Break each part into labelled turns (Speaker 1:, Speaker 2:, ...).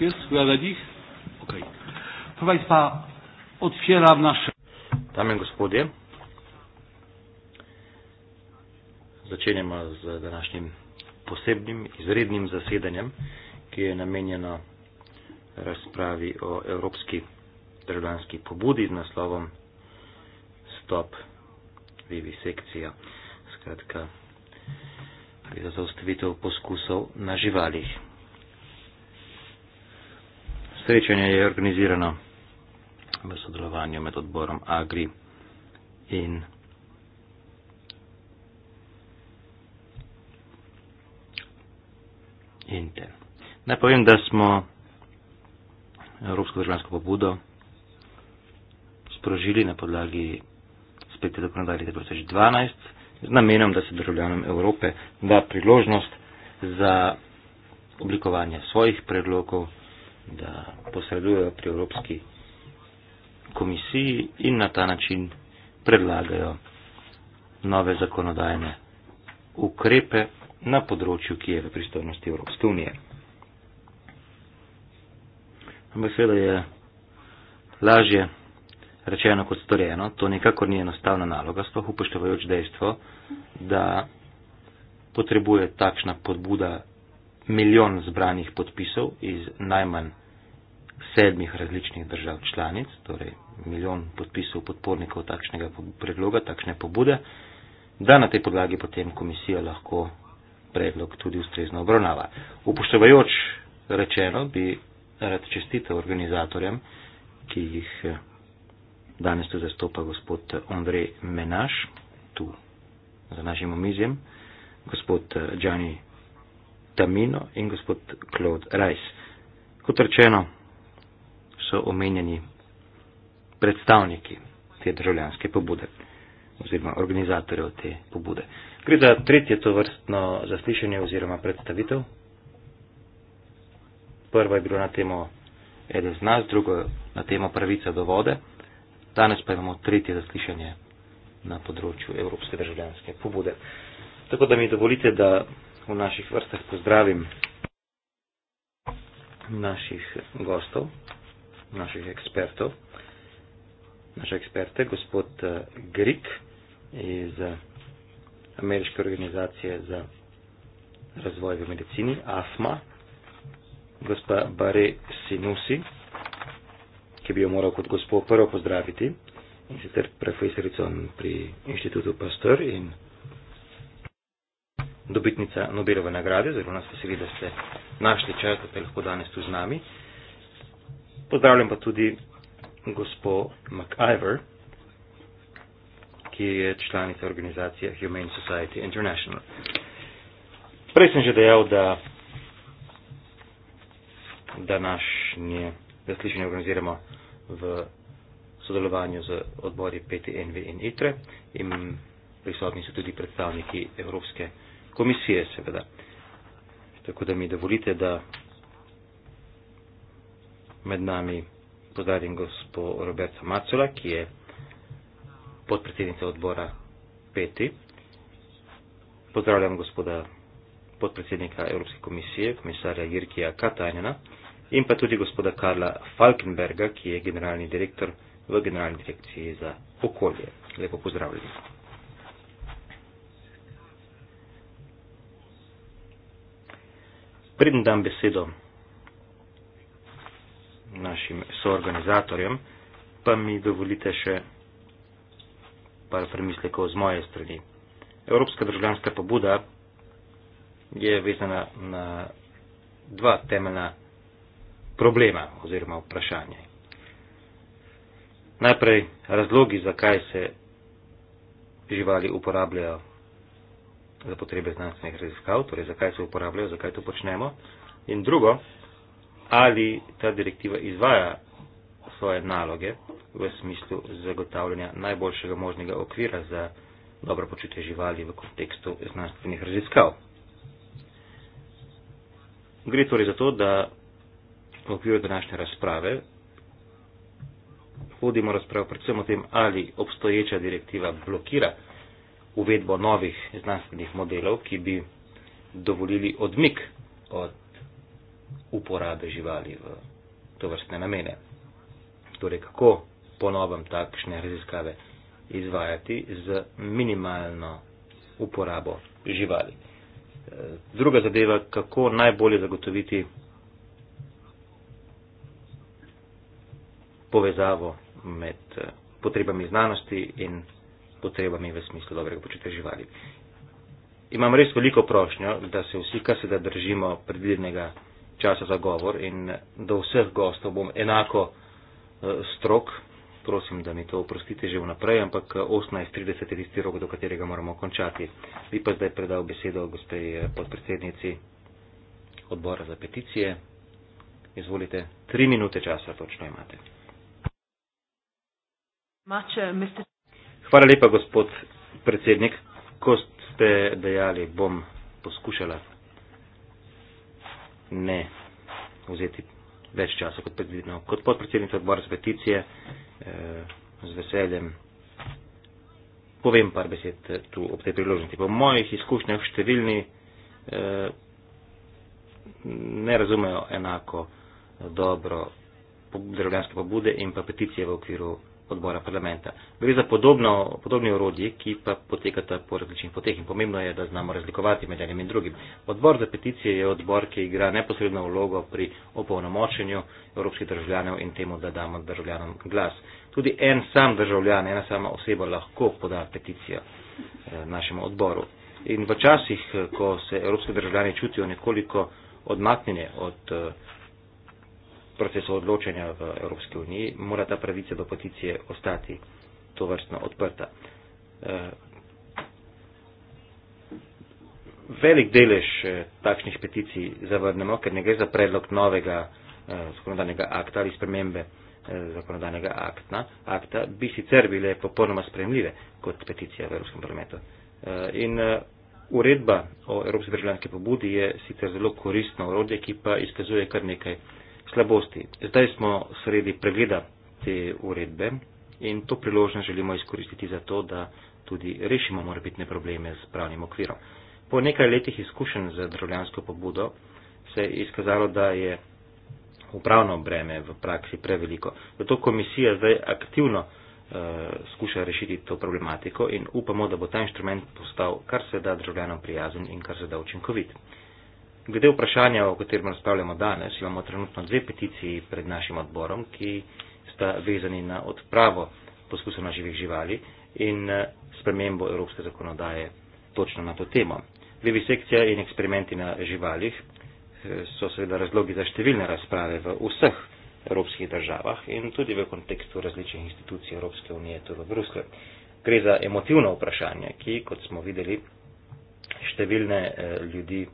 Speaker 1: Jest chwila nich? Ok. Proszę Państwa, otwieram nasze... Damy gospodzie. Zaczynamy z današnim posebnym, izrednim zasiedaniem, które jest namienione rozprawie o europejskiej državljanskih pobudi z naslovom Stop Vivi sekcija. Skratka, gre za zaustavitev poskusov na živalih srečanje je organizirano v sodelovanju med odborom Agri in Intel. Naj povem, da smo Evropsko državljansko pobudo sprožili na podlagi spletne zakonodaje 2012 z namenom, da se državljanom Evrope da priložnost za oblikovanje svojih predlogov da posredujejo pri Evropski komisiji in na ta način predlagajo nove zakonodajne ukrepe na področju, ki je v pristojnosti Evropske unije. Ampak seveda je lažje rečeno kot storjeno, to nekako ni enostavna naloga, sploh upoštevajoč dejstvo, da potrebuje takšna podbuda milijon zbranih podpisov iz najmanj sedmih različnih držav članic, torej milijon podpisov podpornikov takšnega predloga, takšne pobude, da na tej podlagi potem komisija lahko predlog tudi ustrezno obravnava. Upoštevajoč rečeno bi rad čestitev organizatorjem, ki jih eh, danes tu zastopa gospod Andrej Menaš, tu za našim omizjem, gospod Džani eh, Tamino in gospod Claude Rajs. Kot rečeno, so omenjeni predstavniki te državljanske pobude oziroma organizatorjev te pobude. Gre za tretje to vrstno zaslišanje oziroma predstavitev. Prva je bilo na temo eden z nas, drugo na temo pravica do vode. Danes pa imamo tretje zaslišanje na področju Evropske državljanske pobude. Tako da mi dovolite, da v naših vrstah pozdravim naših gostov, naših ekspertov, naše eksperte, gospod eh, Grik iz Ameriške organizacije za razvoj v medicini, AFMA, gospa Bare Sinusi, ki bi jo moral kot gospod prvo pozdraviti, in sicer profesorico pri inštitutu Pastor in dobitnica Nobelove nagrade, zelo nas veseli, da ste našli čas, da ste lahko danes tu z nami. Pozdravljam pa tudi gospo McIver, ki je članica organizacije Humane Society International. Prej sem že dejal, da današnje zaslišanje organiziramo v sodelovanju z odbori PTNV in ITRE in prisotni so tudi predstavniki Evropske unije komisije seveda. Tako da mi dovolite, da med nami pozdravim gospo Roberta Macola, ki je podpredsednica odbora peti. Pozdravljam gospoda podpredsednika Evropske komisije, komisarja Jirkija Katajnjena in pa tudi gospoda Karla Falkenberga, ki je generalni direktor v generalni direkciji za okolje. Lepo pozdravljeni. Preden dam besedo našim soorganizatorjem, pa mi dovolite še par premislekov z moje strani. Evropska državljanska pobuda je vezana na dva temeljna problema oziroma vprašanja. Najprej razlogi, zakaj se živali uporabljajo za potrebe znanstvenih raziskav, torej zakaj se uporabljajo, zakaj to počnemo. In drugo, ali ta direktiva izvaja svoje naloge v smislu zagotavljanja najboljšega možnega okvira za dobro počutje živali v kontekstu znanstvenih raziskav. Gre torej za to, da v okviru današnje razprave vodimo razpravo predvsem o tem, ali obstoječa direktiva blokira uvedbo novih znanstvenih modelov, ki bi dovolili odmik od uporabe živali v to vrstne namene. Torej, kako ponovem takšne raziskave izvajati z minimalno uporabo živali. E, druga zadeva, kako najbolje zagotoviti povezavo med e, potrebami znanosti in potrebami v smislu dobrega počutja živali. Imam res veliko prošnjo, da se vsi, kar se da držimo predvidenega časa za govor in do vseh gostov bom enako uh, eh, strok, prosim, da mi to oprostite že vnaprej, ampak 18.30 eh, je tisti rok, do katerega moramo končati. Bi pa zdaj predal besedo gospej eh, podpredsednici odbora za peticije. Izvolite, tri minute časa točno imate.
Speaker 2: Much, uh, Mr.
Speaker 1: Hvala lepa, gospod predsednik. Ko ste dejali, bom poskušala ne vzeti več časa kot predvideno. Kot podpredsednica odbora za peticije eh, z veseljem povem par besed tu ob tej priložnosti. Po mojih izkušnjah številni eh, ne razumejo enako dobro državljanske pobude in pa peticije v okviru odbora parlamenta. Gre za podobno, podobni orodji, ki pa potekata po različnih poteh in pomembno je, da znamo razlikovati med enim in drugim. Odbor za peticije je odbor, ki igra neposredno vlogo pri opolnomočenju evropskih državljanov in temu, da damo državljanom glas. Tudi en sam državljan, ena sama oseba lahko poda peticijo eh, našemu odboru. In v časih, eh, ko se evropski državljani čutijo nekoliko odmaknjene od eh, procesu odločanja v Evropski uniji, mora ta pravica do peticije ostati to vrstno odprta. Eh, velik delež eh, takšnih peticij zavrnemo, ker ne gre za predlog novega eh, zakonodanega akta ali spremembe zakonodanega akta, akta bi sicer bile popolnoma spremljive kot peticija v Evropskem parlamentu. In uredba o Evropski državljanski pobudi je sicer zelo koristno urodje, ki pa izkazuje kar nekaj slabosti. Zdaj smo sredi pregleda te uredbe in to priložnost želimo izkoristiti za to, da tudi rešimo morbitne probleme z pravnim okvirom. Po nekaj letih izkušenj z državljansko pobudo se je izkazalo, da je upravno breme v praksi preveliko. Zato komisija zdaj aktivno uh, skuša rešiti to problematiko in upamo, da bo ta inštrument postal kar se da državljanom prijazen in kar se da učinkovit. Uh, Glede vprašanja, o katerem razpravljamo danes, imamo trenutno dve peticiji pred našim odborom, ki sta vezani na odpravo poskusa na živih živali in eh, spremembo evropske zakonodaje točno na to temo. Levi sekcija in eksperimenti na živalih eh, so seveda razlogi za številne razprave v vseh evropskih državah in tudi v kontekstu različnih institucij Evropske unije, tudi v Bruslju. Gre za emotivno vprašanje, ki, kot smo videli, številne eh, ljudi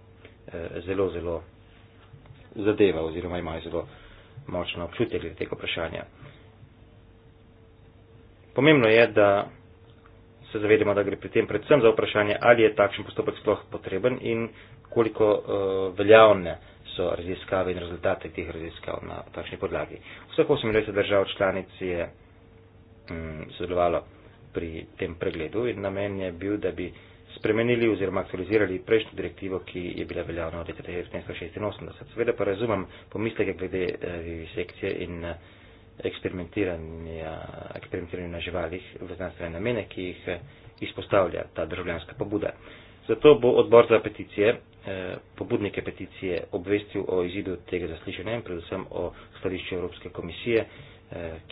Speaker 1: Eh, zelo, zelo zadeva oziroma imajo zelo močno občutek glede tega vprašanja. Pomembno je, da se zavedamo, da gre pri tem predvsem za vprašanje, ali je takšen postopek sploh potreben in koliko uh, veljavne so raziskave in rezultate teh raziskav na takšni podlagi. Vseh 28 držav članic je um, sodelovalo pri tem pregledu in namen je bil, da bi uh, spremenili oziroma aktualizirali prejšnjo direktivo, ki je bila veljavna od leta 1986. Seveda pa razumem pomisleke glede vivisekcije eh, in eh, eksperimentiranja, eksperimentiranja na živalih v znanstvene namene, ki jih eh, izpostavlja ta državljanska pobuda. Zato bo odbor za peticije, pobudnike peticije, obvestil o izidu tega zaslišanja in predvsem o stališču Evropske komisije,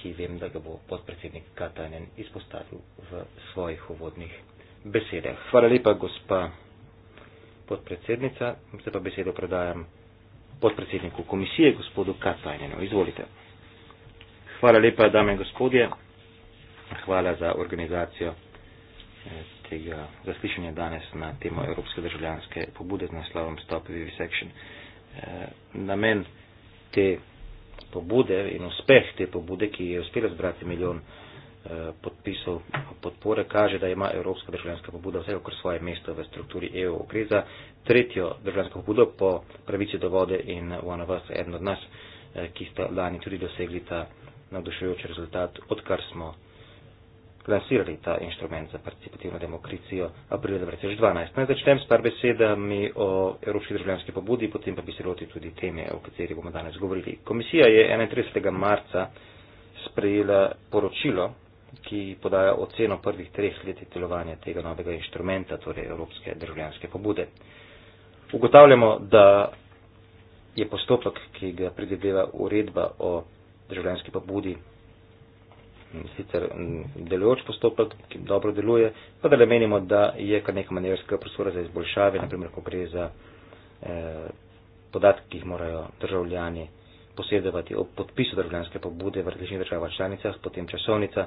Speaker 1: ki vem, da ga bo podpredsednik Katanen izpostavil v svojih uvodnih besede. Hvala lepa, gospa podpredsednica. Zdaj pa besedo predajam podpredsedniku komisije, gospodu Katajnenu. Izvolite. Hvala lepa, dame in gospodje. Hvala za organizacijo eh, tega zaslišanja danes na temo Evropske državljanske pobude z naslovom Stop Vivisection. Eh, namen te pobude in uspeh te pobude, ki je uspela zbrati milijon Eh, podpisov podpore kaže, da ima Evropska državljanska pobuda vse okor svoje mesto v strukturi EU. Gre za tretjo državljansko pobudo po pravici do vode in One of Us, eden od nas, eh, ki sta lani tudi dosegli ta navdušujoč rezultat, odkar smo lansirali ta inštrument za participativno demokracijo aprila 2012. Naj začnem s par besedami o Evropski državljanski pobudi, potem pa bi se lotil tudi teme, o kateri bomo danes govorili. Komisija je 31. marca sprejela poročilo ki podaja oceno prvih treh let delovanja tega novega inštrumenta, torej Evropske državljanske pobude. Ugotavljamo, da je postopek, ki ga predvideva uredba o državljanski pobudi, sicer delujoč postopek, ki dobro deluje, pa da le menimo, da je kar nekaj manjerskega prostora za izboljšave, naprimer, ko gre za eh, podatke, ki jih morajo državljani posedovati ob podpisu državljanske pobude v različnih državah članicah, potem časovnica,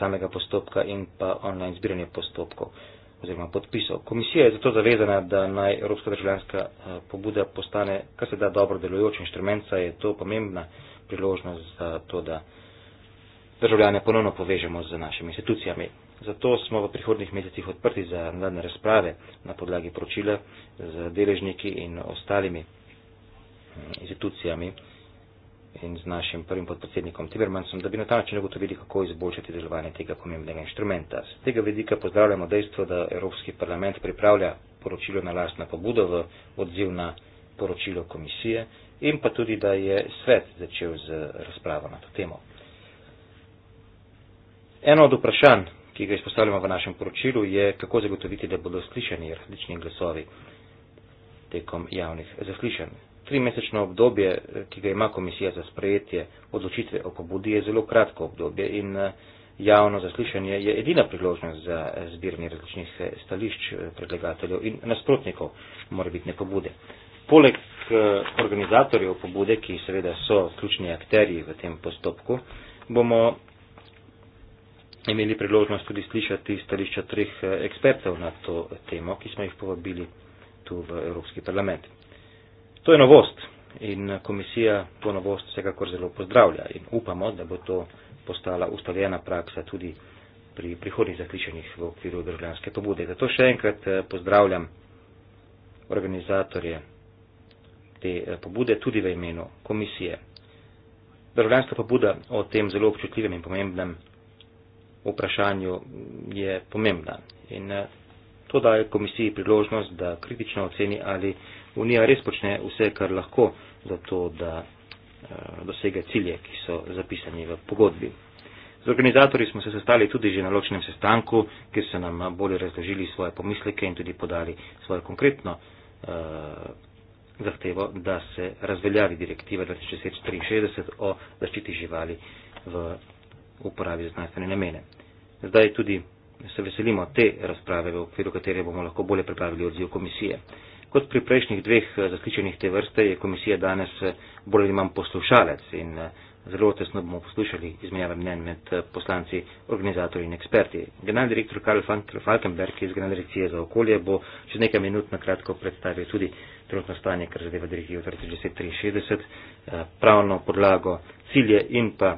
Speaker 1: samega postopka in pa online zbiranje postopkov oziroma podpisov. Komisija je zato zavezana, da naj Evropska državljanska eh, pobuda postane kar se da dobro delujoč inštrument, saj je to pomembna priložnost za to, da državljane ponovno povežemo z našimi institucijami. Zato smo v prihodnih mesecih odprti za nadaljne razprave na podlagi poročila z deležniki in ostalimi mm, institucijami in z našim prvim podpredsednikom Tibermansom, da bi na ta način ugotovili, kako izboljšati delovanje tega pomembnega inštrumenta. Z tega vedika pozdravljamo dejstvo, da Evropski parlament pripravlja poročilo na lastna pobuda v odziv na poročilo komisije in pa tudi, da je svet začel z razpravo na to temo. Eno od vprašanj, ki ga izpostavljamo v našem poročilu, je, kako zagotoviti, da bodo slišani različni glasovi tekom javnih zaslišanj trimesečno obdobje, eh, ki ga ima komisija za sprejetje odločitve o pobudi, je zelo kratko obdobje in eh, javno zaslišanje je edina priložnost za eh, zbiranje različnih stališč predlagateljev in nasprotnikov mora biti ne pobude. Poleg organizatorjev pobude, ki seveda so ključni akterji v tem postopku, bomo imeli priložnost tudi slišati stališča treh ekspertov na to temo, ki smo jih povabili tu v Evropski parlament. To je novost in komisija to novost vsekakor zelo pozdravlja in upamo, da bo to postala ustaljena praksa tudi pri prihodnih zaključenih v okviru državljanske pobude. Zato še enkrat eh, pozdravljam organizatorje te eh, pobude tudi v imenu komisije. Državljanska pobuda o tem zelo občutljivem in pomembnem vprašanju je pomembna in eh, to daje komisiji priložnost, da kritično oceni ali Unija res počne vse, kar lahko, zato da eh, dosega cilje, ki so zapisani v pogodbi. Z organizatorji smo se sestali tudi že na ločnem sestanku, kjer so nam bolje razložili svoje pomisleke in tudi podali svojo konkretno eh, zahtevo, da se razveljavi direktiva 2063 o zaščiti živali v uporabi za znanstvene namene. Zdaj tudi se veselimo te razprave, v okviru katere bomo lahko bolje pripravili odziv komisije. Eh, Kot pri prejšnjih dveh eh, zasličenih te vrste je komisija danes eh, bolj ali manj poslušalec in eh, zelo tesno bomo poslušali izmenjave mnen med poslanci, organizatorji in eksperti. Generalni direktor Karl Falkenberg iz Generalne direkcije za okolje bo čez nekaj minut na kratko predstavil tudi trenutno stanje, kar zadeva direktivo 3063, pravno podlago, cilje in pa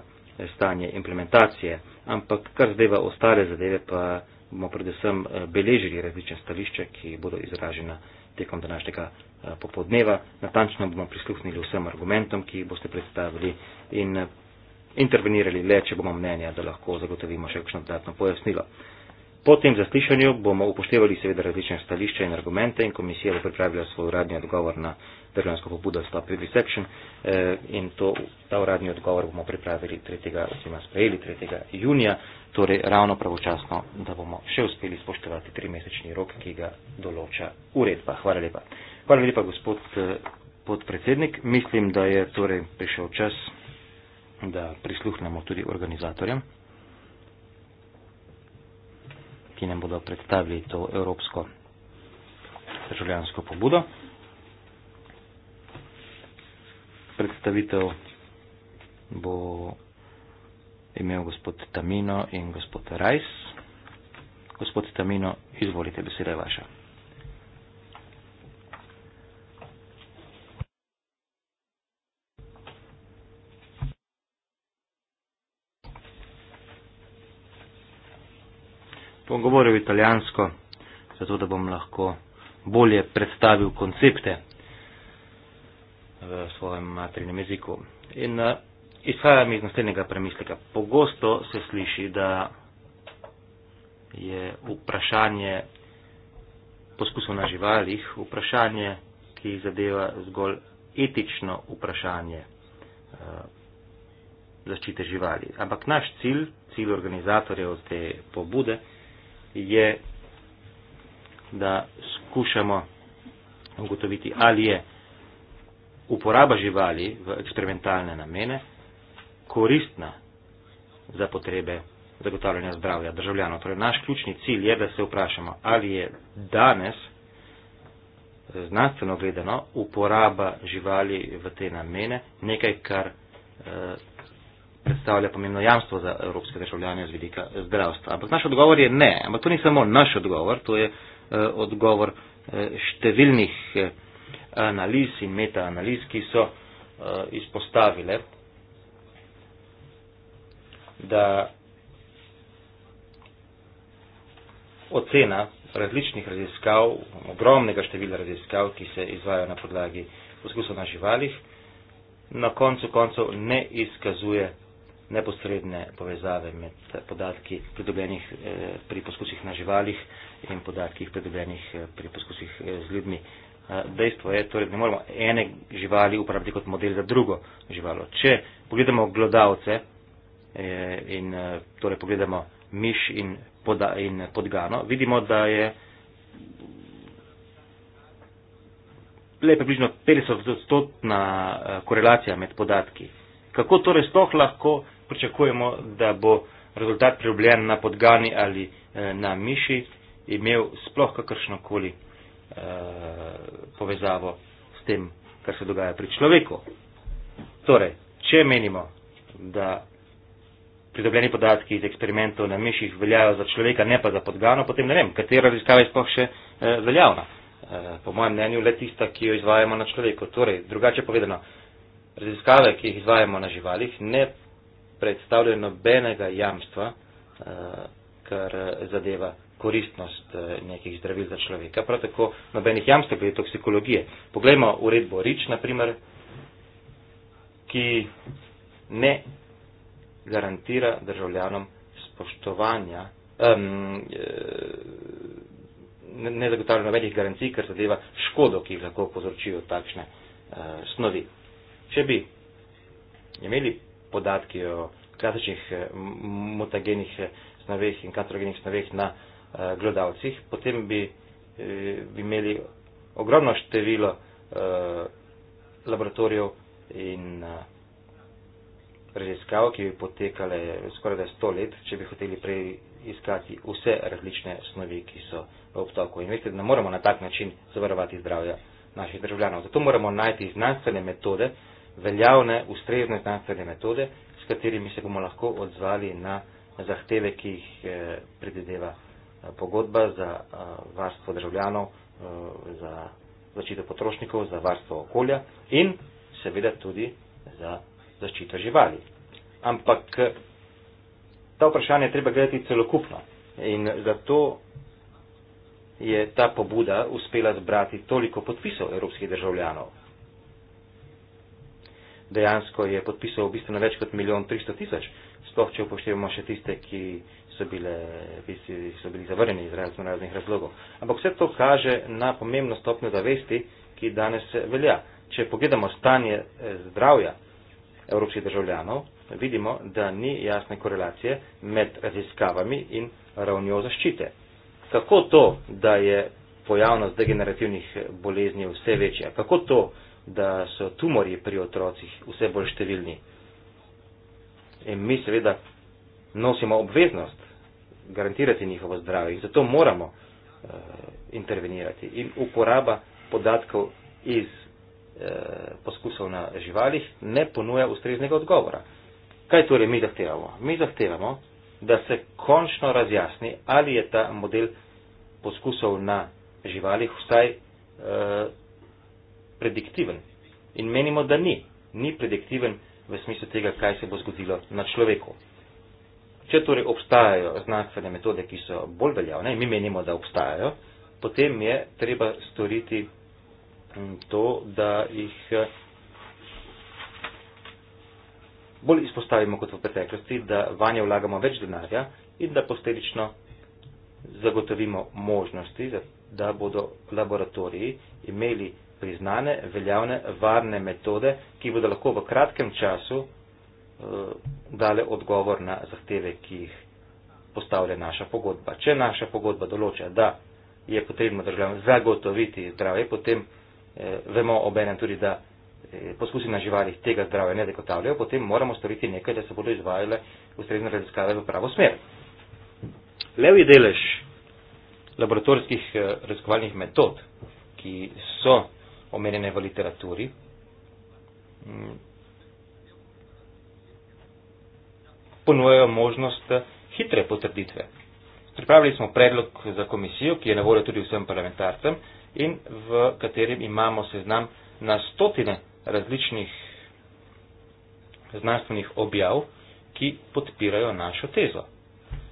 Speaker 1: stanje implementacije. Ampak kar zadeva ostale zadeve, pa bomo predvsem beležili različne stališče, ki bodo izražena tekom današnjega eh, popodneva. Natančno bomo prisluhnili vsem argumentom, ki jih boste predstavili in eh, intervenirali le, če bomo mnenja, da lahko zagotovimo še kakšno dodatno pojasnilo. Po tem zaslišanju bomo upoštevali seveda različne stališče in argumente in komisija bo pripravila svoj uradni odgovor na državljansko pobudo Stop Reception eh, in to, ta uradni odgovor bomo pripravili 3. oziroma sprejeli 3. junija, torej ravno pravočasno, da bomo še uspeli spoštovati tri mesečni rok, ki ga določa uredba. Hvala lepa. Hvala lepa, gospod eh, podpredsednik. Mislim, da je torej prišel čas, da prisluhnemo tudi organizatorjem ki nam bodo predstavili to evropsko državljansko pobudo. Predstavitev bo imel gospod Tamino in gospod Rajs. Gospod Tamino, izvolite, beseda je vaša. bom govoril italijansko, zato da bom lahko bolje predstavil koncepte v svojem materinem jeziku. In eh, izhajam iz naslednjega premisleka. Pogosto se sliši, da je vprašanje poskusov na živalih vprašanje, ki zadeva zgolj etično vprašanje eh, zaščite živali. Ampak naš cilj, cilj organizatorjev te pobude, je, da skušamo ugotoviti, ali je uporaba živali v eksperimentalne namene koristna za potrebe zagotavljanja zdravja državljanov. Torej, naš ključni cilj je, da se vprašamo, ali je danes znanstveno gledano uporaba živali v te namene nekaj, kar eh, predstavlja pomembno jamstvo za evropske državljane z vidika eh, zdravstva. Ampak naš odgovor je ne. Ampak to ni samo naš odgovor, to je eh, odgovor eh, številnih eh, analiz in metaanaliz, ki so eh, izpostavile, da ocena različnih raziskav, ogromnega števila raziskav, ki se izvajo na podlagi poskusov na živalih, na koncu koncev ne izkazuje neposredne povezave med podatki pridobljenih eh, pri poskusih na živalih in podatkih pridobljenih eh, pri poskusih eh, z ljudmi. Dejstvo je, torej, da ne moremo ene živali uporabiti kot model za drugo živalo. Če pogledamo glodavce in torej pogledamo miš in, poda, in podgano, vidimo, da je le približno 50-odstotna korelacija med podatki. Kako torej sploh lahko pričakujemo, da bo rezultat pridobljen na podgani ali eh, na miši, imel sploh kakršno koli eh, povezavo s tem, kar se dogaja pri človeku. Torej, če menimo, da pridobljeni podatki iz eksperimentov na miših veljajo za človeka, ne pa za podgano, potem ne vem, katera raziskava je sploh še eh, veljavna. Po mojem mnenju le tista, ki jo izvajamo na človeku. Torej, drugače povedano, raziskave, ki jih izvajamo na živalih, ne predstavljajo nobenega jamstva, eh, kar eh, zadeva koristnost eh, nekih zdravil za človeka. Prav tako nobenih jamstv glede toksikologije. Poglejmo uredbo Rič, naprimer, ki ne garantira državljanom spoštovanja, um, ne zagotavlja nobenih garancij, kar zadeva škodo, ki jih lahko povzročijo takšne uh, snovi. Če bi imeli podatki o klasičnih eh, mutagenih eh, snoveh in katrogenih snoveh na uh, gledalcih, potem bi, bi imeli ogromno število uh, laboratorijev in uh, raziskav, ki bi potekale skoraj da sto let, če bi hoteli preiskati vse različne snovi, ki so v obtoku. In veste, da ne moremo na tak način zavarovati zdravja naših državljanov. Zato moramo najti znanstvene metode, uh, veljavne, ustrezne znanstvene metode, s katerimi se bomo lahko odzvali na zahteve, ki jih eh, predvideva eh, pogodba za eh, varstvo državljanov, za zaščito potrošnikov, za varstvo okolja in seveda tudi za zaščito živali. Ampak ta vprašanja treba gledati celokupno in zato je ta pobuda uspela zbrati toliko podpisov evropskih državljanov dejansko je podpisal bistveno več kot milijon 300 tisoč, sploh če upoštevamo še tiste, ki so, bile, so bili zavrnjeni iz raznih razlogov. Ampak vse to kaže na pomembno stopnjo zavesti, ki danes velja. Če pogledamo stanje eh, zdravja evropskih državljanov, vidimo, da ni jasne korelacije med raziskavami in ravnjo zaščite. Kako to, da je pojavnost degenerativnih eh, bolezni vse večja? Kako to, da so tumori pri otrocih vse bolj številni. In mi seveda nosimo obveznost garantirati njihovo zdravje in zato moramo uh, intervenirati. In uporaba podatkov iz uh, poskusov na živalih ne ponuja ustreznega odgovora. Kaj torej mi zahtevamo? Mi zahtevamo, da se končno razjasni, ali je ta model poskusov na živalih vsaj uh, prediktiven. In menimo, da ni. Ni prediktiven v smislu tega, kaj se bo zgodilo na človeku. Če torej obstajajo znanstvene metode, ki so bolj veljavne, mi menimo, da obstajajo, potem je treba storiti mm, to, da jih eh, bolj izpostavimo kot v preteklosti, da vanje vlagamo več denarja in da posledično zagotovimo možnosti, da bodo laboratoriji imeli priznane, veljavne, varne metode, ki bodo lahko v kratkem času eh, dale odgovor na zahteve, ki jih postavlja naša pogodba. Če naša pogodba določa, da je potrebno državljanom zagotoviti zdravje, potem eh, vemo obenem tudi, da eh, poskusi na živalih tega zdravja ne zagotavljajo, potem moramo storiti nekaj, da se bodo izvajale ustrezne raziskave v pravo smer. Levi delež laboratorijskih eh, raziskovalnih metod, ki so omenjene v literaturi. Ponujajo možnost eh, hitre potrditve. Pripravili smo predlog za komisijo, ki je na voljo tudi vsem parlamentarcem in v katerem imamo seznam na stotine različnih znanstvenih objav, ki podpirajo našo tezo.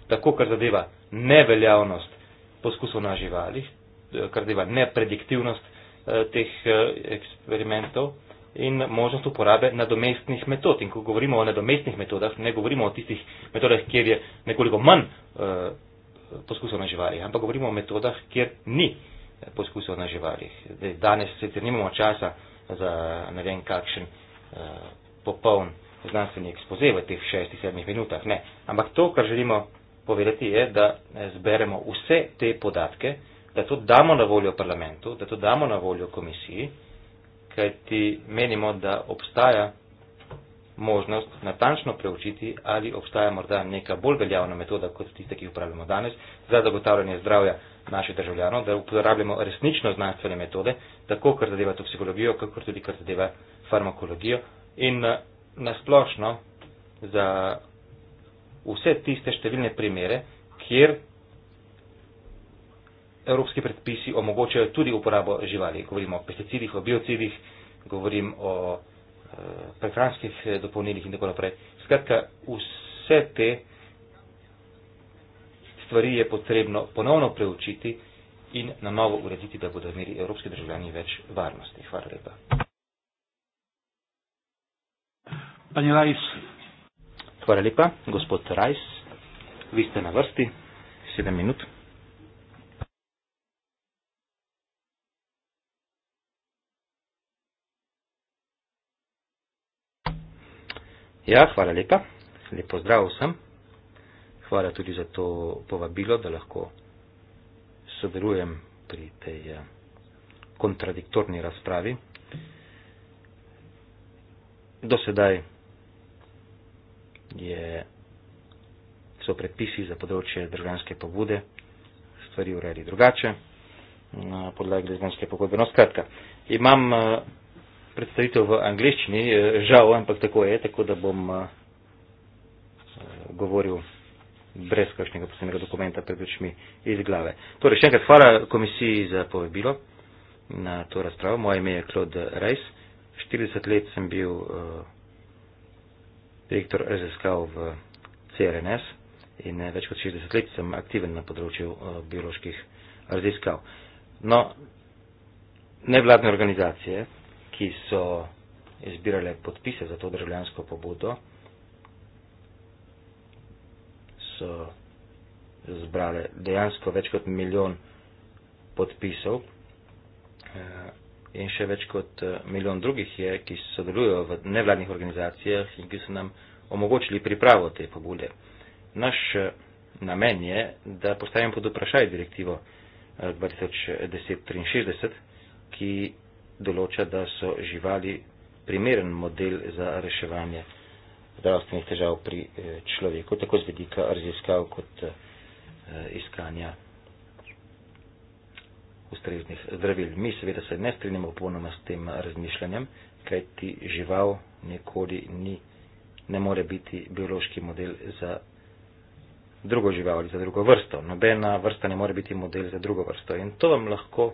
Speaker 1: Tako, kar zadeva neveljavnost poskusov na živalih, eh, kar zadeva neprediktivnost Eh, teh eh, eksperimentov in možnost uporabe nadomestnih metod. In ko govorimo o nadomestnih metodah, ne govorimo o tistih metodah, kjer je nekoliko manj eh, poskusov na živalih, ampak govorimo o metodah, kjer ni poskusov na živalih. Danes sicer nimamo časa za ne vem kakšen popoln znanstveni ekspoze v teh šestih, sedmih minutah, ne. Ampak to, kar želimo povedati, je, da zberemo vse te podatke, da to damo na voljo parlamentu, da to damo na voljo komisiji, kajti menimo, da obstaja možnost natančno preučiti, ali obstaja morda neka bolj veljavna metoda kot tiste, ki jo uporabljamo danes, za zagotavljanje zdravja naših državljanov, da uporabljamo resnično znanstvene metode, tako kar zadeva toksikologijo, kakor tudi kar zadeva farmakologijo in eh, nasplošno za vse tiste številne primere, kjer evropski predpisi omogočajo tudi uporabo živali. Govorimo o pesticidih, o biocidih, govorim o e, prehranskih eh, dopolnilih in tako naprej. Skratka, vse te stvari je potrebno ponovno preučiti in na novo urediti, da bodo imeli evropski državljani več varnosti. Hvala lepa. Pani Rajs. Hvala lepa, gospod Rajs. Vi ste na vrsti, sedem minut. Ja, hvala lepa. Lep pozdrav vsem. Hvala tudi za to povabilo, da lahko sodelujem pri tej eh, kontradiktorni razpravi. Do sedaj je, so predpisi za področje državljanske pobude stvari urejali drugače na podlagi lezbonske pogodbe. No, skratka, imam eh, predstavitev v angliščini, eh, žal, ampak tako je, tako da bom eh, govoril brez kakšnega posebnega dokumenta pred očmi iz glave. Torej, še enkrat hvala komisiji za povabilo na to razpravo. Moje ime je Claude Reis. 40 let sem bil eh, direktor raziskav v CRNS in več kot 60 let sem aktiven na področju bioloških raziskav. No, nevladne organizacije, ki so izbirale podpise za to državljansko pobudo, so zbrale dejansko več kot milijon podpisov eh, in še več kot eh, milijon drugih je, ki sodelujo v nevladnih organizacijah in ki so nam omogočili pripravo te pobude. Naš eh, namen je, da postavim pod vprašaj direktivo 2063, ki določa, da so živali primeren model za reševanje zdravstvenih težav pri eh, človeku, tako z vidika raziskav kot eh, iskanja ustreznih zdravil. Mi seveda se ne strinjamo popolnoma s tem razmišljanjem, kaj ti žival nikoli ni, ne more biti biološki model za drugo žival ali za drugo vrsto. Nobena vrsta ne more biti model za drugo vrsto. In to vam lahko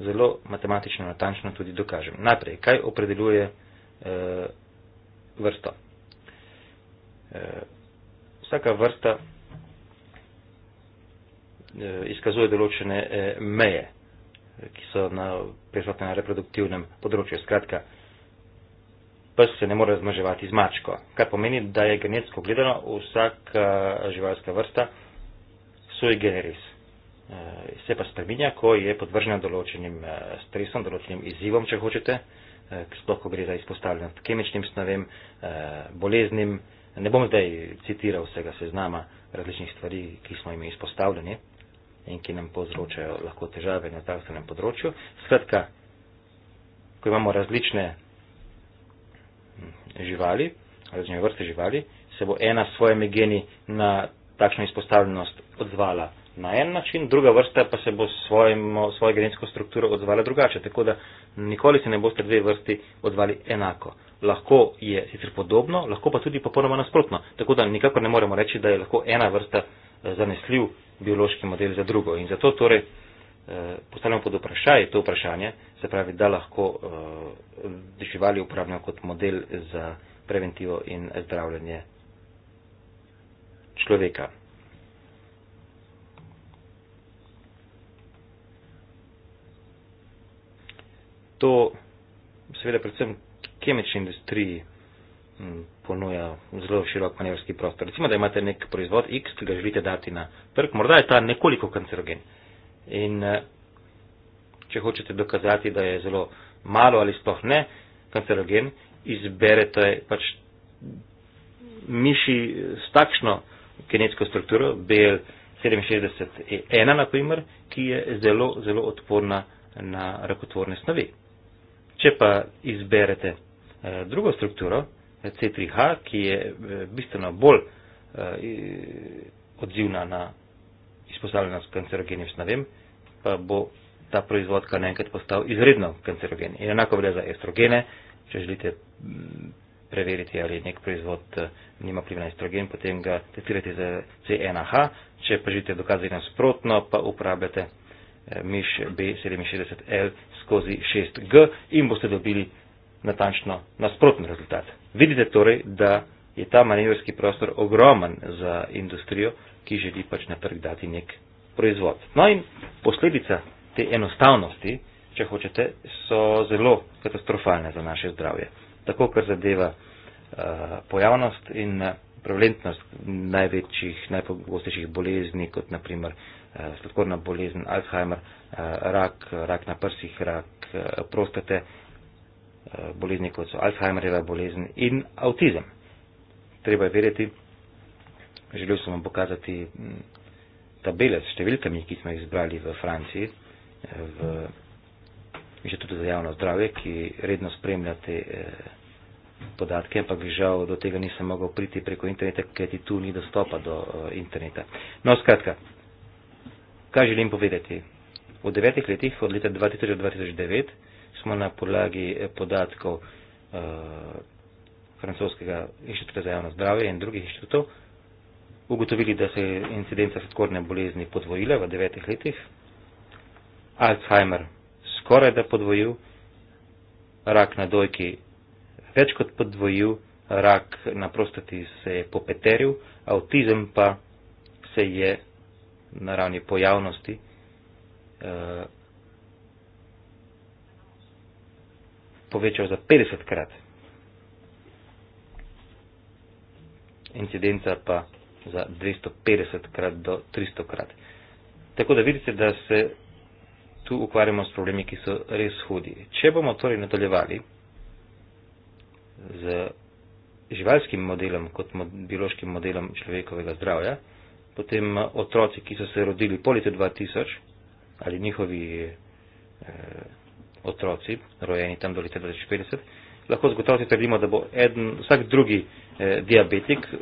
Speaker 1: zelo matematično natančno tudi dokažem. Najprej, kaj opredeljuje e, vrsto? E, vsaka vrsta e, izkazuje določene e, meje, ki so na prisotne na reproduktivnem področju. Skratka, pes se ne more razmaževati z mačko, kar pomeni, da je genetsko gledano vsaka živalska vrsta sui generis. Eh, se pa spreminja, ko je podvržena določenim eh, stresom, določenim izzivom, če hočete, eh, sploh ko gre za izpostavljenost kemičnim snovem, boleznim. Ne bom zdaj citiral vsega seznama različnih stvari, ki smo jim izpostavljeni in ki nam povzročajo lahko težave na zdravstvenem področju. Skratka, ko imamo različne hm, živali, različne vrste živali, se bo ena s svojimi geni na takšno izpostavljenost odzvala na en način, druga vrsta pa se bo svojimo, svojo gensko strukturo odzvala drugače. Tako da nikoli se ne boste dve vrsti odzvali enako. Lahko je sicer podobno, lahko pa tudi popolnoma nasprotno. Tako da nikakor ne moremo reči, da je lahko ena vrsta eh, zanesljiv biološki model za drugo. In zato torej eh, postavljamo pod vprašaj to vprašanje, se pravi, da lahko eh, živali uporabljamo kot model za preventivo in zdravljenje človeka. to seveda predvsem kemični industriji hm, ponuja zelo širok manevrski prostor. Recimo, da imate nek proizvod X, ki ga želite dati na trg, morda je ta nekoliko kancerogen. In eh, če hočete dokazati, da je zelo malo ali sploh ne kancerogen, izberete pač miši s takšno genetsko strukturo, BL 67E1, e na primer, ki je zelo, zelo odporna na rakotvorne snovi. Če pa izberete eh, drugo strukturo, C3H, eh, ki je eh, bistveno bolj odzivna na izpostavljenost kancerogenim snovem, pa bo ta proizvod kar naenkrat postal izredno kancerogen. In enako velja za estrogene, če želite mm, preveriti, ali nek proizvod nima pliva na estrogen, potem ga testirate za C1H, če pa želite dokazati nasprotno, pa uporabljate Eh, miš B67 L skozi 6 G in boste dobili natančno nasproten rezultat. Vidite torej, da je ta manevrski prostor ogroman za industrijo, ki želi pač na trg dati nek proizvod. No in posledica te enostavnosti, če hočete, so zelo katastrofalne za naše zdravje. Tako, kar zadeva eh, pojavnost in eh, prevalentnost največjih, najpogostejših bolezni, kot naprimer Eh, sladkorna bolezen, Alzheimer, eh, rak, rak na prsih, rak eh, prostate, bolezni kot so Alzheimerjeva bolezen in avtizem. Treba je vedeti, želel sem vam pokazati mm, tabele s številkami, ki smo jih zbrali v Franciji, v inštitutu za javno zdravje, ki redno spremlja te podatke, ampak žal do tega nisem mogel priti preko interneta, kajti tu ni dostopa do interneta. No, skratka, Kaj želim povedati? V devetih letih, od leta 2000 do 2009, smo na podlagi eh, podatkov eh, francoskega inštituta za javno zdravje in drugih inštitutov ugotovili, da se je incidenca sladkorne bolezni podvojila v devetih letih, Alzheimer skoraj da podvojil, rak na dojki več kot podvojil, rak na prostati se je popeteril, avtizem pa se je na ravni pojavnosti, eh, povečal za 50 krat, incidenca pa za 250 krat do 300 krat. Tako da vidite, da se tu ukvarjamo s problemi, ki so res hudi. Če bomo torej nadaljevali z živalskim modelom kot biološkim modelom človekovega zdravja, potem eh, otroci, ki so se rodili po letu 2000 ali njihovi eh, otroci, rojeni tam do leta 2050, lahko zgotovo se trdimo, da bo eden, vsak drugi eh, diabetik, eh,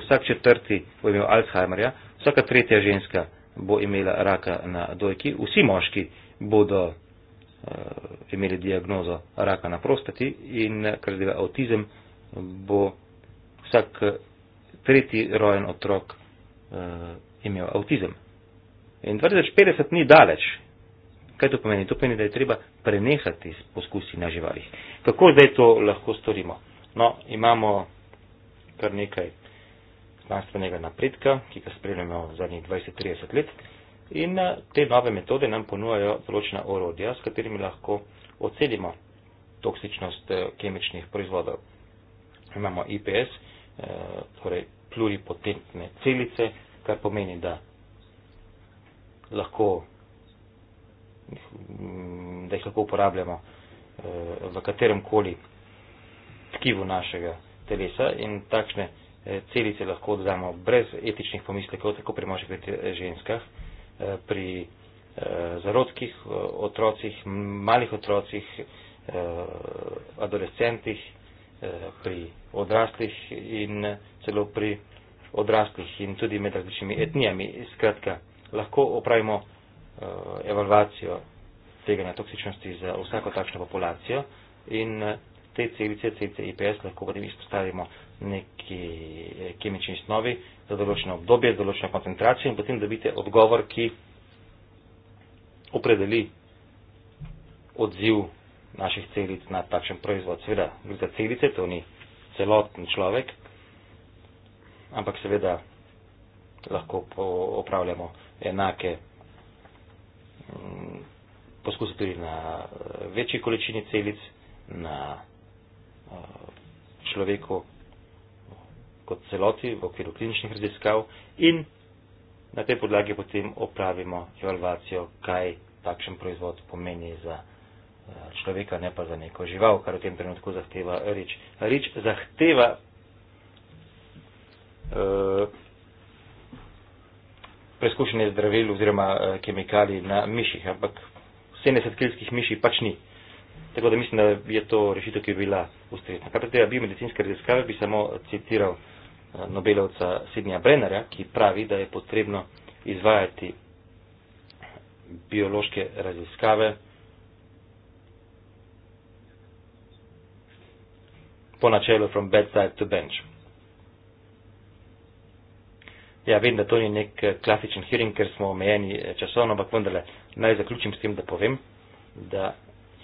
Speaker 1: vsak četrti bo imel Alzheimerja, vsaka tretja ženska bo imela raka na dojki, vsi moški bodo eh, imeli diagnozo raka na prostati in eh, kar zdaj avtizem, bo vsak eh, tretji rojen otrok uh, imel avtizem. In 2050 ni daleč. Kaj to pomeni? To pomeni, da je treba prenehati s poskusi na živalih. Kako zdaj to lahko storimo? No, imamo kar nekaj znanstvenega napredka, ki ga spremljamo v zadnjih 20-30 let in eh, te nove metode nam ponujajo določena orodja, s katerimi lahko ocenimo toksičnost eh, kemičnih proizvodov. Imamo IPS, torej pluripotentne celice, kar pomeni, da lahko da jih lahko uporabljamo eh, v katerem koli tkivu našega telesa in takšne eh, celice lahko dodamo brez etičnih pomislekov, tako pri moških pri ženskah, eh, pri eh, zarodkih eh, otrocih, malih otrocih, eh, adolescentih, Eh, pri odraslih in eh, celo pri odraslih in tudi med različnimi etnijami. Skratka, lahko opravimo eh, evalvacijo tega na toksičnosti za vsako takšno populacijo in te celice, celice IPS lahko potem izpostavimo neki kemični snovi za določeno obdobje, za določeno koncentracijo in potem dobite odgovor, ki opredeli odziv naših celic na takšen proizvod. Seveda, gre za celice, to ni celoten človek, ampak seveda lahko opravljamo enake mm, poskuse tudi na eh, večji količini celic, na eh, človeku kot celoti v okviru kliničnih raziskav in na tej podlagi potem opravimo evalvacijo, kaj takšen proizvod pomeni za človeka, ne pa za neko žival, kar v tem trenutku zahteva rič. Rič zahteva uh, e, preskušanje zdravil oziroma uh, kemikalij na miših, ampak 70 kilskih miši pač ni. Tako da mislim, da je to rešitev, ki je bila ustrezna. Kar predteva biomedicinske raziskave, bi samo citiral uh, Nobelovca Sidnja Brennerja, ki pravi, da je potrebno izvajati biološke raziskave. po načelu from bedside to bench. Ja, vem, da to ni nek eh, klasičen hearing, ker smo omejeni eh, časovno, ampak vendarle naj zaključim s tem, da povem, da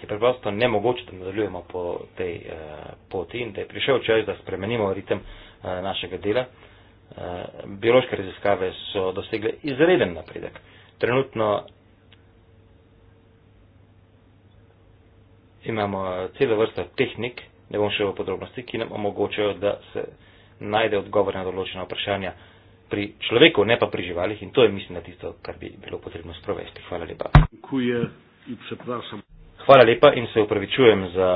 Speaker 1: je preprosto nemogoče, da nadaljujemo po tej uh, poti in da je prišel čas, da spremenimo ritem uh, našega dela. Uh, biološke raziskave so dosegle izreden napredek. Trenutno imamo celo vrsto tehnik, uh, ne bom šel v podrobnosti, ki nam omogočajo, da se najde odgovore na določena vprašanja pri človeku, ne pa pri živalih in to je, mislim, da tisto, kar bi bilo potrebno sprovesti. Hvala lepa. Hvala lepa in se upravičujem za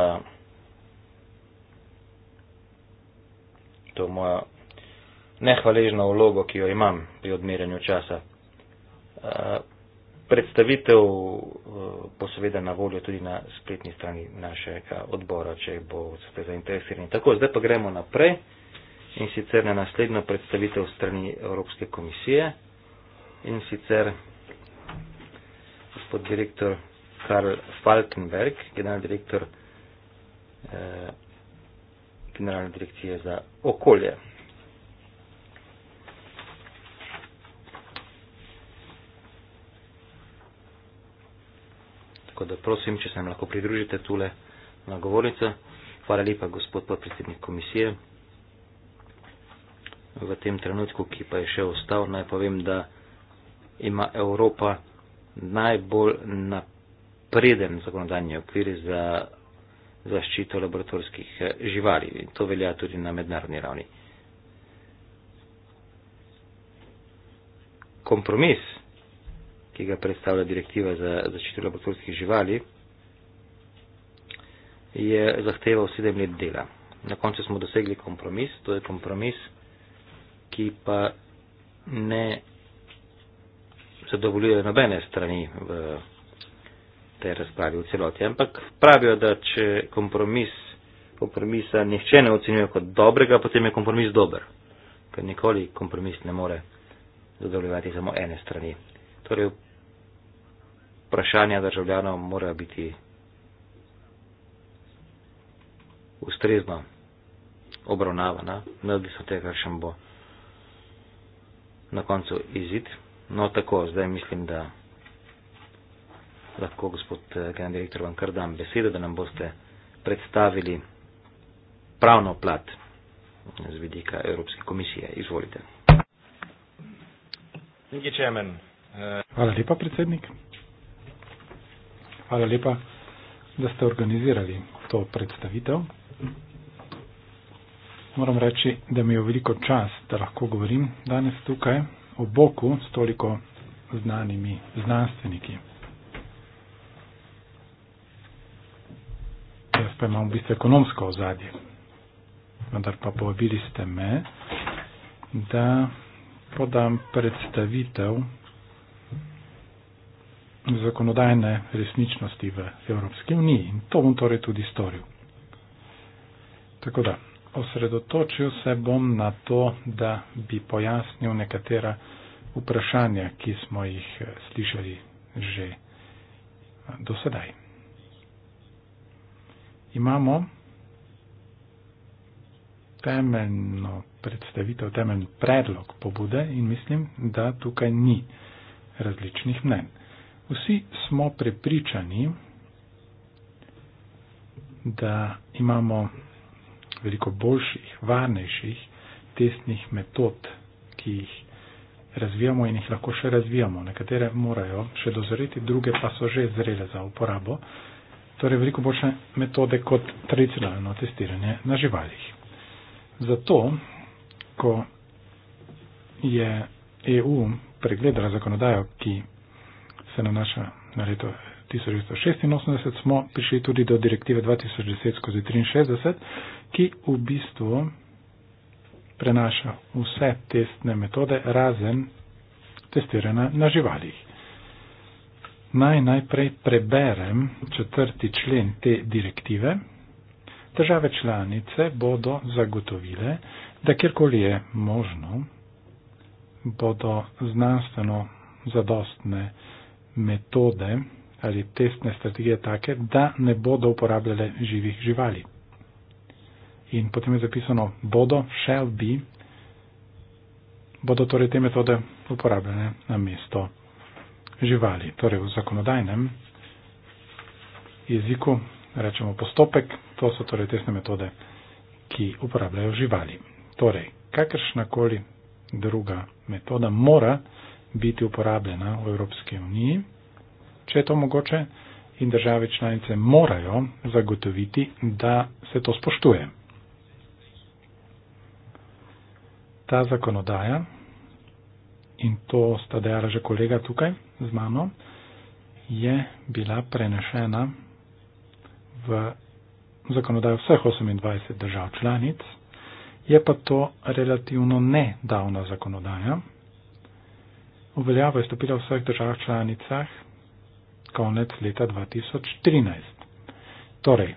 Speaker 1: to mojo nehvaležno vlogo, ki jo imam pri odmerjanju časa. Uh, predstavitev eh, bo seveda na voljo tudi na spletni strani našega odbora, če bo vse zainteresirani. Tako, zdaj pa gremo naprej in sicer na naslednjo predstavitev strani Evropske komisije in sicer gospod direktor Karl Falkenberg, generalni direktor eh, generalne direkcije za okolje. tako da prosim, če se nam lahko pridružite tule na govornico. Hvala lepa, gospod podpredsednik komisije. V tem trenutku, ki pa je še ostal, naj povem, da ima Evropa najbolj napreden zakonodajni okvir za zaščito laboratorijskih eh, živali. To velja tudi na mednarodni ravni. Kompromis ki ga predstavlja direktiva za zaščito laboratorijskih živali, je zahteval sedem let dela. Na koncu smo dosegli kompromis, to je kompromis, ki pa ne zadovoljuje nobene strani v tej razpravi v celoti, ampak pravijo, da če kompromis, kompromisa nihče ne ocenjuje kot dobrega, potem je kompromis dober, ker nikoli kompromis ne more zadovoljevati samo ene strani. Torej, vprašanja državljanov mora biti ustrezno obravnavana, neodvisno tega, kar še bo na koncu izid. No tako, zdaj mislim, da lahko gospod eh, generalni direktor vam kar dam besedo, da nam boste predstavili pravno plat z vidika Evropske komisije.
Speaker 3: Izvolite. Hvala lepa, predsednik. Hvala lepa, da ste organizirali to predstavitev. Moram reči, da mi je veliko čas, da lahko govorim danes tukaj o boku s toliko znanimi znanstveniki. Jaz pa imam v bistvu ekonomsko ozadje, vendar pa povabili ste me, da podam predstavitev zakonodajne resničnosti v Evropski uniji in to bom torej tudi storil. Tako da, osredotočil se bom na to, da bi pojasnil nekatera vprašanja, ki smo jih eh, slišali že eh, do sedaj. Imamo temeljno predstavitev, temeljni predlog pobude in mislim, da tukaj ni različnih mnenj. Vsi smo prepričani, da imamo veliko boljših, varnejših testnih metod, ki jih razvijamo in jih lahko še razvijamo. Nekatere morajo še dozoreti, druge pa so že zrele za uporabo. Torej, veliko boljše metode kot tradicionalno testiranje na živalih. Zato, ko je EU pregledala zakonodajo, ki se nanaša na leto 1986, smo prišli tudi do direktive 2010-63, ki v bistvu prenaša vse testne metode razen testiranja na živalih. Naj najprej preberem četrti člen te direktive. Države članice bodo zagotovile, da kjerkoli je možno, bodo znanstveno zadostne eh, metode ali testne strategije take, da ne bodo uporabljale živih živali. In potem je zapisano bodo, shall be, bodo torej te metode uporabljene na mesto živali. Torej v zakonodajnem jeziku rečemo postopek, to so torej testne metode, ki uporabljajo živali. Torej, kakršnakoli druga metoda mora biti uporabljena v Evropski uniji, če je to mogoče in države članice morajo zagotoviti, da se to spoštuje. Ta zakonodaja, in to sta dejala že kolega tukaj z mano, je bila prenešena v zakonodajo vseh 28 držav članic, je pa to relativno nedavna zakonodaja uveljavo je stopila v vseh državah članicah konec leta 2013. Torej,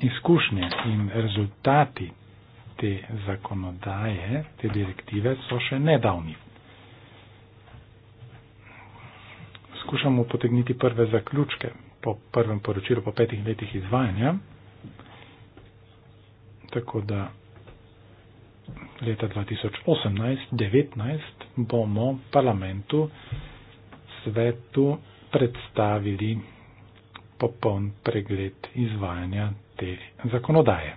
Speaker 3: izkušnje in rezultati te zakonodaje, te direktive so še nedavni. Skušamo potegniti prve zaključke po prvem poročilu po petih letih izvajanja. Tako da leta 2018-2019 bomo parlamentu svetu predstavili popoln pregled izvajanja te zakonodaje.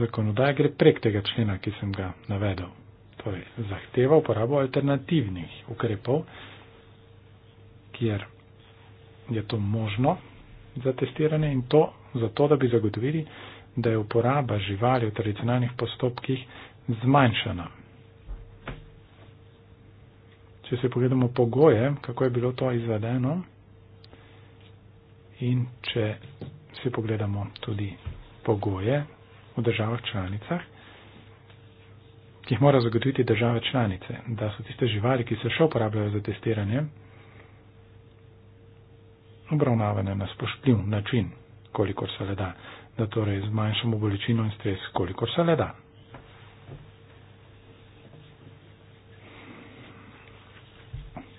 Speaker 3: Zakonodaja gre prek tega člena, ki sem ga navedel. Torej, zahteva uporabo alternativnih ukrepov, kjer je to možno za testiranje in to zato, da bi zagotovili, da je uporaba živali v tradicionalnih postopkih zmanjšana. Če se pogledamo pogoje, kako je bilo to izvedeno in če se pogledamo tudi pogoje v državah članicah, ki jih mora zagotoviti države članice, da so tiste živali, ki se še uporabljajo za testiranje, obravnavane na spoštljiv način, kolikor se le da, da torej zmanjšamo bolečino in stres, kolikor se le da.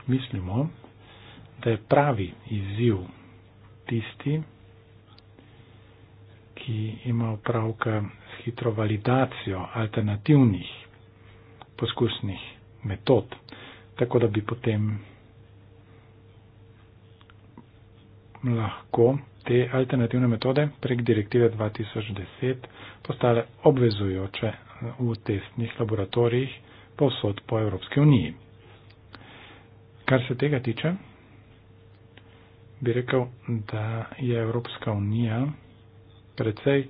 Speaker 3: Mislimo, da je pravi izziv tisti, ki ima opravka s hitro validacijo alternativnih poskusnih metod, tako da bi potem lahko te alternativne metode prek direktive 2010 postale obvezujoče v testnih laboratorijih povsod po Evropski uniji. Kar se tega tiče, bi rekel, da je Evropska unija precej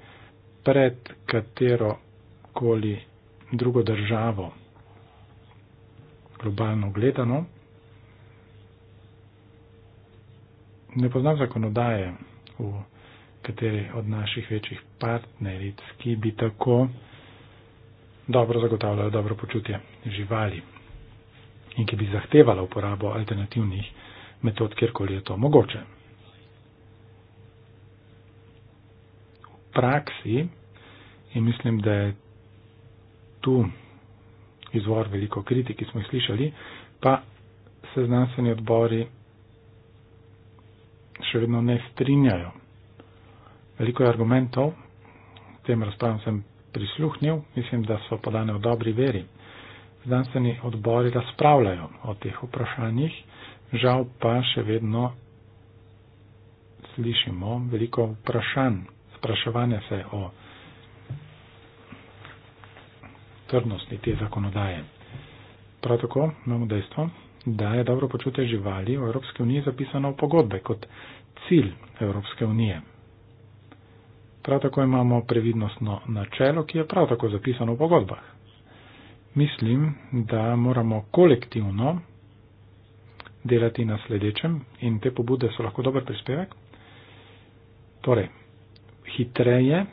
Speaker 3: pred katero koli drugo državo globalno gledano ne poznam zakonodaje, v kateri od naših večjih partneric, ki bi tako dobro zagotavljala dobro počutje živali in ki bi zahtevala uporabo alternativnih metod, kjerkoli je to mogoče. V praksi, in mislim, da je tu izvor veliko kritiki, smo jih slišali, pa se znanstveni odbori še vedno ne strinjajo. Veliko je argumentov, tem razpravam sem prisluhnil, mislim, da so podane v dobri veri. Znanstveni odbori razpravljajo o teh vprašanjih, žal pa še vedno slišimo veliko vprašanj, spraševanja se o trdnosti te zakonodaje. Prav tako imamo dejstvo, da je dobro počutje živali v Evropski uniji zapisano v pogodbe kot cilj Evropske unije. Prav tako imamo previdnostno načelo, ki je prav tako zapisano v pogodbah. Mislim, da moramo kolektivno delati na sledečem in te pobude so lahko dober prispevek. Torej, hitreje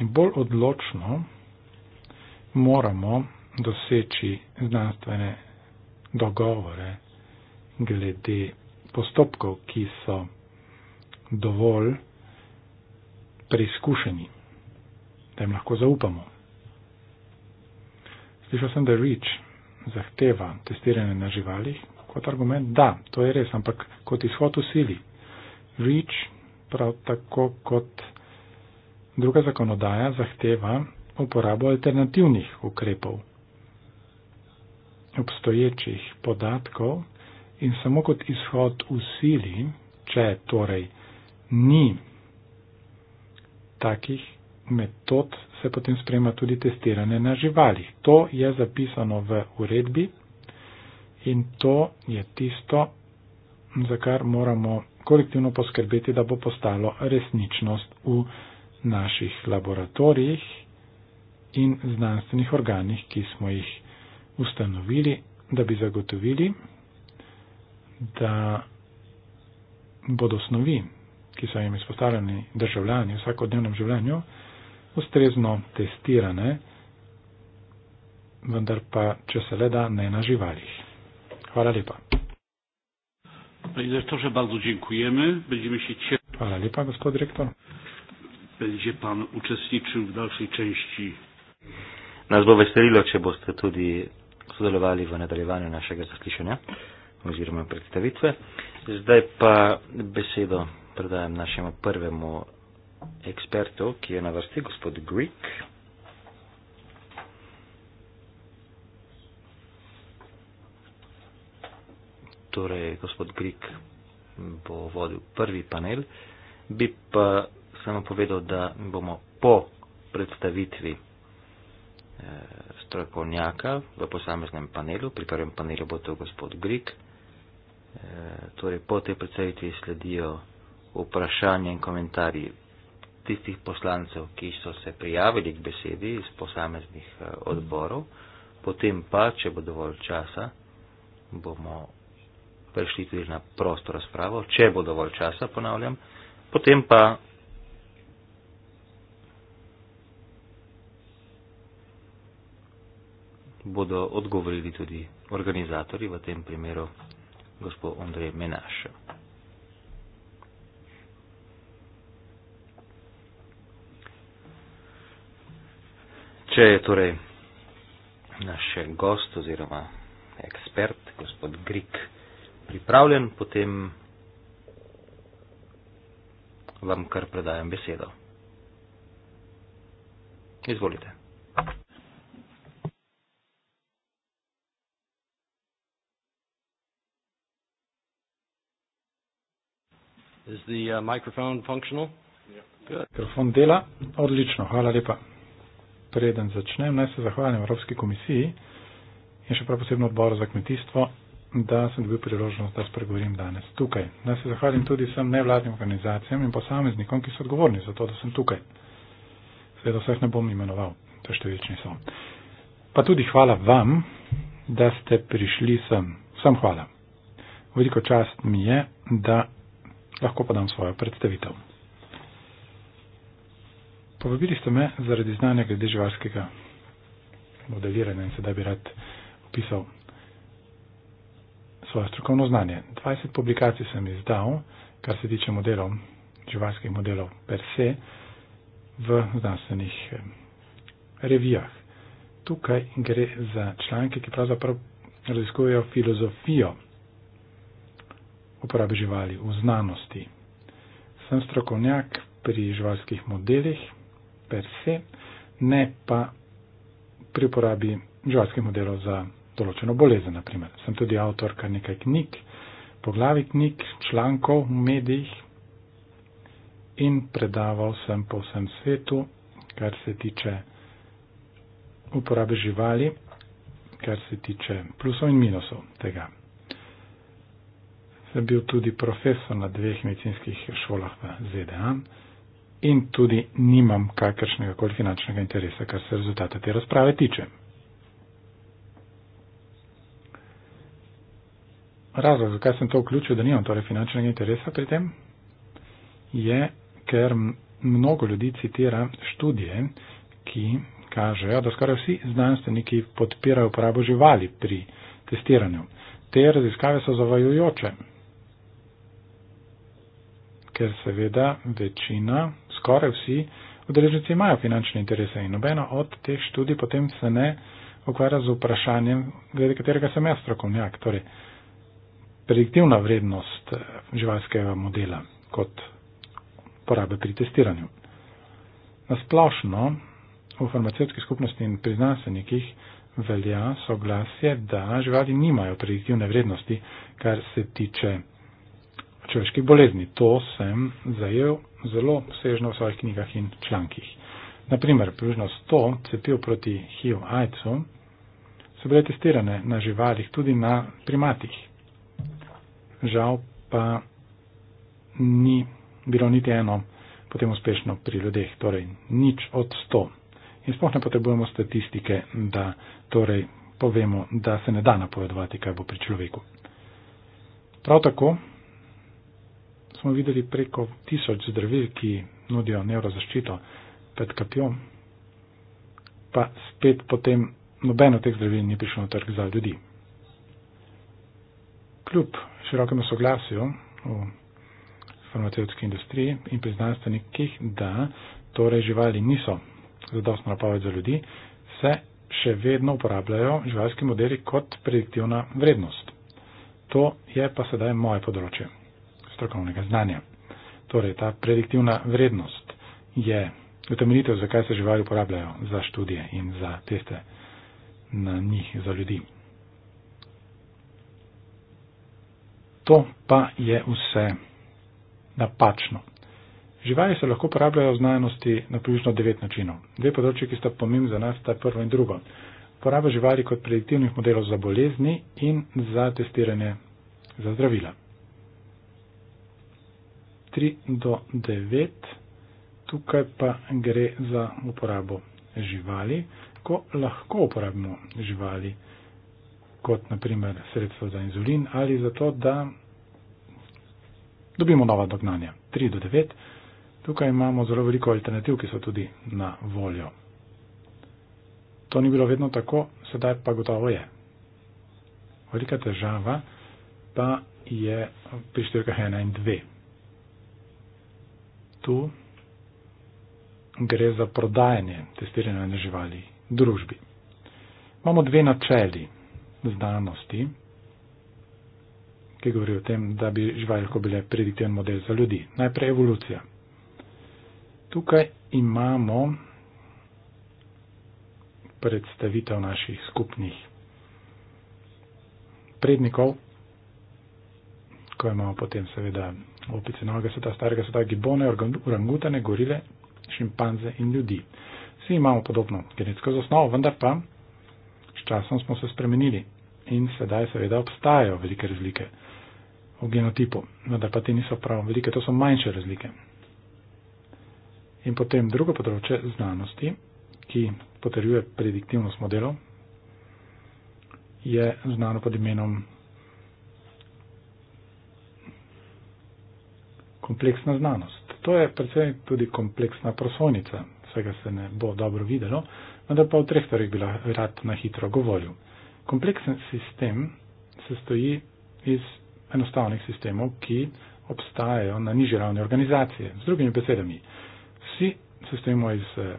Speaker 3: in bolj odločno moramo doseči znanstvene dogovore glede postopkov, ki so dovolj preizkušeni, da jim lahko zaupamo. Slišal sem, da REAC zahteva testiranje na živalih kot argument. Da, to je res, ampak kot izhod v sili. REAC prav tako kot druga zakonodaja zahteva uporabo alternativnih ukrepov obstoječih podatkov, in samo kot izhod v sili, če torej ni takih metod, se potem sprema tudi testiranje na živalih. To je zapisano v uredbi in to je tisto, za kar moramo kolektivno poskrbeti, da bo postalo resničnost v naših laboratorijih in znanstvenih organih, ki smo jih ustanovili, da bi zagotovili da bodo snovi, ki so jim izpostavljeni državljani v vsakodnevnem življenju, ustrezno testirane, vendar pa, če se le da, ne na živalih. Hvala lepa. Za to, že bardzo dziękujemy. Będziemy się cieszyć. Hvala lepa, gospod direktor. Będzie pan uczestniczył w dalszej części.
Speaker 1: Nas bo weselilo, če boste tudi sodelovali v nadaljevanju našega zaslišanja oziroma predstavitve. Zdaj pa besedo predajam našemu prvemu ekspertu, ki je na vrsti, gospod Greek. Torej, gospod Greek bo vodil prvi panel. Bi pa samo povedal, da bomo po predstavitvi eh, strokovnjaka v posameznem panelu, pri prvem panelu bo to gospod Greek, Eh, torej po tej predstavitvi sledijo vprašanje in komentarji tistih poslancev, ki so se prijavili k besedi iz posameznih eh, odborov. Potem pa, če bo dovolj časa, bomo prišli tudi na prosto razpravo, če bo dovolj časa, ponavljam. Potem pa bodo odgovorili tudi organizatorji, v tem primeru gospod Andrej Menaš. Če je torej naš gost oziroma ekspert, gospod Grik, pripravljen, potem vam kar predajam besedo. Izvolite. Is the uh, microphone functional?
Speaker 3: Mikrofon dela odlično, hvala lepa. Preden začnem, naj se zahvalim Evropski komisiji in še prav posebno odboru za kmetijstvo, da sem dobil priložnost, da spregovorim danes tukaj. Naj se zahvalim tudi vsem nevladnim organizacijam in posameznikom, ki so odgovorni za to, da sem tukaj. Seveda vseh ne bom imenoval, to številčni so. Pa tudi hvala vam, da ste prišli sem. Vsem hvala. Veliko čast mi je, da lahko pa dam svojo predstavitev. Povabili ste me zaradi znanja glede živalskega modeliranja in sedaj bi rad opisal svoje strokovno znanje. 20 publikacij sem izdal, kar se tiče modelov, živalskih modelov per se, v znanstvenih eh, revijah. Tukaj gre za članke, ki pravzaprav raziskujejo filozofijo uporabi živali v znanosti. Sem strokovnjak pri živalskih modelih, per se, ne pa pri uporabi živalskih modelov za določeno bolezen, naprimer. Sem tudi avtor kar nekaj knjig, poglavi knjig, člankov v medijih in predaval sem po vsem svetu, kar se tiče uporabe živali, kar se tiče plusov in minusov tega je bil tudi profesor na dveh medicinskih šolah v ZDA in tudi nimam kakršnega koli finančnega interesa, kar se rezultata te razprave tiče. Razlog, zakaj sem to vključil, da nimam torej finančnega interesa pri tem, je, ker mnogo ljudi citira študije, ki kažejo, da skoraj vsi znanstveniki podpirajo uporabo živali pri testiranju. Te raziskave so zavajujoče, ker seveda večina, skoraj vsi, udeleženci imajo finančne interese in nobeno od teh študij potem se ne ukvarja z vprašanjem, glede katerega sem jaz strokovnjak, torej prediktivna vrednost eh, živalskega modela kot porabe pri testiranju. Nasplošno v farmacevtski skupnosti in pri znanstvenikih velja soglasje, da živali nimajo prediktivne vrednosti, kar se tiče človeških bolezni. To sem zajel zelo obsežno v svojih knjigah in člankih. Naprimer, približno 100 cepiv proti HIV-AIDS-u so bile testirane na živalih, tudi na primatih. Žal pa ni bilo niti eno potem uspešno pri ljudeh, torej nič od 100. In sploh ne potrebujemo statistike, da torej povemo, da se ne da napovedovati, kaj bo pri človeku. Prav tako smo videli preko tisoč zdravil, ki nudijo neurozaščito pred katjom, pa spet potem nobeno teh zdravil ni prišlo na trg za ljudi. Kljub širokemu soglasju v farmacevtski industriji in pri znanstvenikih, da torej živali niso zadostna napoved za ljudi, se še vedno uporabljajo živalski modeli kot prediktivna vrednost. To je pa sedaj moje področje strokovnega znanja. Torej, ta prediktivna vrednost je utemeljitev, zakaj se živali uporabljajo za študije in za teste na njih za ljudi. To pa je vse napačno. Živali se lahko uporabljajo v znanosti na približno devet načinov. Dve področji, ki sta pomembni za nas, sta prvo in drugo. Poraba živali kot prediktivnih modelov za bolezni in za testiranje za zdravila. 3 do 9, tukaj pa gre za uporabo živali, ko lahko uporabimo živali kot naprimer sredstvo za inzulin ali za to, da dobimo nova dognanja. 3 do 9, tukaj imamo zelo veliko alternativ, ki so tudi na voljo. To ni bilo vedno tako, sedaj pa gotovo je. Velika težava pa je pri številkah 1 in 2 tu gre za prodajanje testiranja na živali družbi. Imamo dve načeli znanosti, ki govori o tem, da bi živali lahko bile prediktiven model za ljudi. Najprej evolucija. Tukaj imamo predstavitev naših skupnih prednikov, ko imamo potem seveda opice noge sveta, starega sveta, gibone, orangutane, gorile, šimpanze in ljudi. Vsi imamo podobno genetsko zasnovo, vendar pa s časom smo se spremenili in sedaj seveda obstajajo velike razlike v genotipu, vendar pa te niso prav velike, to so manjše razlike. In potem drugo področje znanosti, ki potrjuje prediktivnost modelov, je znano pod imenom kompleksna znanost. To je predvsem tudi kompleksna prosovnica, vsega se ne bo dobro videlo, vendar pa v treh torej bi rad na hitro govoril. Kompleksen sistem se stoji iz enostavnih sistemov, ki obstajajo na nižji ravni organizacije. Z drugimi besedami, vsi se stojimo iz eh,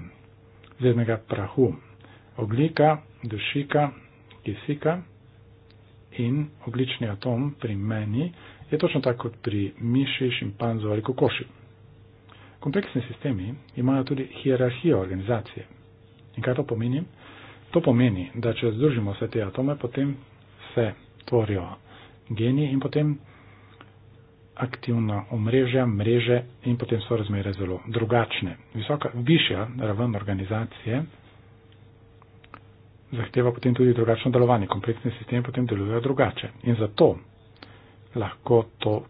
Speaker 3: zednega prahu, oglika, dušika, kisika in oglični atom pri meni je točno tako kot pri miši, šimpanzu ali kokoši. Kompleksni sistemi imajo tudi hierarhijo organizacije. In kaj to pomeni? To pomeni, da če združimo vse te atome, potem se tvorijo geni in potem aktivna omrežja, mreže in potem so razmere zelo drugačne. Visoka, višja raven organizacije zahteva potem tudi drugačno delovanje. Kompleksni sistemi potem delujejo drugače. In zato lahko to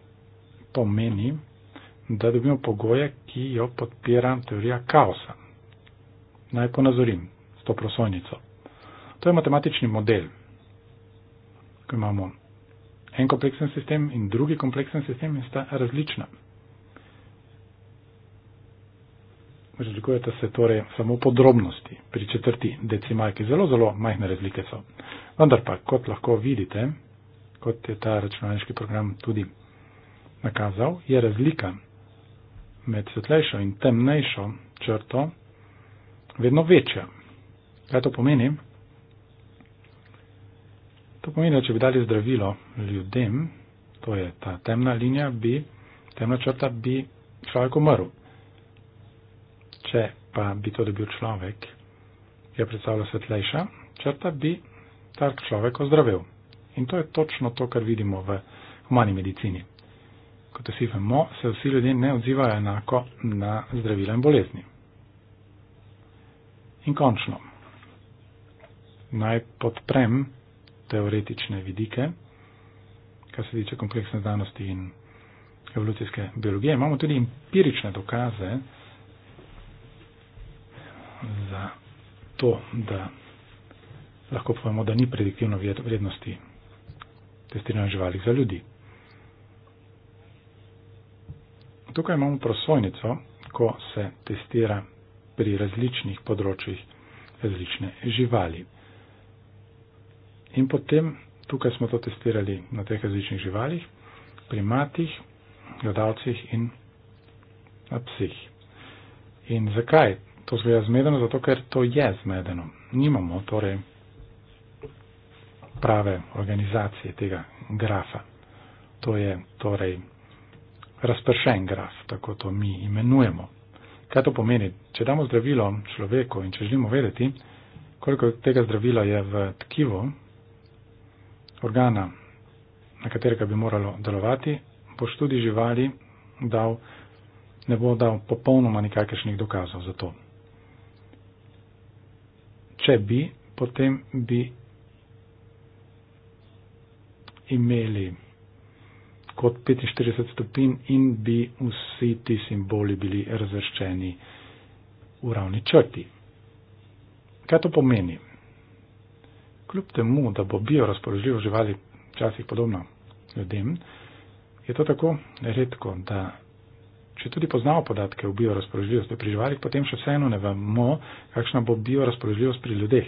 Speaker 3: pomeni, da dobimo pogoje, ki jo podpira teorija kaosa. Naj ponazorim s to prosojnico. To je matematični model, ko imamo en kompleksen sistem in drugi kompleksen sistem in sta različna. Razlikujete se torej samo podrobnosti pri četrti decimalki. Zelo, zelo majhne razlike so. Vendar pa, kot lahko vidite, kot je ta računalniški program tudi nakazal, je razlika med svetlejšo in temnejšo črto vedno večja. Kaj to pomeni? To pomeni, da če bi dali zdravilo ljudem, to je ta temna linija, bi, temna črta bi človek umrl. Če pa bi to dobil človek, je predstavljala svetlejša črta, bi tak človek ozdravil. In to je točno to, kar vidimo v humani medicini. Kot vsi vemo, se vsi ljudje ne odzivajo enako na zdravila in bolezni. In končno, naj podprem teoretične vidike, kar se tiče kompleksne znanosti in evolucijske biologije. Imamo tudi empirične dokaze za to, da lahko povemo, da ni prediktivno vrednosti testiranja živali za ljudi. Tukaj imamo prosojnico, ko se testira pri različnih področjih različne živali. In potem, tukaj smo to testirali na teh različnih živalih, pri matih, gledalcih in na psih. In zakaj to zgleda zmedeno? Zato, ker to je zmedeno. Nimamo torej prave organizacije tega grafa. To je torej razpršen graf, tako to mi imenujemo. Kaj to pomeni? Če damo zdravilo človeku in če želimo vedeti, koliko tega zdravila je v tkivu organa, na katerega bi moralo delovati, bo študi živali dal, ne bo dal popolnoma nikakršnih dokazov za to. Če bi, potem bi imeli kot 45 stopinj in bi vsi ti simboli bili razvrščeni v ravni črti. Kaj to pomeni? Kljub temu, da bo bio razpoložljivo živali včasih podobno ljudem, je to tako redko, da če tudi poznamo podatke o bio razpoložljivosti pri živalih, potem še vseeno ne vemo, kakšna bo bio razpoložljivost pri ljudeh,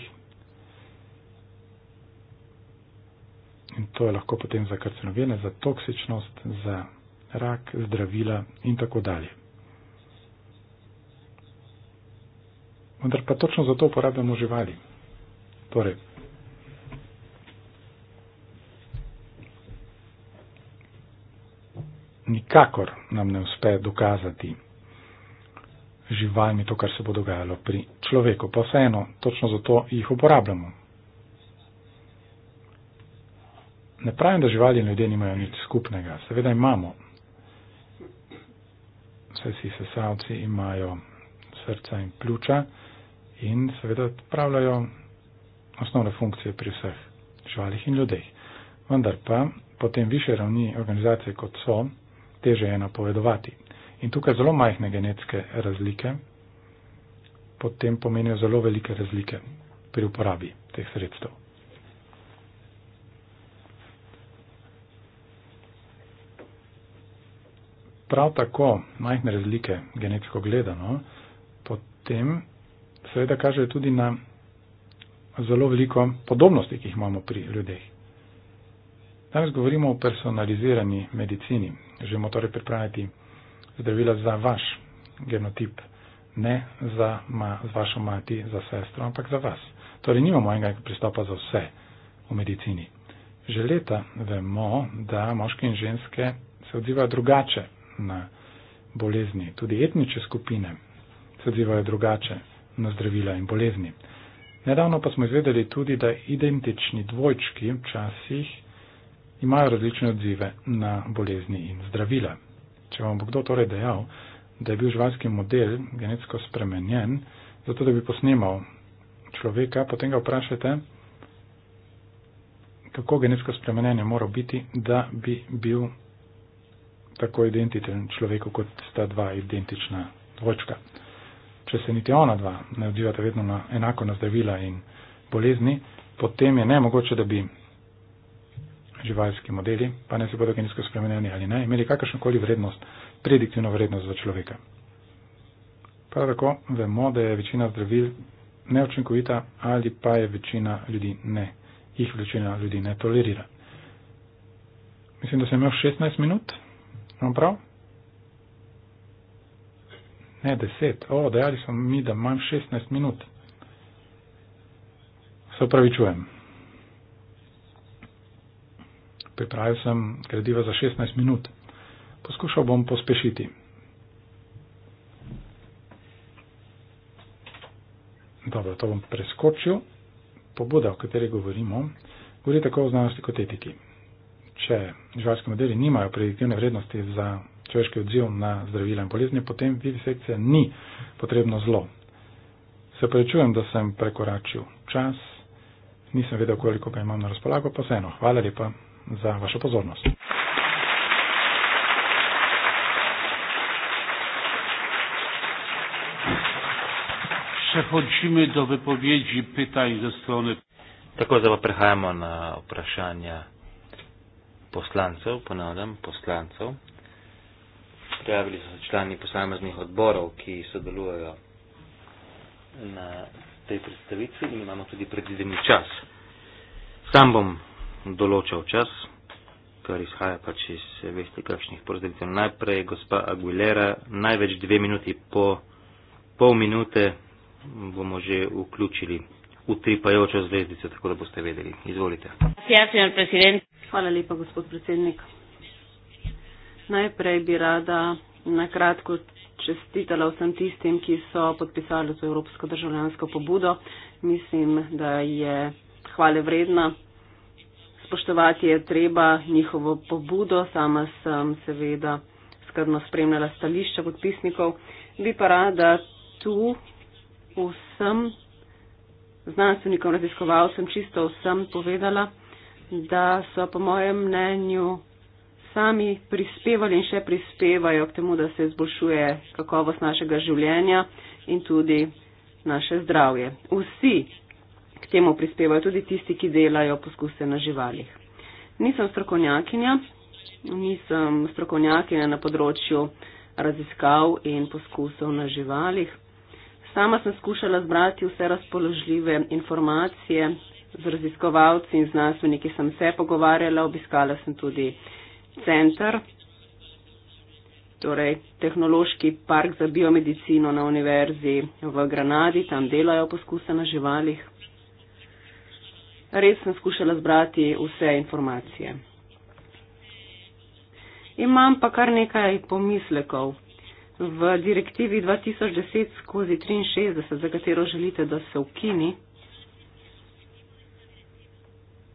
Speaker 3: in to je lahko potem za karcinogene, za toksičnost, za rak, zdravila in tako dalje. Vendar pa točno zato uporabljamo živali. Torej, nikakor nam ne uspe dokazati živalmi to, kar se bo dogajalo pri človeku. Pa vseeno, točno zato jih uporabljamo. ne pravim, da živali in ljudje nimajo nič skupnega. Seveda imamo. Vse si sesalci imajo srca in pljuča in seveda pravljajo osnovne funkcije pri vseh živalih in ljudeh. Vendar pa potem više ravni organizacije kot so, teže je napovedovati. In tukaj zelo majhne genetske razlike potem pomenijo zelo velike razlike pri uporabi teh sredstev. prav tako majhne razlike genetsko gledano, potem seveda kaže tudi na zelo veliko podobnosti, ki jih imamo pri ljudeh. Danes govorimo o personalizirani medicini. Želimo torej pripraviti zdravila za vaš genotip, ne za, ma, za vašo mati, za sestro, ampak za vas. Torej nimamo enega pristopa za vse v medicini. Že leta vemo, da moški in ženske se odzivajo drugače na bolezni. Tudi etnične skupine se odzivajo drugače na zdravila in bolezni. Nedavno pa smo izvedeli tudi, da identični dvojčki včasih imajo različne odzive na bolezni in zdravila. Če vam bo kdo torej dejal, da je bil živalski model genetsko spremenjen, zato da bi posnemal človeka, potem ga vprašajte, kako genetsko spremenjen je moral biti, da bi bil tako identičen človeku, kot sta dva identična dvojčka. Če se niti ona dva ne odzivata vedno na enako na zdravila in bolezni, potem je nemogoče, da bi živalski modeli, pa ne se bodo genetsko spremenjeni ali ne, imeli kakršnokoli vrednost, prediktivno vrednost za človeka. Prav tako vemo, da je večina zdravil neočinkovita ali pa je večina ljudi ne, jih večina ljudi ne tolerira. Mislim, da sem imel 16 minut. Imam prav? Ne, deset. O, dejali smo mi, da imam 16 minut. Se opravičujem. Pripravil sem gradiva za 16 minut. Poskušal bom pospešiti. Dobro, to bom preskočil. Pobuda, o kateri govorimo, govori tako o znanosti kot etiki če živalske modeli nimajo prediktivne vrednosti za človeški odziv na zdravila in bolezni, potem vid sekcija ni potrebno zlo. Se prečujem, da sem prekoračil čas, nisem vedel, koliko ga imam na razpolago, pa vseeno. Hvala lepa za vašo pozornost. Prehodimo
Speaker 1: do vypovedi, pitanj ze strani. Tako zelo prehajamo na vprašanja poslancev, ponavljam, poslancev. Prijavili so se člani posameznih odborov, ki sodelujejo na tej predstavitvi in imamo tudi predvideni čas. Sam bom določal čas, kar izhaja pač iz veste kakšnih porazdelitev. Najprej gospa Aguilera, največ dve minuti po pol minute bomo že vključili utripajočo zvezdico, tako da boste vedeli. Izvolite.
Speaker 2: Gracias, señor presidente. Hvala lepa, gospod predsednik. Najprej bi rada na kratko čestitala vsem tistim, ki so podpisali to evropsko državljansko pobudo. Mislim, da je hvale vredna. Spoštovati je treba njihovo pobudo. Sama sem seveda skrbno spremljala stališča podpisnikov. Bi pa rada tu vsem znanstvenikom, raziskovalcem, čisto vsem povedala, da so po mojem mnenju sami prispevali in še prispevajo k temu, da se izboljšuje kakovost našega življenja in tudi naše zdravje. Vsi k temu prispevajo, tudi tisti, ki delajo poskuse na živalih. Nisem strokovnjakinja, nisem strokovnjakinja na področju raziskav in poskusov na živalih. Sama sem skušala zbrati vse razpoložljive informacije z raziskovalci in znanstveniki sem se pogovarjala, obiskala sem tudi center, torej tehnološki park za biomedicino na univerzi v Granadi, tam delajo poskuse na živalih. Res sem skušala zbrati vse informacije. Imam pa kar nekaj pomislekov. V direktivi 2010 skozi 63, za katero želite, da se ukini,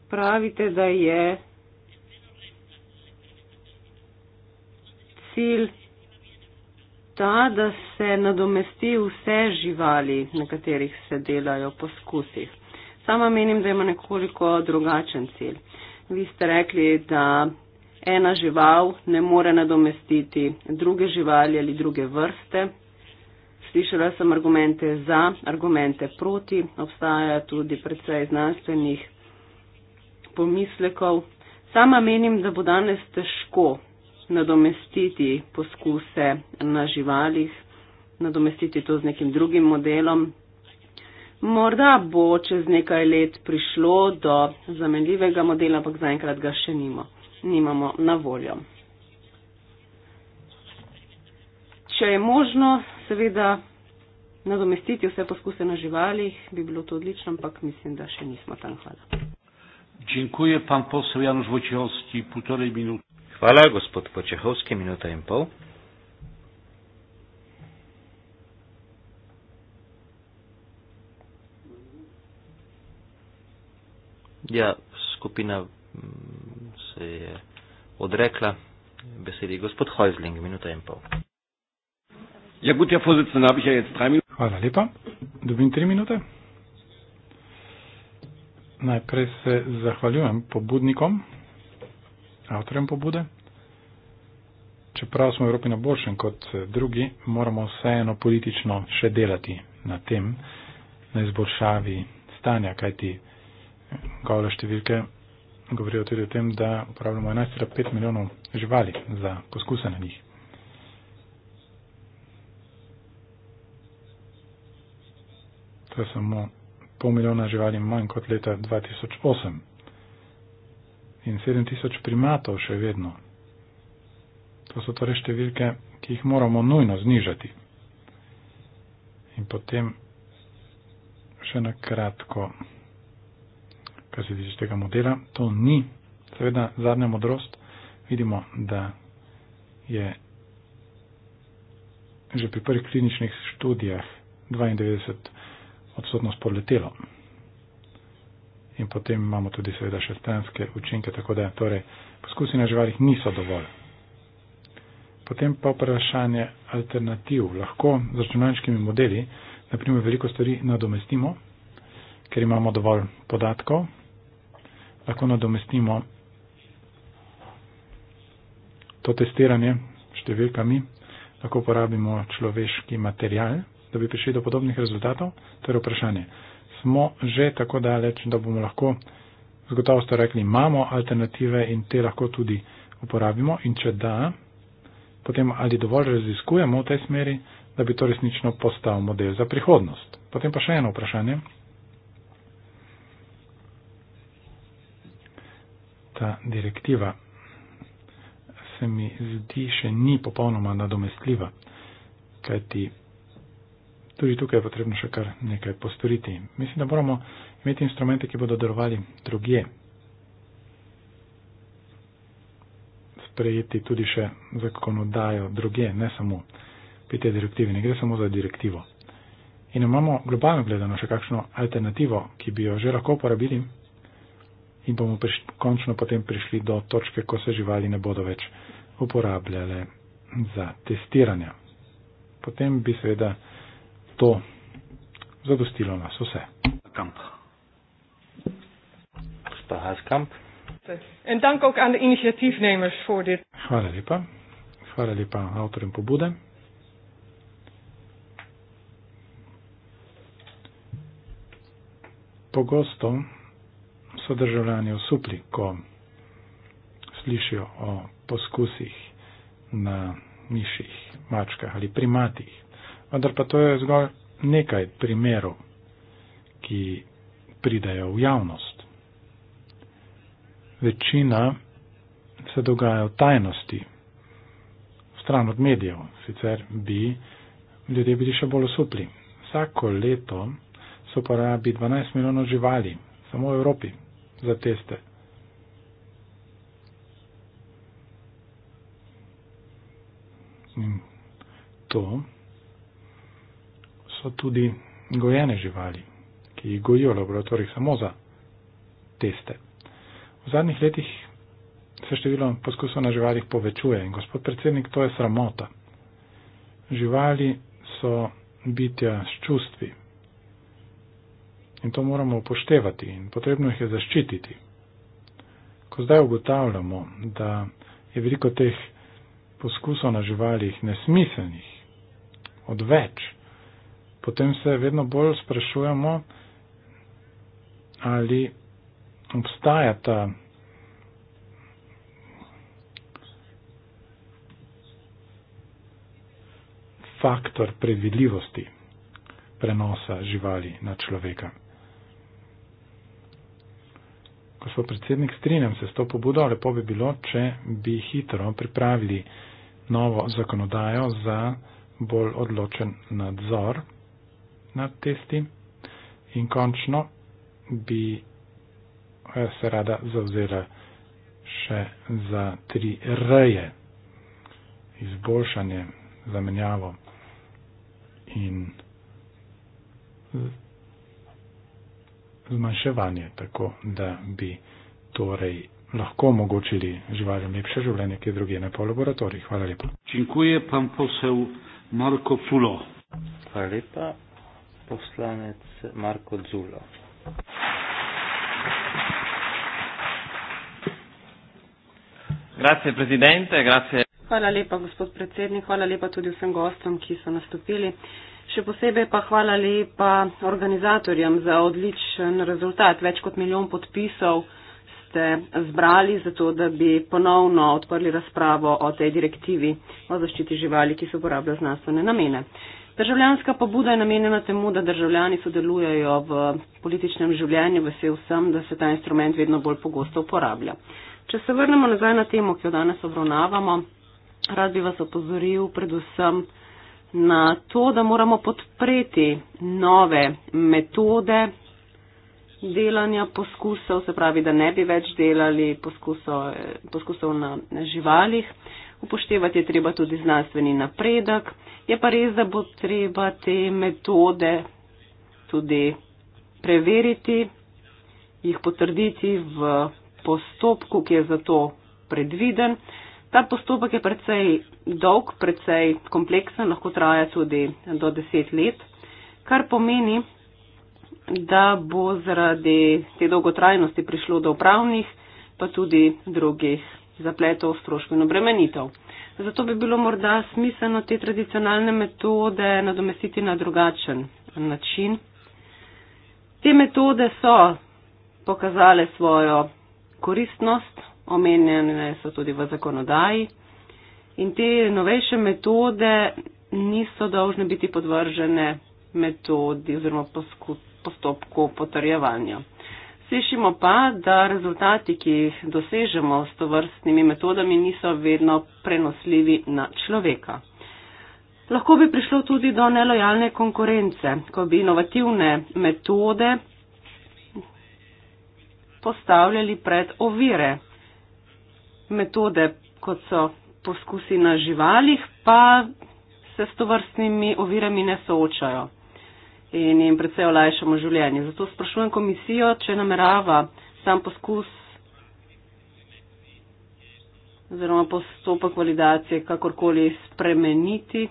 Speaker 2: pravite, da je cilj ta, da se nadomesti vse živali, na katerih se delajo poskusi. Sama menim, da ima nekoliko drugačen cilj. Vi ste rekli, da ena žival ne more nadomestiti druge živali ali druge vrste. Slišala sem argumente za, argumente proti. Obstaja tudi predvsej znanstvenih pomislekov. Sama menim, da bo danes težko nadomestiti poskuse na živalih, nadomestiti to z nekim drugim modelom. Morda bo čez nekaj let prišlo do zamenljivega modela, ampak zaenkrat ga še nimo, nimamo na voljo. Če je možno, seveda, nadomestiti vse poskuse na živalih, bi bilo to odlično, ampak mislim, da še nismo tam. Hvala.
Speaker 3: Dziękuję pan poseł
Speaker 1: Janusz Wojciechowski, półtorej minuty. Chwala gospod Wojciechowski, minuta i pół. Ja skupina mm, se je odrekla. Besedi gospod Heusling, minuta in pol.
Speaker 2: Ja, gut, ja, vorsitzende, habe ich ja jetzt drei
Speaker 3: Minuten. Hvala lepa. Dobim tri minute. Najprej se zahvaljujem pobudnikom, avtorjem pobude. Čeprav smo v Evropi na boljšem kot drugi, moramo vseeno politično še delati na tem, na izboljšavi stanja, kajti gole številke govorijo tudi o tem, da uporabljamo 11,5 milijonov živali za poskuse na njih. To je samo pol milijona živali manj kot leta 2008 in 7 tisoč primatov še vedno. To so torej številke, ki jih moramo nujno znižati. In potem še na kratko, kar se tiče tega modela, to ni seveda zadnja modrost. Vidimo, da je že pri prvih kliničnih študijah 92 odsotnost poletelo. In potem imamo tudi seveda še stranske učinke, tako da torej, poskusi na živalih niso dovolj. Potem pa vprašanje alternativ. Lahko z računalniškimi modeli, naprimer, veliko stvari nadomestimo, ker imamo dovolj podatkov. Lahko nadomestimo to testiranje številkami, lahko uporabimo človeški material da bi prišli do podobnih rezultatov? To torej je vprašanje. Smo že tako daleč, da bomo lahko z gotovostjo rekli, imamo alternative in te lahko tudi uporabimo in če da, potem ali dovolj raziskujemo v tej smeri, da bi to resnično postal model za prihodnost. Potem pa še eno vprašanje. Ta direktiva se mi zdi še ni popolnoma nadomestljiva, kajti tudi tukaj je potrebno še kar nekaj postoriti. Mislim, da moramo imeti instrumente, ki bodo delovali drugje. Sprejeti tudi še zakonodajo drugje, ne samo pri tej direktivi, ne gre samo za direktivo. In imamo globalno gledano še kakšno alternativo, ki bi jo že lahko uporabili in bomo priš, končno potem prišli do točke, ko se živali ne bodo več uporabljale za testiranja. Potem bi seveda to zadostilo nas vse. Hvala lepa. Hvala lepa avtorjem pobude. Pogosto so državljani osupli, ko slišijo o poskusih na miših, mačkah ali primatih vendar pa to je zgolj nekaj primerov, ki pridajo v javnost. Večina se dogaja v tajnosti, v stran od medijev, sicer bi ljudje bili še bolj osupli. Vsako leto se uporabi 12 milijonov živali, samo v Evropi, za teste. In to so tudi gojene živali, ki jih gojijo v laboratorijih samo za teste. V zadnjih letih se število poskusov na živalih povečuje in gospod predsednik, to je sramota. Živali so bitja s čustvi in to moramo upoštevati in potrebno jih je zaščititi. Ko zdaj ugotavljamo, da je veliko teh poskusov na živalih nesmiselnih, odveč, potem se vedno bolj sprašujemo, ali obstaja ta faktor previljivosti prenosa živali na človeka. Gospod predsednik, strinjam se s to pobudo, lepo bi bilo, če bi hitro pripravili novo zakonodajo za bolj odločen nadzor nad tistim in končno bi eh, se rada zavzela še za tri reje, izboljšanje, zamenjavo in zmanjševanje, tako da bi torej lahko omogočili živalim lepše življenje, ki je drugje na pol Hvala lepa.
Speaker 1: Dziękuję, pan poseł Marko Fulo. Hvala lepa poslanec Marko Zulo. Grazie, presidente, grazie.
Speaker 2: Hvala lepa, gospod predsednik, hvala lepa tudi vsem gostom, ki so nastopili. Še posebej pa hvala lepa organizatorjem za odličen rezultat. Več kot milijon podpisov ste zbrali za to, da bi ponovno odprli razpravo o tej direktivi o zaščiti živali, ki se uporablja v znanstvene namene. Državljanska pobuda je namenjena temu, da državljani sodelujejo v političnem življenju, vesel sem, da se ta instrument vedno bolj pogosto uporablja. Če se vrnemo nazaj na temo, ki jo danes obravnavamo, rad bi vas opozoril predvsem na to, da moramo podpreti nove metode delanja poskusov, se pravi, da ne bi več delali poskusov, poskusov na živalih upoštevati je treba tudi znanstveni napredek. Je pa res, da bo treba te metode tudi preveriti, jih potrditi v postopku, ki je za to predviden. Ta postopek je precej dolg, precej kompleksen, lahko traja tudi do deset let, kar pomeni, da bo zaradi te dolgotrajnosti prišlo do upravnih, pa tudi drugih zapletov, stroškov in obremenitev. Zato bi bilo morda smiselno te tradicionalne metode nadomestiti na drugačen način. Te metode so pokazale svojo koristnost, omenjene so tudi v zakonodaji in te novejše metode niso dolžne biti podvržene metodi oziroma postopku potrjevanja. Slišimo pa, da rezultati, ki jih dosežemo s to vrstnimi metodami, niso vedno prenosljivi na človeka. Lahko bi prišlo tudi do nelojalne konkurence, ko bi inovativne metode postavljali pred ovire. Metode, kot so poskusi na živalih, pa se s to vrstnimi ovirami ne soočajo in jim predvsej olajšamo življenje. Zato sprašujem komisijo, če namerava sam poskus oziroma postopek validacije kakorkoli spremeniti,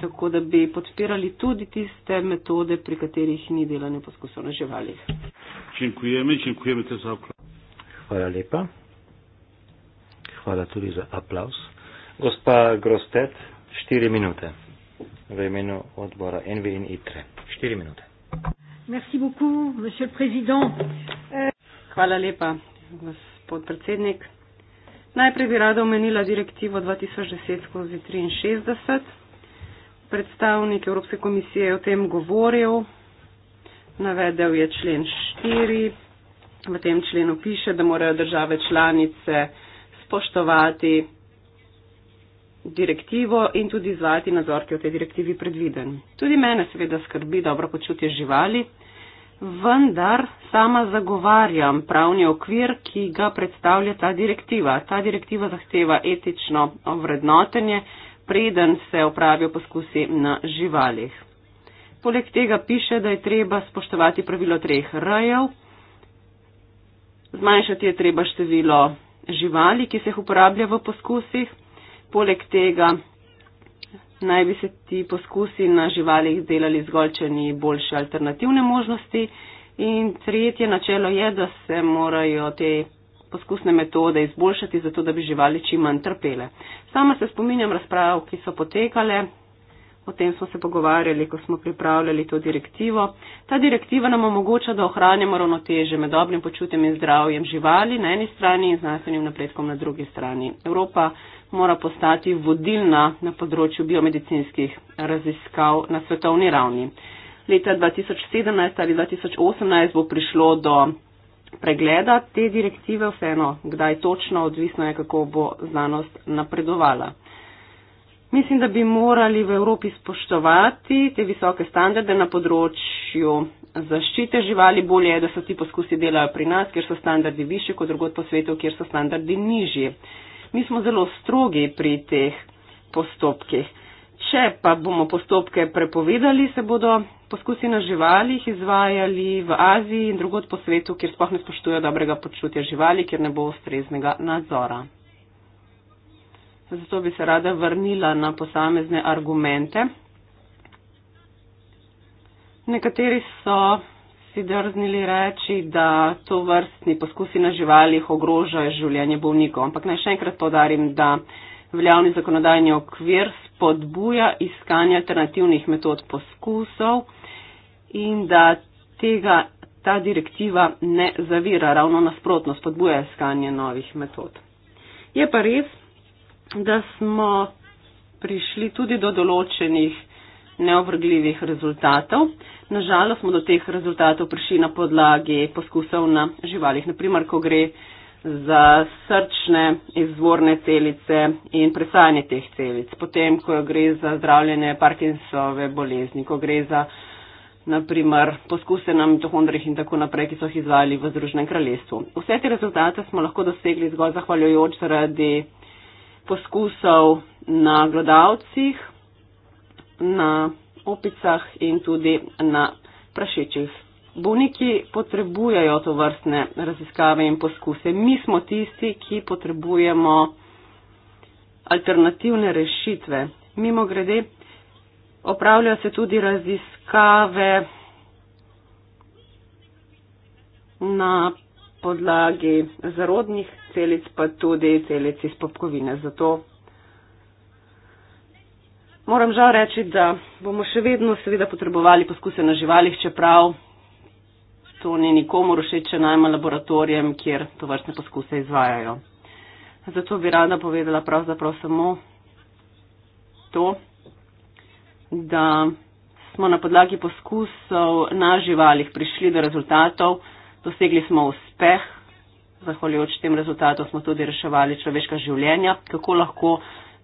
Speaker 2: tako da bi podpirali tudi tiste metode, pri katerih ni delanje poskusov na živalih.
Speaker 3: Hvala
Speaker 1: lepa. Hvala tudi za aplaus.
Speaker 2: Gospa Grostet,
Speaker 1: štiri minute v imenu odbora NV in ITRE. Štiri minute.
Speaker 2: Merci beaucoup, monsieur le président. Eh, Hvala lepa, gospod predsednik. Najprej bi rada omenila direktivo 2010-63. Predstavnik Evropske komisije je o tem govoril. Navedel je člen 4. V tem členu piše, da morajo države članice spoštovati direktivo in tudi izvajati nadzor, ki je v tej direktivi predviden. Tudi mene seveda skrbi dobro počutje živali, vendar sama zagovarjam pravni okvir, ki ga predstavlja ta direktiva. Ta direktiva zahteva etično vrednotenje, preden se opravijo poskusi na živalih. Poleg tega piše, da je treba spoštovati pravilo treh rajev, zmanjšati je treba število živali, ki se jih uporablja v poskusih. Poleg tega naj bi se ti poskusi na živalih delali zgolj, če ni boljše alternativne možnosti. In tretje načelo je, da se morajo te poskusne metode izboljšati, zato da bi živali čim manj trpele. Sama se spominjam razprav, ki so potekale. O tem smo se pogovarjali, ko smo pripravljali to direktivo. Ta direktiva nam omogoča, da ohranjamo ravnoteže med dobrim počutjem in zdravjem živali na eni strani in znanstvenim napredkom na drugi strani. Evropa mora postati vodilna na področju biomedicinskih raziskav na svetovni ravni. Leta 2017 ali 2018 bo prišlo do pregleda te direktive, vseeno kdaj točno, odvisno je, kako bo znanost napredovala. Mislim, da bi morali v Evropi spoštovati te visoke standarde na področju zaščite živali. Bolje je, da so ti poskusi delajo pri nas, kjer so standardi više kot drugot po svetu, kjer so standardi nižji mi smo zelo strogi pri teh postopkih. Če pa bomo postopke prepovedali, se bodo poskusi na živalih izvajali v Aziji in drugod po svetu, kjer sploh ne spoštujejo dobrega počutja živali, kjer ne bo ustreznega nadzora. Zato bi se rada vrnila na posamezne argumente. Nekateri so si drznili reči, da to vrstni poskusi na živalih ogrožajo življenje bolnikov. Ampak naj še enkrat podarim, da veljavni zakonodajni okvir spodbuja iskanje alternativnih metod poskusov in da tega ta direktiva ne zavira, ravno nasprotno spodbuja iskanje novih metod. Je pa res, da smo prišli tudi do določenih neovrgljivih rezultatov. Nažalost smo do teh rezultatov prišli na podlagi poskusov na živalih. Naprimer, ko gre za srčne izvorne celice in presajanje teh celic. Potem, ko gre za zdravljenje Parkinsove bolezni, ko gre za naprimer poskuse na mitohondrih in tako naprej, ki so jih izvajali v Združenem kraljestvu. Vse te rezultate smo lahko dosegli zgolj zahvaljujoč zaradi poskusov na gledalcih, na opicah in tudi na prašičih. Bolniki potrebujejo to vrstne raziskave in poskuse. Mi smo tisti, ki potrebujemo alternativne rešitve. Mimo grede, opravljajo se tudi raziskave na podlagi zarodnih celic, pa tudi celic iz popkovine. Zato Moram žal reči, da bomo še vedno seveda potrebovali poskuse na živalih, čeprav to ni nikomu rušeče najmanj laboratorijem, kjer to vrstne poskuse izvajajo. Zato bi rada povedala pravzaprav samo to, da smo na podlagi poskusov na živalih prišli do rezultatov, dosegli smo uspeh, zahvaljujoč tem rezultatom smo tudi reševali človeška življenja, kako lahko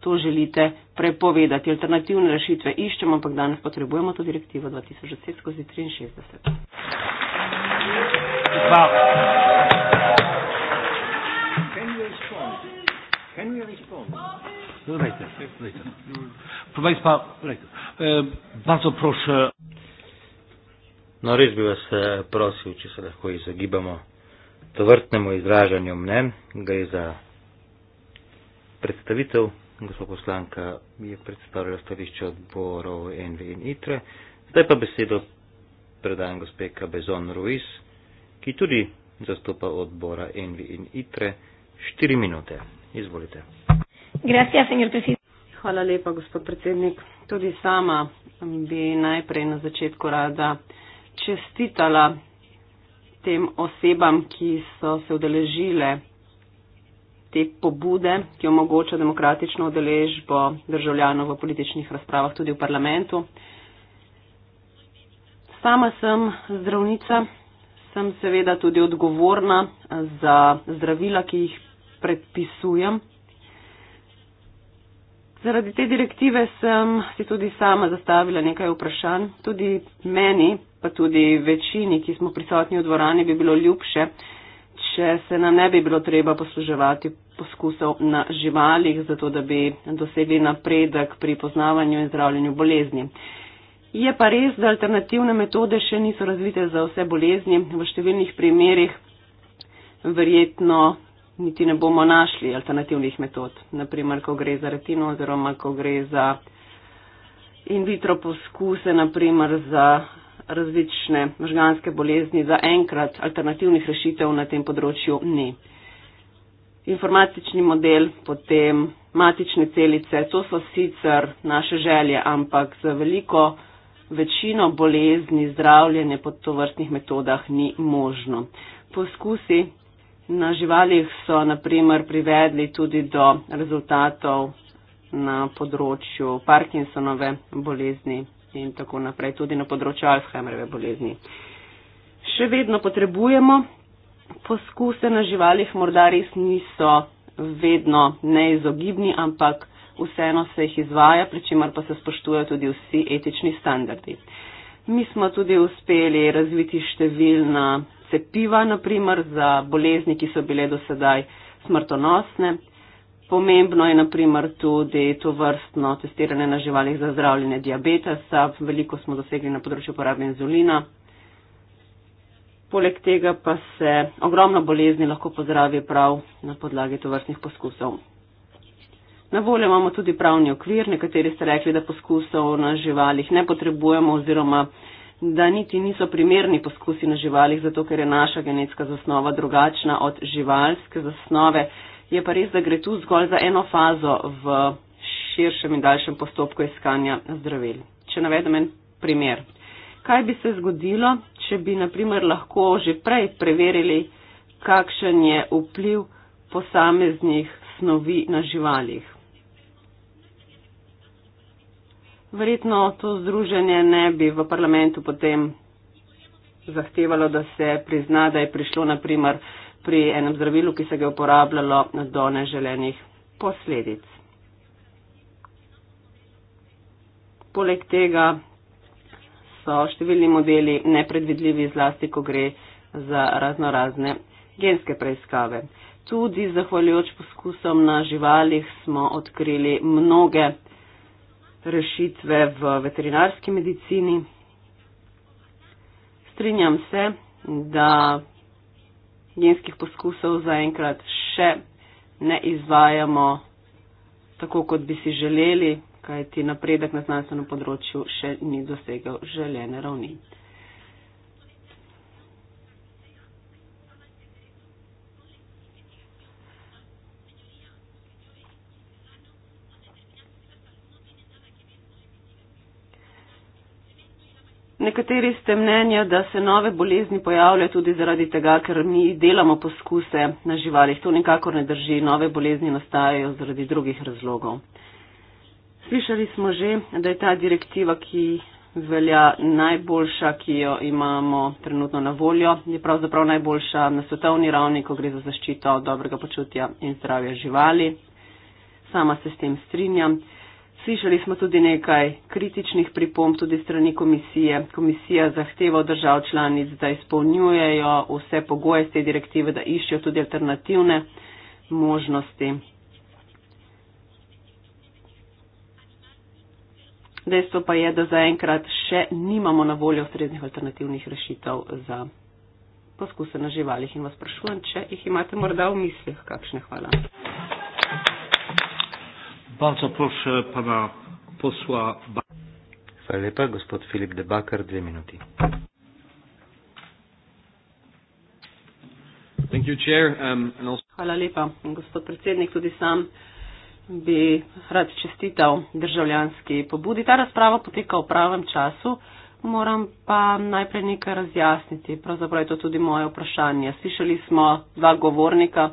Speaker 2: to želite prepovedati. Alternativne rešitve iščemo, ampak danes potrebujemo to direktivo 2006-63.
Speaker 3: Hvala.
Speaker 1: E, bardzo proszę. Na no, res bi vas e, prosil, če se lahko izogibamo tovrtnemu izražanju mnen, gre za predstavitev gospod poslanka je predstavljala stališče odborov NV in ITRE. Zdaj pa besedo predajam gospe Kabezon Ruiz, ki tudi zastopa odbora NV in ITRE. Štiri minute. Izvolite.
Speaker 2: Gracia, Hvala lepa, gospod predsednik. Tudi sama bi najprej na začetku rada čestitala tem osebam, ki so se udeležile te pobude, ki omogoča demokratično odeležbo državljanov v političnih razpravah tudi v parlamentu. Sama sem zdravnica, sem seveda tudi odgovorna za zdravila, ki jih predpisujem. Zaradi te direktive sem si tudi sama zastavila nekaj vprašanj. Tudi meni, pa tudi večini, ki smo prisotni v dvorani, bi bilo ljubše, če se nam ne bi bilo treba posluževati poskusov na živalih, zato da bi dosegli napredek pri poznavanju in zdravljenju bolezni. Je pa res, da alternativne metode še niso razvite za vse bolezni. V številnih primerih verjetno niti ne bomo našli alternativnih metod. Naprimer, ko gre za retino oziroma ko gre za in vitro poskuse, naprimer za različne možganske bolezni, za enkrat alternativnih rešitev na tem področju ni informatični model, potem matične celice, to so sicer naše želje, ampak za veliko večino bolezni zdravljenje po tovrstnih metodah ni možno. Poskusi na živalih so naprimer privedli tudi do rezultatov na področju Parkinsonove bolezni in tako naprej, tudi na področju Alzheimerove bolezni. Še vedno potrebujemo poskuse na živalih morda res niso vedno neizogibni, ampak vseeno se jih izvaja, pri čemer pa se spoštujejo tudi vsi etični standardi. Mi smo tudi uspeli razviti številna cepiva, naprimer za bolezni, ki so bile do sedaj smrtonosne. Pomembno je naprimer tudi to vrstno testiranje na živalih za zdravljenje diabetesa. Veliko smo dosegli na področju uporabe inzulina, Poleg tega pa se ogromno bolezni lahko pozdravi prav na podlagi tovrstnih poskusov. Na voljo imamo tudi pravni okvir, nekateri ste rekli, da poskusov na živalih ne potrebujemo oziroma da niti niso primerni poskusi na živalih, zato ker je naša genetska zasnova drugačna od živalske zasnove. Je pa res, da gre tu zgolj za eno fazo v širšem in daljšem postopku iskanja zdravil. Če navedem en primer kaj bi se zgodilo, če bi naprimer lahko že prej preverili, kakšen je vpliv posameznih snovi na živalih. Verjetno to združenje ne bi v parlamentu potem zahtevalo, da se prizna, da je prišlo naprimer pri enem zdravilu, ki se ga je uporabljalo do neželenih posledic. Poleg tega so številni modeli nepredvidljivi zlasti, ko gre za razno razne genske preiskave. Tudi zahvaljujoč poskusom na živalih smo odkrili mnoge rešitve v veterinarski medicini. Strinjam se, da genskih poskusov zaenkrat še ne izvajamo tako, kot bi si želeli, kajti napredek na znanstvenem področju še ni dosegel željene ravni. Nekateri ste mnenja, da se nove bolezni pojavljajo tudi zaradi tega, ker mi delamo poskuse na živalih. To nikakor ne drži. Nove bolezni nastajajo zaradi drugih razlogov. Slišali smo že, da je ta direktiva, ki velja najboljša, ki jo imamo trenutno na voljo, je pravzaprav najboljša na svetovni ravni, ko gre za zaščito dobrega počutja in zdravja živali. Sama se s tem strinjam. Slišali smo tudi nekaj kritičnih pripomb tudi strani komisije. Komisija zahteva od držav članic, da izpolnjujejo vse pogoje z te direktive, da iščejo tudi alternativne možnosti Dejstvo pa je, da zaenkrat še nimamo na voljo ustreznih alternativnih rešitev za poskuse na živalih in vas sprašujem, če jih imate morda v mislih. Kakšne hvala.
Speaker 1: Bardzo proszę pana posła. Hvala gospod Filip Debakar, dve minuti.
Speaker 2: Thank you, chair, um, and also... Hvala lepa, gospod predsednik, tudi sam bi rad čestital državljanski pobudi. Ta razprava poteka v pravem času, moram pa najprej nekaj razjasniti. Pravzaprav je to tudi moje vprašanje. Slišali smo dva govornika,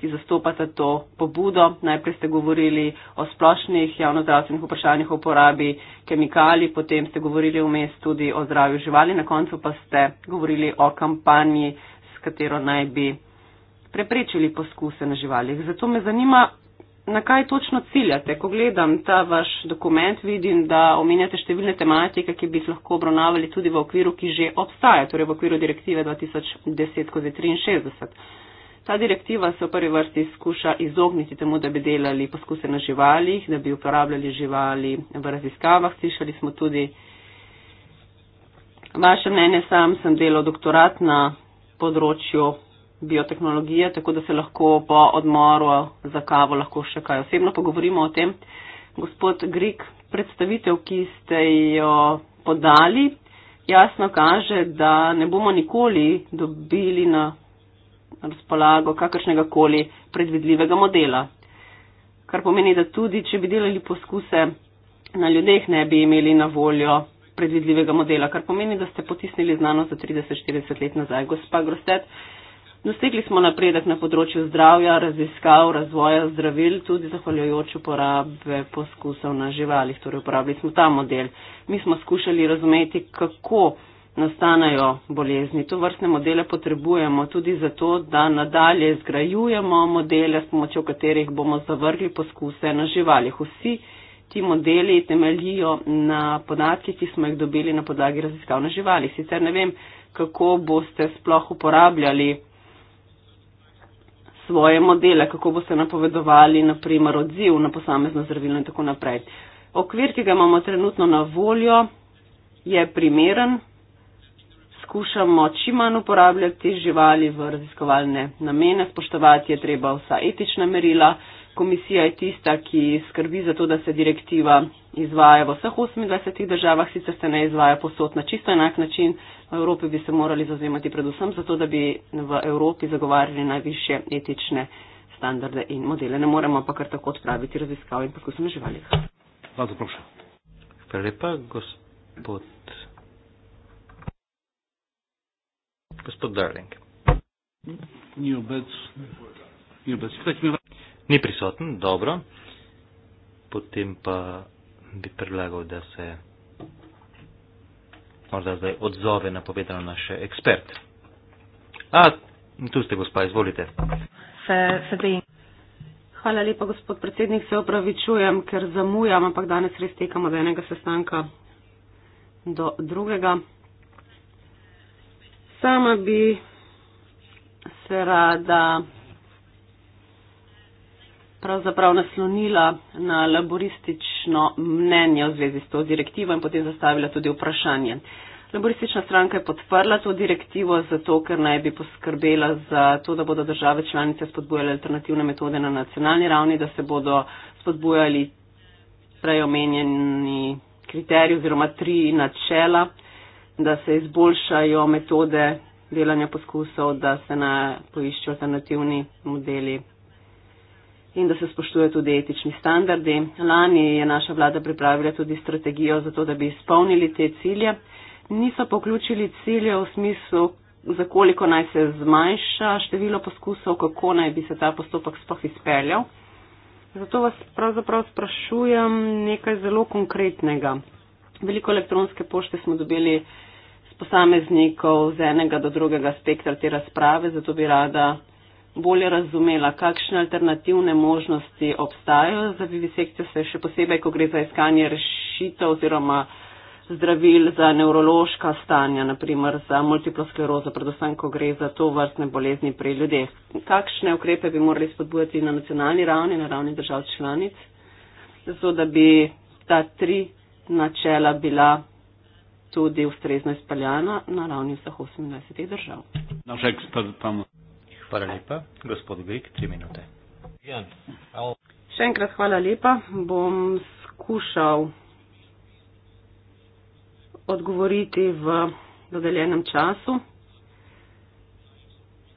Speaker 2: ki zastopata to pobudo. Najprej ste govorili o splošnih javnozdravstvenih vprašanjih o uporabi kemikalij, potem ste govorili vmes tudi o zdravju živali, na koncu pa ste govorili o kampanji, s katero naj bi preprečili poskuse na živalih. Zato me zanima, na kaj točno ciljate? Ko gledam ta vaš dokument, vidim, da omenjate številne tematike, ki bi jih lahko obravnavali tudi v okviru, ki že obstaja, torej v okviru direktive 2010-63. Ta direktiva se v prvi vrsti skuša izogniti temu, da bi delali poskuse na živalih, da bi uporabljali živali v raziskavah. Slišali smo tudi vaše mnenje, sam sem delal doktorat na področju biotehnologije, tako da se lahko po odmoru za kavo lahko še kaj osebno pogovorimo o tem. Gospod Grig, predstavitev, ki ste jo podali, jasno kaže, da ne bomo nikoli dobili na razpolago kakršnega koli predvidljivega modela. Kar pomeni, da tudi, če bi delali poskuse na ljudeh, ne bi imeli na voljo predvidljivega modela, kar pomeni, da ste potisnili znanost za 30-40 let nazaj. Gospa Grostet, Dostigli smo napredek na področju zdravja, raziskav, razvoja zdravil, tudi zahvaljujoč uporabe poskusov na živalih, torej uporabili smo ta model. Mi smo skušali razumeti, kako nastanajo bolezni. To vrstne modele potrebujemo tudi zato, da nadalje zgrajujemo modele, s pomočjo katerih bomo zavrgli poskuse na živalih. Vsi ti modeli temeljijo na podatkih, ki smo jih dobili na podlagi raziskav na živalih. Sicer ne vem, kako boste sploh uporabljali svoje modele, kako bo se napovedovali, naprimer, odziv na posamezno zdravilo in tako naprej. Okvir, ki ga imamo trenutno na voljo, je primeren. Skušamo čim manj uporabljati živali v raziskovalne namene, spoštovati je treba vsa etična merila. Komisija je tista, ki skrbi za to, da se direktiva izvaja v vseh 28 državah, sicer se ne izvaja posod na čisto enak način, V Evropi bi se morali zazemati predvsem zato, da bi v Evropi zagovarjali najviše etične standarde in modele. Ne moremo pa kar tako odpraviti raziskav in poskusov na živalih.
Speaker 1: Vlado, prosim. Hvala lepa, gospod. Gospod Darling. Ni obec. Ni obec. Ni prisoten, dobro. Potem pa bi predlagal, da se morda zdaj odzove na povedano naš ekspert. A, tu ste, gospa, izvolite.
Speaker 2: Se, se Hvala lepa, gospod predsednik. Se opravičujem, ker zamujam, ampak danes res tekamo od enega sestanka do drugega. Sama bi se rada pravzaprav naslonila na laboristič različno mnenje v zvezi s to direktivo in potem zastavila tudi vprašanje. Laboristična stranka je podprla to direktivo zato, ker naj bi poskrbela za to, da bodo države članice spodbujale alternativne metode na nacionalni ravni, da se bodo spodbujali prejomenjeni kriteriji oziroma tri načela, da se izboljšajo metode delanja poskusov, da se na poiščejo alternativni modeli in da se spoštuje tudi etični standardi. Lani je naša vlada pripravila tudi strategijo za to, da bi izpolnili te cilje. Niso poključili cilje v smislu, za koliko naj se zmanjša število poskusov, kako naj bi se ta postopek sploh izpeljal. Zato vas pravzaprav sprašujem nekaj zelo konkretnega. Veliko elektronske pošte smo dobili s posameznikov z enega do drugega spektra te razprave, zato bi rada bolje razumela, kakšne alternativne možnosti obstajajo za vivisekcijo, se še posebej, ko gre za iskanje rešitev oziroma zdravil za nevrološka stanja, naprimer za multiplosklerozo, predvsem, ko gre za to vrstne bolezni pri ljudeh. Kakšne ukrepe bi morali spodbujati na nacionalni ravni, na ravni držav članic, zato da bi ta tri načela bila tudi ustrezno izpeljana na ravni vseh 28
Speaker 1: držav. Hvala lepa. Gospod Grik, tri minute. Jan,
Speaker 2: Še enkrat hvala lepa. Bom skušal odgovoriti v dodeljenem času.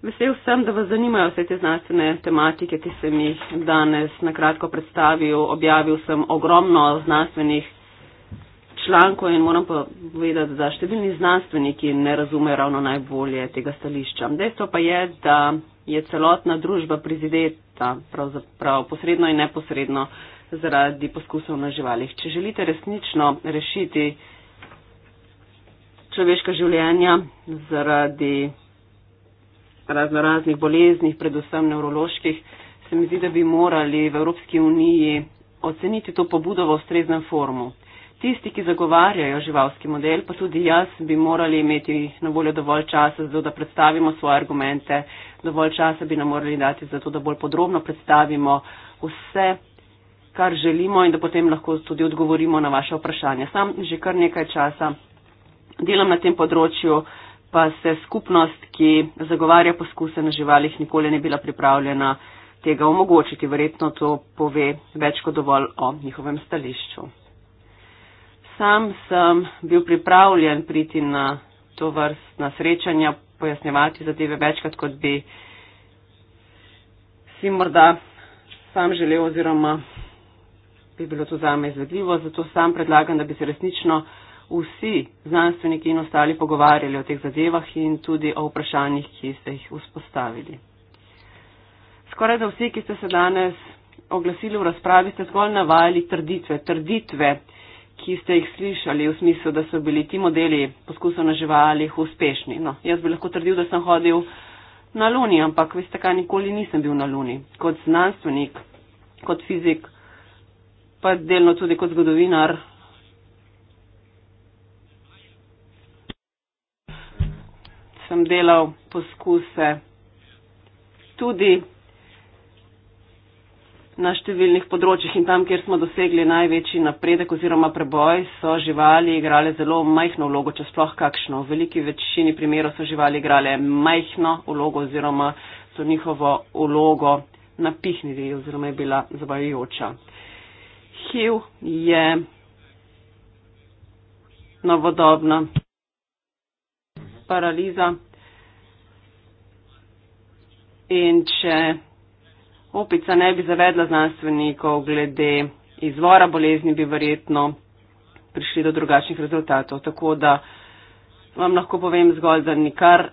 Speaker 2: Vesel sem, da vas zanimajo vse te znanstvene tematike, ki sem jih danes nakratko predstavil. Objavil sem ogromno znanstvenih članku in moram pa povedati, da številni znanstveniki ne razumejo ravno najbolje tega stališča. Dejstvo pa je, da je celotna družba prizideta pravzaprav posredno in neposredno zaradi poskusov na živalih. Če želite resnično rešiti človeška življenja zaradi razno raznih bolezni, predvsem nevroloških, se mi zdi, da bi morali v Evropski uniji oceniti to pobudo v ustreznem formu. Tisti, ki zagovarjajo živalski model, pa tudi jaz, bi morali imeti na voljo dovolj časa, zato da predstavimo svoje argumente, dovolj časa bi nam morali dati, zato da bolj podrobno predstavimo vse, kar želimo in da potem lahko tudi odgovorimo na vaše vprašanje. Sam že kar nekaj časa delam na tem področju, pa se skupnost, ki zagovarja poskuse na živalih, nikoli ne bila pripravljena tega omogočiti. Verjetno to pove več kot dovolj o njihovem stališču sam sem bil pripravljen priti na to vrstna srečanja, pojasnjevati zadeve večkrat, kot bi si morda sam želel oziroma bi bilo to zame izvedljivo. Zato sam predlagam, da bi se resnično vsi znanstveniki in ostali pogovarjali o teh zadevah in tudi o vprašanjih, ki ste jih vzpostavili. Skoraj da vsi, ki ste se danes oglasili v razpravi, ste zgolj navajali trditve, trditve ki ste jih slišali v smislu, da so bili ti modeli poskusov na živalih uspešni. No, jaz bi lahko trdil, da sem hodil na Luni, ampak veste kaj, nikoli nisem bil na Luni. Kot znanstvenik, kot fizik, pa delno tudi kot zgodovinar. Sem delal poskuse tudi na številnih področjih in tam, kjer smo dosegli največji napredek oziroma preboj, so živali igrale zelo majhno vlogo, če sploh kakšno. V veliki večini primerov so živali igrale majhno vlogo oziroma so njihovo vlogo napihnili oziroma je bila zabavajoča. HIV je novodobna paraliza in če opica ne bi zavedla znanstvenikov glede izvora bolezni, bi verjetno prišli do drugačnih rezultatov. Tako da vam lahko povem zgolj, da nikar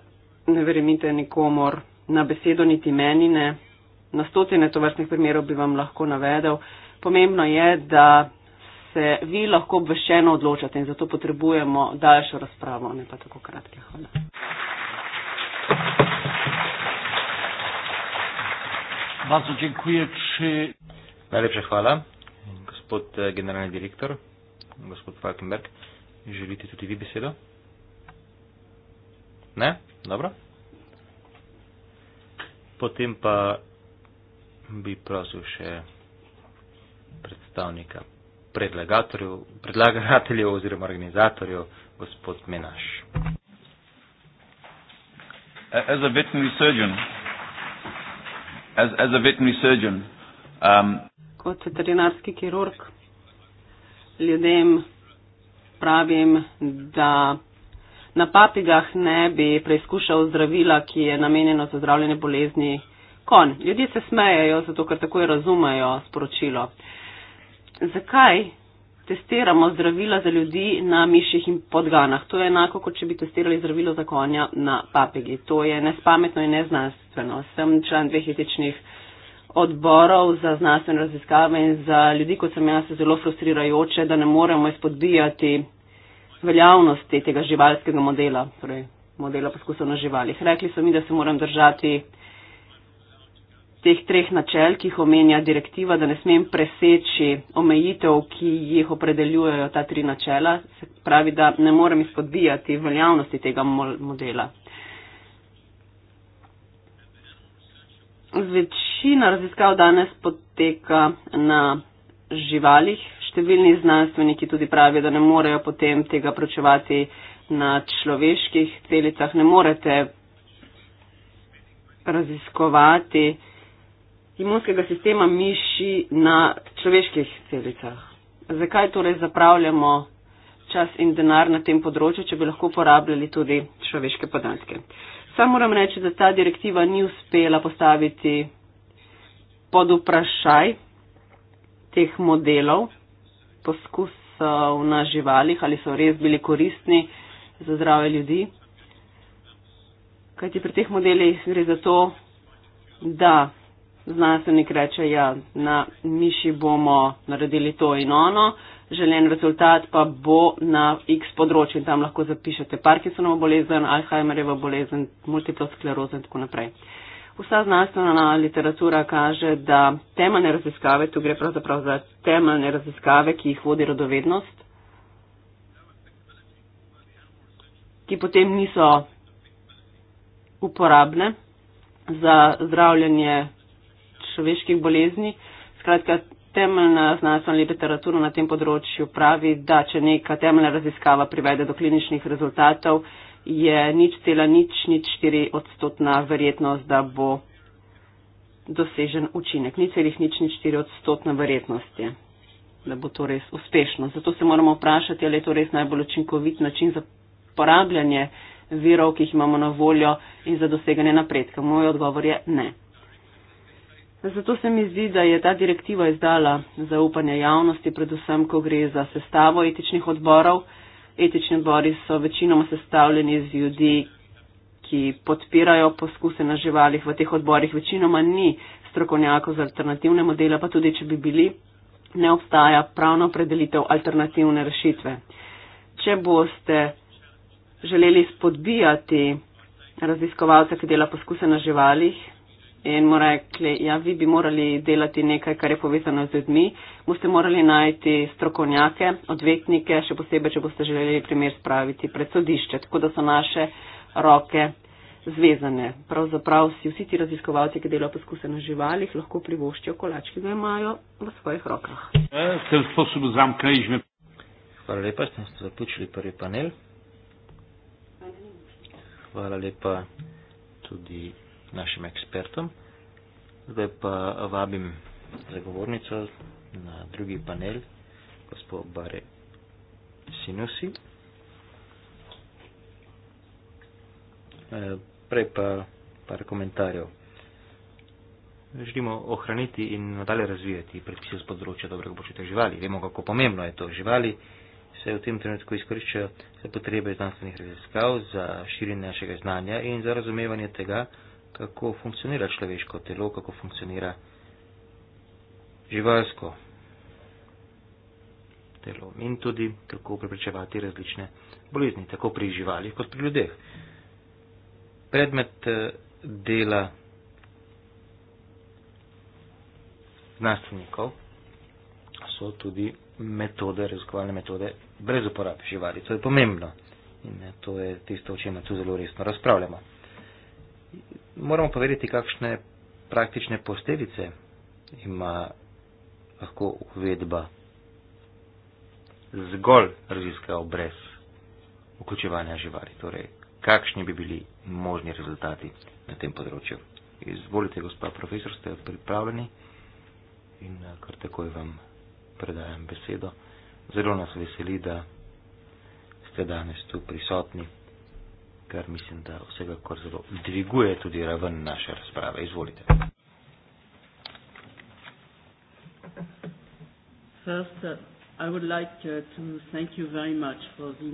Speaker 2: ne verjemite nikomor na besedo, niti meni ne. Na stotine tovrstnih primerov bi vam lahko navedel. Pomembno je, da se vi lahko obveščeno odločate in zato potrebujemo daljšo razpravo, ne pa tako kratke. Hvala.
Speaker 1: Bardzo dziękuję. Czy... Najlepsza chwala, gospod e, generalny dyrektor, gospod Falkenberg. Jeżeli ty tutaj wybierzesz do? Nie? Dobra. Potem pa bi prosił się przedstawnika predlagatelju oziroma organizatorju, gospod Menaš.
Speaker 2: As e, a veterinary surgeon, as, as a veterinary
Speaker 3: surgeon. Um,
Speaker 2: Kot veterinarski kirurg ljudem pravim, da na papigah ne bi preizkušal zdravila, ki je namenjeno za zdravljene bolezni konj. Ljudje se smejejo, zato ker takoj razumejo sporočilo. Zakaj testiramo zdravila za ljudi na miših in podganah. To je enako, kot če bi testirali zdravilo za konja na papigi. To je nespametno in neznanstveno. Sem član dveh etičnih odborov za znanstvene raziskave in za ljudi, kot sem jaz, zelo frustrirajoče, da ne moremo izpodbijati veljavnosti tega živalskega modela, torej modela poskusov na živalih. Rekli so mi, da se moram držati teh treh načel, ki jih omenja direktiva, da ne smem preseči omejitev, ki jih opredeljujejo ta tri načela, se pravi, da ne morem izpodbijati veljavnosti tega modela. Večina raziskav danes poteka na živalih. Številni znanstveniki tudi pravijo, da ne morejo potem tega pročevati na človeških celicah. Ne morete raziskovati imunskega sistema miši na človeških celicah. Zakaj torej zapravljamo čas in denar na tem področju, če bi lahko uporabljali tudi človeške podatke? Sam moram reči, da ta direktiva ni uspela postaviti pod vprašaj teh modelov, poskusov na živalih, ali so res bili koristni za zdrave ljudi. Kajti pri teh modelih gre za to, da znanstvenik reče, ja, na miši bomo naredili to in ono, želen rezultat pa bo na x področju in tam lahko zapišete Parkinsonovo bolezen, Alzheimerjevo bolezen, multiplo sklerozo in tako naprej. Vsa znanstvena literatura kaže, da temeljne raziskave, tu gre pravzaprav za temeljne raziskave, ki jih vodi rodovednost, ki potem niso uporabne za zdravljanje človeških bolezni. Skratka, temeljna znanstvena literatura na tem področju pravi, da če neka temeljna raziskava privede do kliničnih rezultatov, je nič cela nič, nič štiri odstotna verjetnost, da bo dosežen učinek. Nič celih nič, nič štiri odstotna verjetnost je, da bo to res uspešno. Zato se moramo vprašati, ali je to res najbolj učinkovit način za porabljanje virov, ki jih imamo na voljo in za doseganje napredka. Moj odgovor je ne. Zato se mi zdi, da je ta direktiva izdala zaupanje javnosti, predvsem, ko gre za sestavo etičnih odborov. Etični odbori so večinoma sestavljeni iz ljudi, ki podpirajo poskuse na živalih. V teh odborih večinoma ni strokovnjakov za alternativne modele, pa tudi, če bi bili, ne obstaja pravna opredelitev alternativne rešitve. Če boste želeli spodbijati raziskovalce, ki dela poskuse na živalih, in mu rekli, ja, vi bi morali delati nekaj, kar je povezano z ljudmi, boste morali najti strokovnjake, odvetnike, še posebej, če boste želeli primer spraviti pred sodišče, tako da so naše roke zvezane. Pravzaprav si vsi ti raziskovalci, ki delajo poskuse na živalih, lahko privoščijo kolač, ki ga imajo v svojih rokah.
Speaker 3: E,
Speaker 1: Hvala lepa, ste zaključili prvi panel. Hvala lepa tudi našim ekspertom. Zdaj pa vabim zagovornico na drugi panel, gospod Bare Sinusi. E, prej pa par komentarjev. Želimo ohraniti in nadalje razvijati predpise z področja dobrega počutja živali. Vemo, kako pomembno je to. Živali se v tem trenutku izkoriščajo za potrebe znanstvenih raziskav, za širjenje našega znanja in za razumevanje tega, kako funkcionira človeško telo, kako funkcionira živalsko telo in tudi kako preprečevati različne bolezni, tako pri živalih kot pri ljudeh. Predmet eh, dela znanstvenikov so tudi metode, raziskovalne metode brez uporabe živali. To je pomembno in eh, to je tisto, o čem tu zelo resno razpravljamo moramo pa vedeti, kakšne praktične posledice ima lahko uvedba zgolj raziskav brez vključevanja živali. Torej, kakšni bi bili možni rezultati na tem področju. Izvolite, gospod profesor, ste pripravljeni in eh, kar takoj vam predajam besedo. Zelo nas veseli, da ste danes tu prisotni kar mislim, da vsega, kar zelo dviguje tudi raven naše razprave. Izvolite.
Speaker 2: First, uh, like uh, the...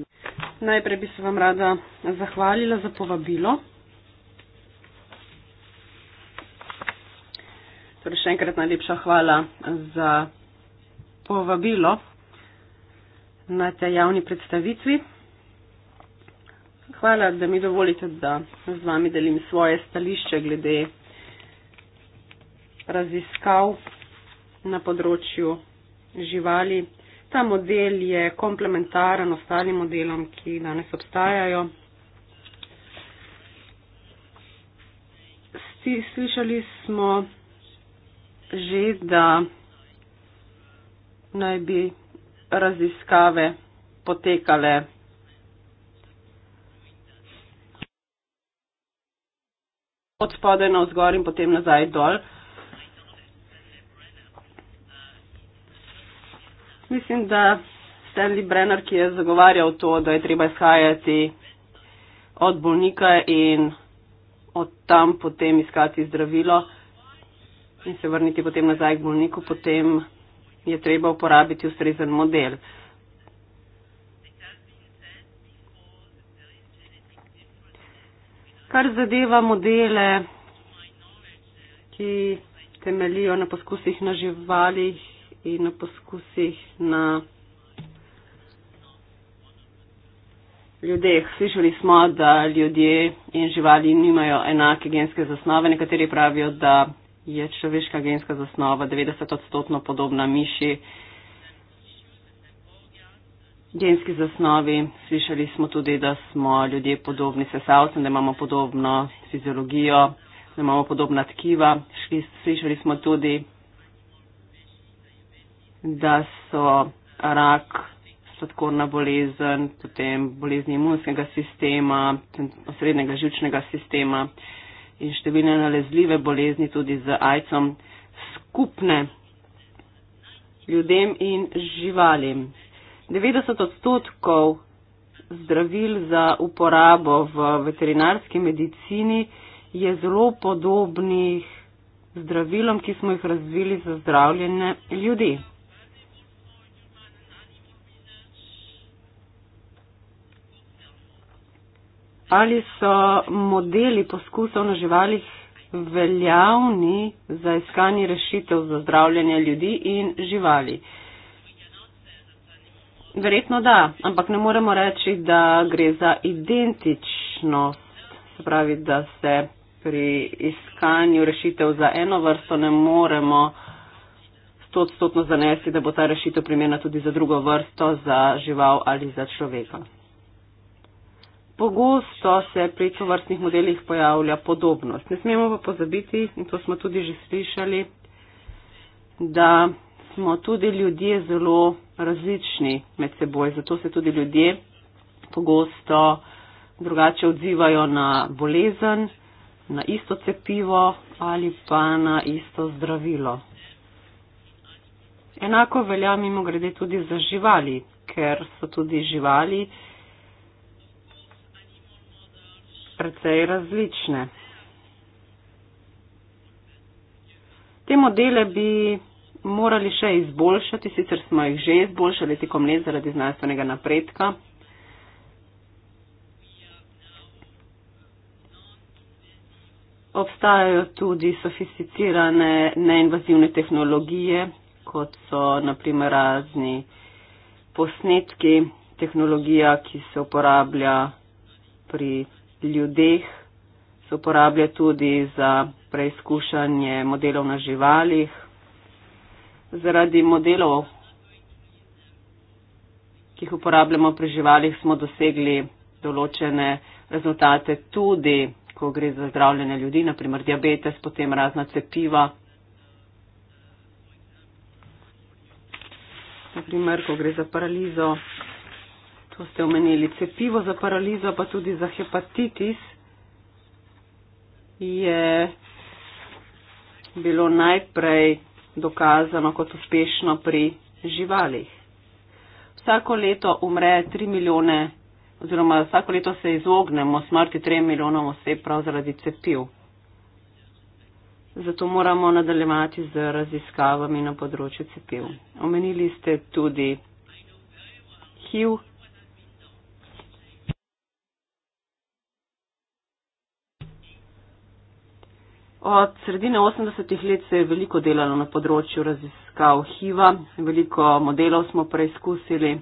Speaker 2: Najprej bi se vam rada zahvalila za povabilo. Torej še enkrat najlepša hvala za povabilo na tej javni predstavitvi hvala, da mi dovolite, da z vami delim svoje stališče glede raziskav na področju živali. Ta model je komplementaren ostalim modelom, ki danes obstajajo. Slišali smo že, da naj bi raziskave potekale od spodaj na vzgor in potem nazaj dol. Mislim, da Stanley Brenner, ki je zagovarjal to, da je treba izhajati od bolnika in od tam potem iskati zdravilo in se vrniti potem nazaj k bolniku, potem je treba uporabiti ustrezen model. kar zadeva modele, ki temelijo na poskusih na živalih in na poskusih na ljudeh. Slišali smo, da ljudje in živali nimajo enake genske zasnove. Nekateri pravijo, da je človeška genska zasnova 90-odstotno podobna miši genski zasnovi. Slišali smo tudi, da smo ljudje podobni sesalcem, da imamo podobno fiziologijo, da imamo podobna tkiva. Slišali smo tudi, da so rak, sladkorna bolezen, potem bolezni imunskega sistema, osrednjega žilčnega sistema in številne nalezljive bolezni tudi z ajcom skupne ljudem in živalim. 90 odstotkov zdravil za uporabo v veterinarski medicini je zelo podobnih zdravilom, ki smo jih razvili za zdravljene ljudi. Ali so modeli poskusov na živalih veljavni za iskanje rešitev za zdravljanje ljudi in živali? Verjetno da, ampak ne moremo reči, da gre za identičnost. Se pravi, da se pri iskanju rešitev za eno vrsto ne moremo stotstotno zanesti, da bo ta rešitev primerna tudi za drugo vrsto, za žival ali za človeka. Pogosto se pri tovrstnih modelih pojavlja podobnost. Ne smemo pa pozabiti, in to smo tudi že slišali, da smo tudi ljudje zelo različni med seboj, zato se tudi ljudje pogosto drugače odzivajo na bolezen, na isto cepivo ali pa na isto zdravilo. Enako velja mimo grede tudi za živali, ker so tudi živali precej različne. Te modele bi morali še izboljšati, sicer smo jih že izboljšali tekom let zaradi znanstvenega napredka. Obstajajo tudi sofisticirane neinvazivne tehnologije, kot so naprimer razni posnetki, tehnologija, ki se uporablja pri ljudeh, se uporablja tudi za preizkušanje modelov na živalih. Zaradi modelov, ki jih uporabljamo pri živalih, smo dosegli določene rezultate tudi, ko gre za zdravljene ljudi, naprimer diabetes, potem razna cepiva. Naprimer, ko gre za paralizo, to ste omenili, cepivo za paralizo, pa tudi za hepatitis je bilo najprej dokazano kot uspešno pri živalih. Vsako leto umre 3 milijone oziroma vsako leto se izognemo smrti 3 milijonom oseb prav zaradi cepiv. Zato moramo nadaljevati z raziskavami na področju cepiv. Omenili ste tudi HIV. Od sredine 80-ih let se je veliko delalo na področju raziskav HIV-a, veliko modelov smo preizkusili.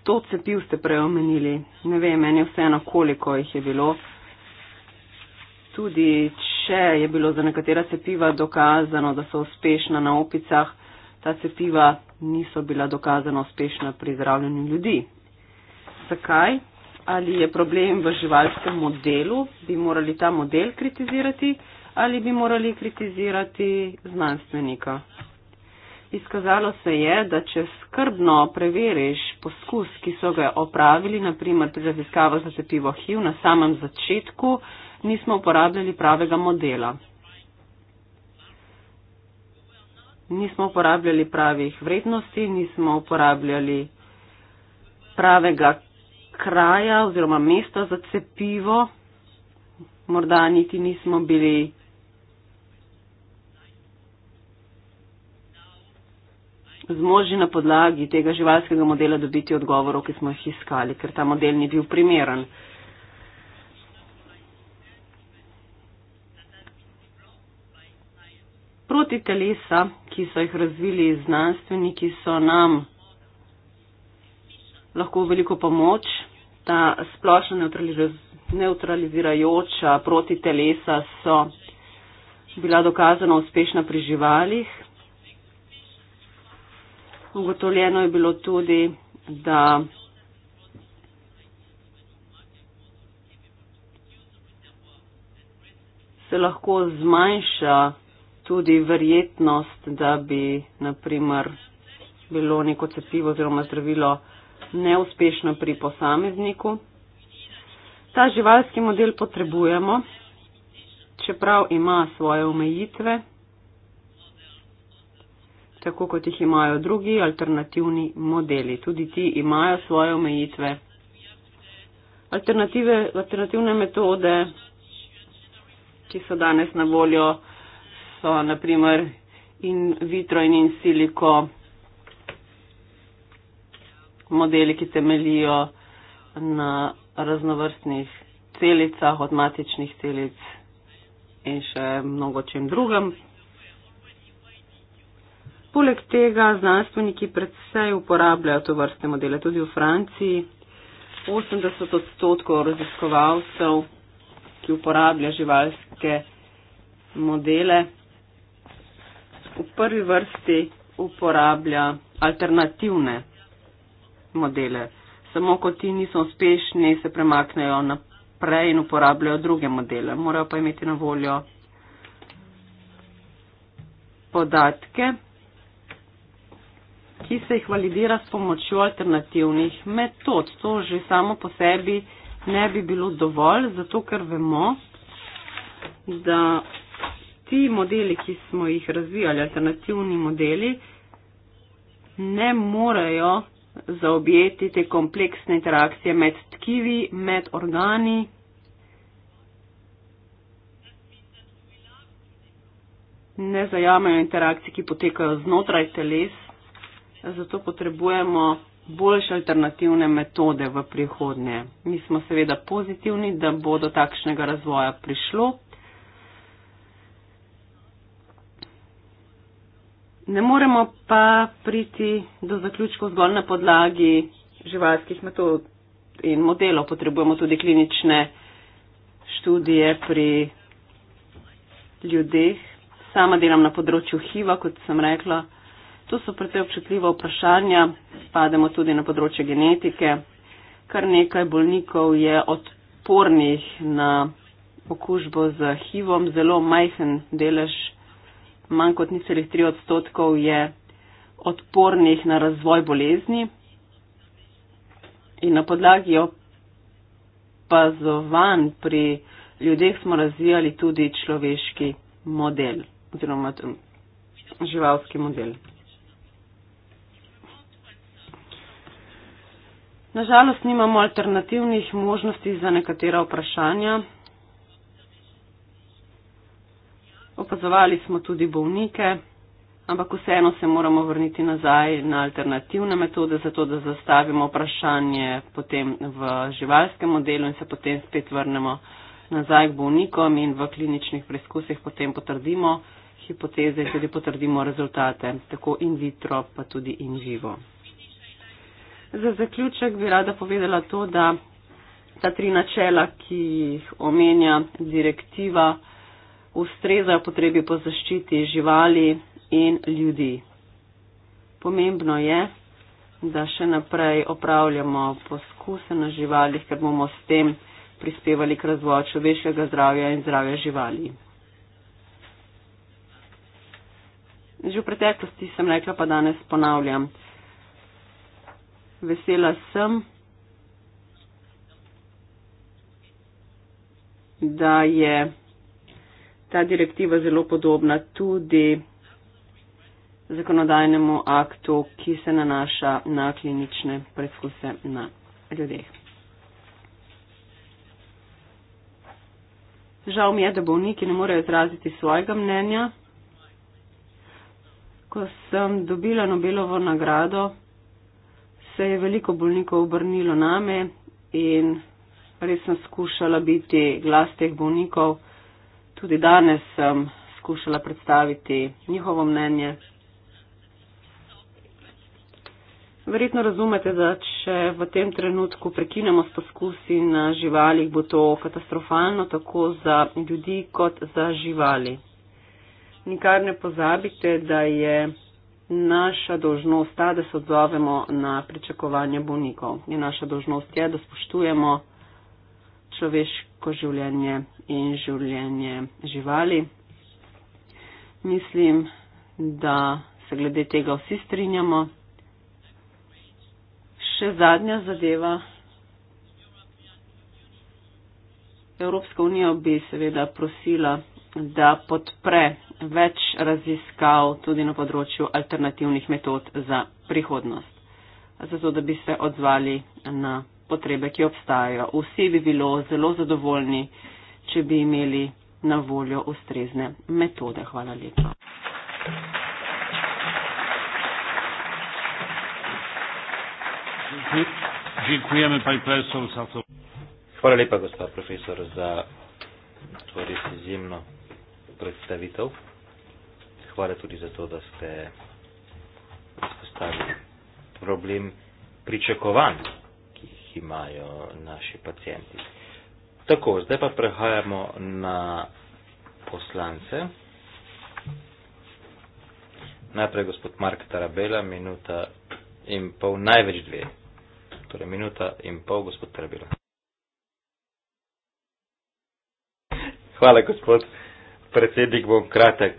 Speaker 2: Sto cepiv ste preomenili, ne vem, meni je vseeno, koliko jih je bilo. Tudi če je bilo za nekatera cepiva dokazano, da so uspešna na opicah, ta cepiva niso bila dokazano uspešna pri zdravljenju ljudi. Zakaj? ali je problem v živalskem modelu, bi morali ta model kritizirati ali bi morali kritizirati znanstvenika. Izkazalo se je, da če skrbno preveriš poskus, ki so ga opravili, naprimer pri raziskavi za cepivo HIV na samem začetku, nismo uporabljali pravega modela. Nismo uporabljali pravih vrednosti, nismo uporabljali pravega kraja oziroma mesta za cepivo. Morda niti nismo bili. Zmožni na podlagi tega živalskega modela dobiti odgovorov, ki smo jih iskali, ker ta model ni bil primeren. Proti telesa, ki so jih razvili znanstveniki, so nam lahko veliko pomoč, ta splošno neutralizirajoča protitelesa so bila dokazano uspešna pri živalih. Ugotovljeno je bilo tudi, da se lahko zmanjša tudi verjetnost, da bi naprimer bilo neko cepivo oziroma zdravilo neuspešno pri posamezniku. Ta živalski model potrebujemo, čeprav ima svoje omejitve, tako kot jih imajo drugi alternativni modeli. Tudi ti imajo svoje omejitve. Alternative, alternativne metode, ki so danes na voljo, so naprimer in vitro in in siliko modeli, ki temelijo na raznovrstnih celicah, od matičnih celic in še mnogo čem drugem. Poleg tega znanstveniki predvsej uporabljajo to vrste modele tudi v Franciji. 80 odstotkov raziskovalcev, ki uporablja živalske modele, v prvi vrsti uporablja alternativne modele. Samo ko ti niso uspešni, se premaknejo naprej in uporabljajo druge modele. Morajo pa imeti na voljo podatke, ki se jih validira s pomočjo alternativnih metod. To že samo po sebi ne bi bilo dovolj, zato ker vemo, da ti modeli, ki smo jih razvijali, alternativni modeli, ne morejo zaobjeti te kompleksne interakcije med tkivi, med organi. Ne zajamejo interakcij, ki potekajo znotraj teles, zato potrebujemo boljše alternativne metode v prihodnje. Mi smo seveda pozitivni, da bo do takšnega razvoja prišlo. Ne moremo pa priti do zaključkov zgolj na podlagi živalskih metod in modelov. Potrebujemo tudi klinične študije pri ljudeh. Sama delam na področju HIV-a, kot sem rekla. To so precej občutljiva vprašanja, spademo tudi na področje genetike. Kar nekaj bolnikov je odpornih na okužbo z HIV-om, zelo majhen delež manj kot niceljih 3 odstotkov je odpornih na razvoj bolezni in na podlagi opazovanj pri ljudeh smo razvijali tudi človeški model oziroma živalski model. Nažalost, nimamo alternativnih možnosti za nekatera vprašanja. Opazovali smo tudi bolnike, ampak vseeno se moramo vrniti nazaj na alternativne metode, zato da zastavimo vprašanje potem v živalskem modelu in se potem spet vrnemo nazaj k bolnikom in v kliničnih preizkusih potem potrdimo hipoteze in tudi potrdimo rezultate, tako in vitro, pa tudi in živo. Za zaključek bi rada povedala to, da ta tri načela, ki jih omenja direktiva, ustrezajo potrebi po zaščiti živali in ljudi. Pomembno je, da še naprej opravljamo poskuse na živalih, ker bomo s tem prispevali k razvoju človeškega zdravja in zdravja živali. Že v preteklosti sem rekla, pa danes ponavljam. Vesela sem, da je ta direktiva zelo podobna tudi zakonodajnemu aktu, ki se nanaša na klinične preizkuse na ljudeh. Žal mi je, da bolniki ne morejo izraziti svojega mnenja. Ko sem dobila Nobelovo nagrado, se je veliko bolnikov obrnilo name in res sem skušala biti glas teh bolnikov. Tudi danes sem skušala predstaviti njihovo mnenje. Verjetno razumete, da če v tem trenutku prekinemo s poskusi na živalih, bo to katastrofalno tako za ljudi kot za živali. Nikar ne pozabite, da je naša dožnost ta, da se odzovemo na pričakovanje bolnikov. Je naša dožnost je, da spoštujemo človeško življenje in življenje živali. Mislim, da se glede tega vsi strinjamo. Še zadnja zadeva. Evropska unija bi seveda prosila, da podpre več raziskav tudi na področju alternativnih metod za prihodnost, zato da bi se odzvali na potrebe, ki obstajajo. Vsi bi bilo zelo zadovoljni, če bi imeli na voljo ustrezne metode. Hvala lepa.
Speaker 1: Hvala lepa, gospod profesor, za to res izjemno predstavitev. Hvala tudi za to, da ste izpostavili problem pričakovanj imajo naši pacijenti. Tako, zdaj pa prehajamo na poslance. Najprej gospod Mark Tarabela, minuta in pol, največ dve. Torej, minuta in pol, gospod Tarabela. Hvala, gospod predsednik, bom kratek,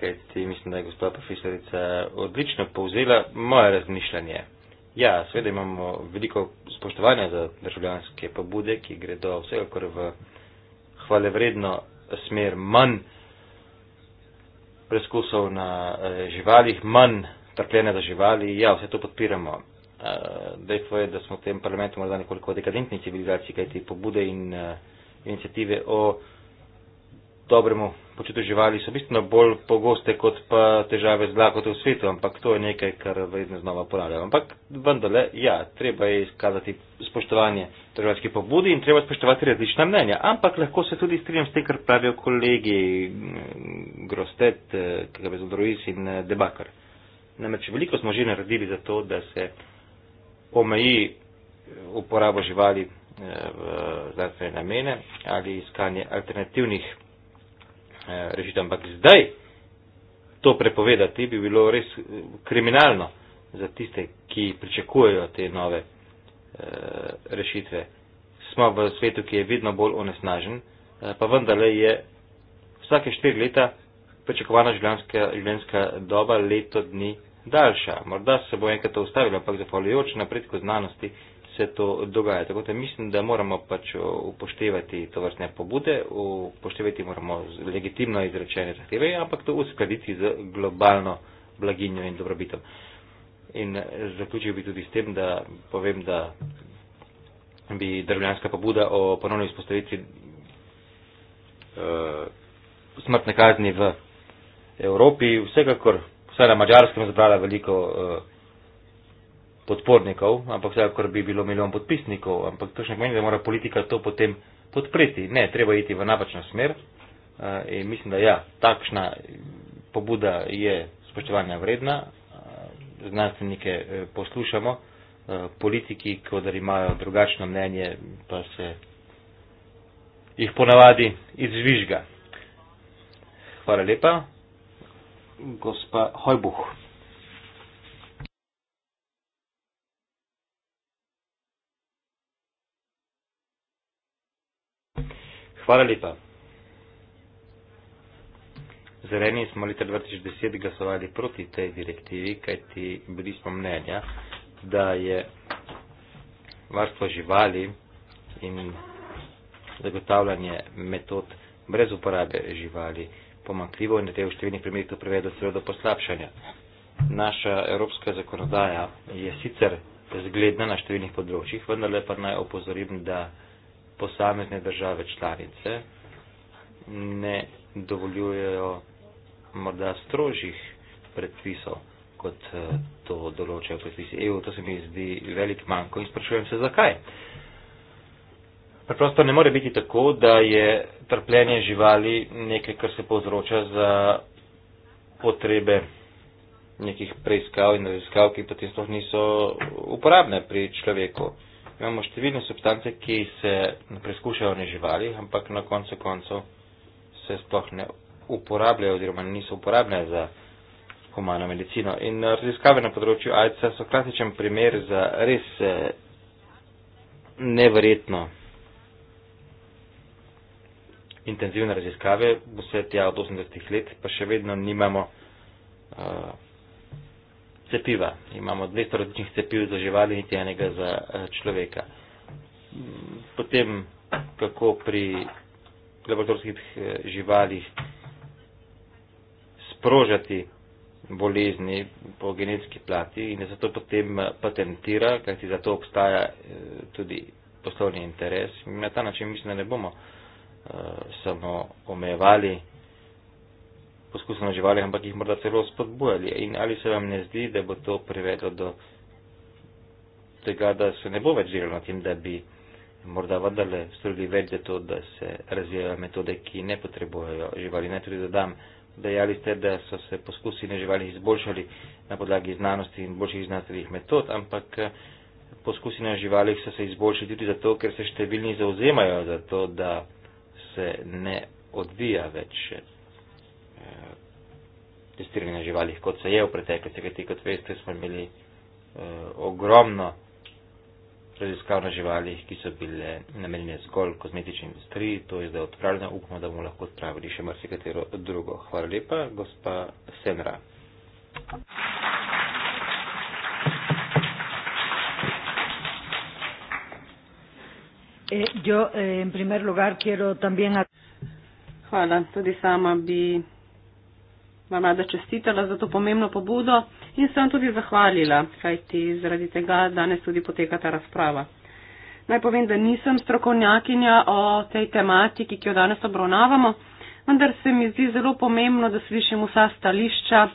Speaker 1: kajti mislim, da je gospod profesorica odlično povzela moje razmišljanje. Ja, seveda imamo veliko spoštovanja za državljanske pobude, ki gredo vsekakor v hvale vredno smer manj preskusov na eh, živalih, manj trpljenja za živali. Ja, vse to podpiramo. Eh, dejstvo je, da smo v tem parlamentu morda nekoliko dekadentni civilizaciji, kaj te pobude in eh, inicijative o dobremu počutil živali so bistveno bolj pogoste kot pa težave z lakote v svetu, ampak to je nekaj, kar vedno znova ponavljam. Ampak vendarle, ja, treba je izkazati spoštovanje državljanskih pobudi in treba spoštovati različna mnenja. Ampak lahko se tudi strinjam s tem, kar pravijo kolegi mm, Grostet, eh, Kabezo Druis in eh, Debakar. Namreč veliko smo že naredili za to, da se omeji eh, uporabo živali v znanstvene namene ali iskanje alternativnih Eh, rešiti, ampak zdaj to prepovedati bi bilo res eh, kriminalno za tiste, ki pričakujejo te nove eh, rešitve. Smo v svetu, ki je vedno bolj onesnažen, pa vendarle je vsake štiri leta pričakovana življenjska doba leto dni daljša. Morda se bo enkrat to ustavilo, ampak zahvaljujoč napredku znanosti se to dogaja. Tako da mislim, da moramo pač upoštevati to vrstne pobude, upoštevati moramo legitimno izrečene zahteve, ampak to uskladiti z globalno blaginjo in dobrobitom. In zaključil bi tudi s tem, da povem, da bi državljanska pobuda o ponovni izpostavitvi uh, e, smrtne kazni v Evropi vsekakor, vsaj na mađarskem, zbrala veliko. Uh, podpornikov, ampak vsekakor bi bilo milijon podpisnikov, ampak to še ne pomeni, da mora politika to potem podpreti. Ne, treba iti v napačno smer eh, in mislim, da ja, takšna pobuda je spoštovanja vredna, eh, znanstvenike eh, poslušamo, politiki, ko da imajo drugačno mnenje, pa se jih ponavadi izvižga. Hvala lepa. Gospa Hojbuh. Hvala lepa. Zeleni smo leta 2010 glasovali proti tej direktivi, kajti bili smo mnenja, da je varstvo živali in zagotavljanje metod brez uporabe živali pomankljivo in da je v številnih primerih to privedlo celo do poslabšanja. Naša evropska zakonodaja je sicer zgledna na številnih področjih, vendar le pa naj opozorim, da posamezne države članice ne dovoljujejo morda strožjih predpisov, kot eh, to določajo predpisi EU. To se mi zdi velik manjko in sprašujem se, zakaj. Preprosto ne more biti tako, da je trpljenje živali nekaj, kar se povzroča za potrebe nekih preiskav in raziskav, ki potem sploh niso uporabne pri človeku imamo številne substance, ki se preskušajo na živalih, ampak na koncu koncev se sploh ne uporabljajo oziroma niso uporabljene za humano medicino. In eh, raziskave na področju AIDS-a so klasičen primer za res eh, neverjetno intenzivne raziskave, vse tja od 80-ih let, pa še vedno nimamo uh, cepiva. Imamo 200 različnih cepiv za živali, niti enega za eh, človeka. Potem, kako pri laboratorijskih eh, živalih sprožati bolezni po genetski plati in da se to potem eh, patentira, kajti za to obstaja tudi poslovni interes. In na ta način mislim, da ne bomo uh, samo omejevali uh, poskusov na živalih, ampak jih morda celo spodbujali. In ali se vam ne zdi, da bo to privedlo do tega, da se ne bo več delalo na tem, da bi morda vendarle storili več za to, da se razvijajo metode, ki ne potrebujejo živali. Naj tudi dodam, dejali ste, da so se poskusi na živalih izboljšali na podlagi znanosti in boljših znanstvenih metod, ampak eh, poskusi na živalih so se izboljšali tudi zato, ker se številni zauzemajo za to, da se ne odvija več eh, testiranje na živalih, kot se je v preteklosti, kajti kot veste, smo imeli eh, ogromno raziskav na živalih, ki so bile namenjene zgolj kozmetični industriji, to je zdaj odpravljeno, upamo, da bomo lahko odpravili še marsikatero drugo. Hvala lepa, gospa Senra.
Speaker 2: Eh, yo, eh, en primer lugar, quiero también. Hvala, tudi sama bi vam rada čestitala za to pomembno pobudo in se vam tudi zahvalila, kajti zaradi tega danes tudi poteka ta razprava. Naj povem, da nisem strokovnjakinja o tej tematiki, ki jo danes obravnavamo, vendar se mi zdi zelo pomembno, da slišim vsa stališča,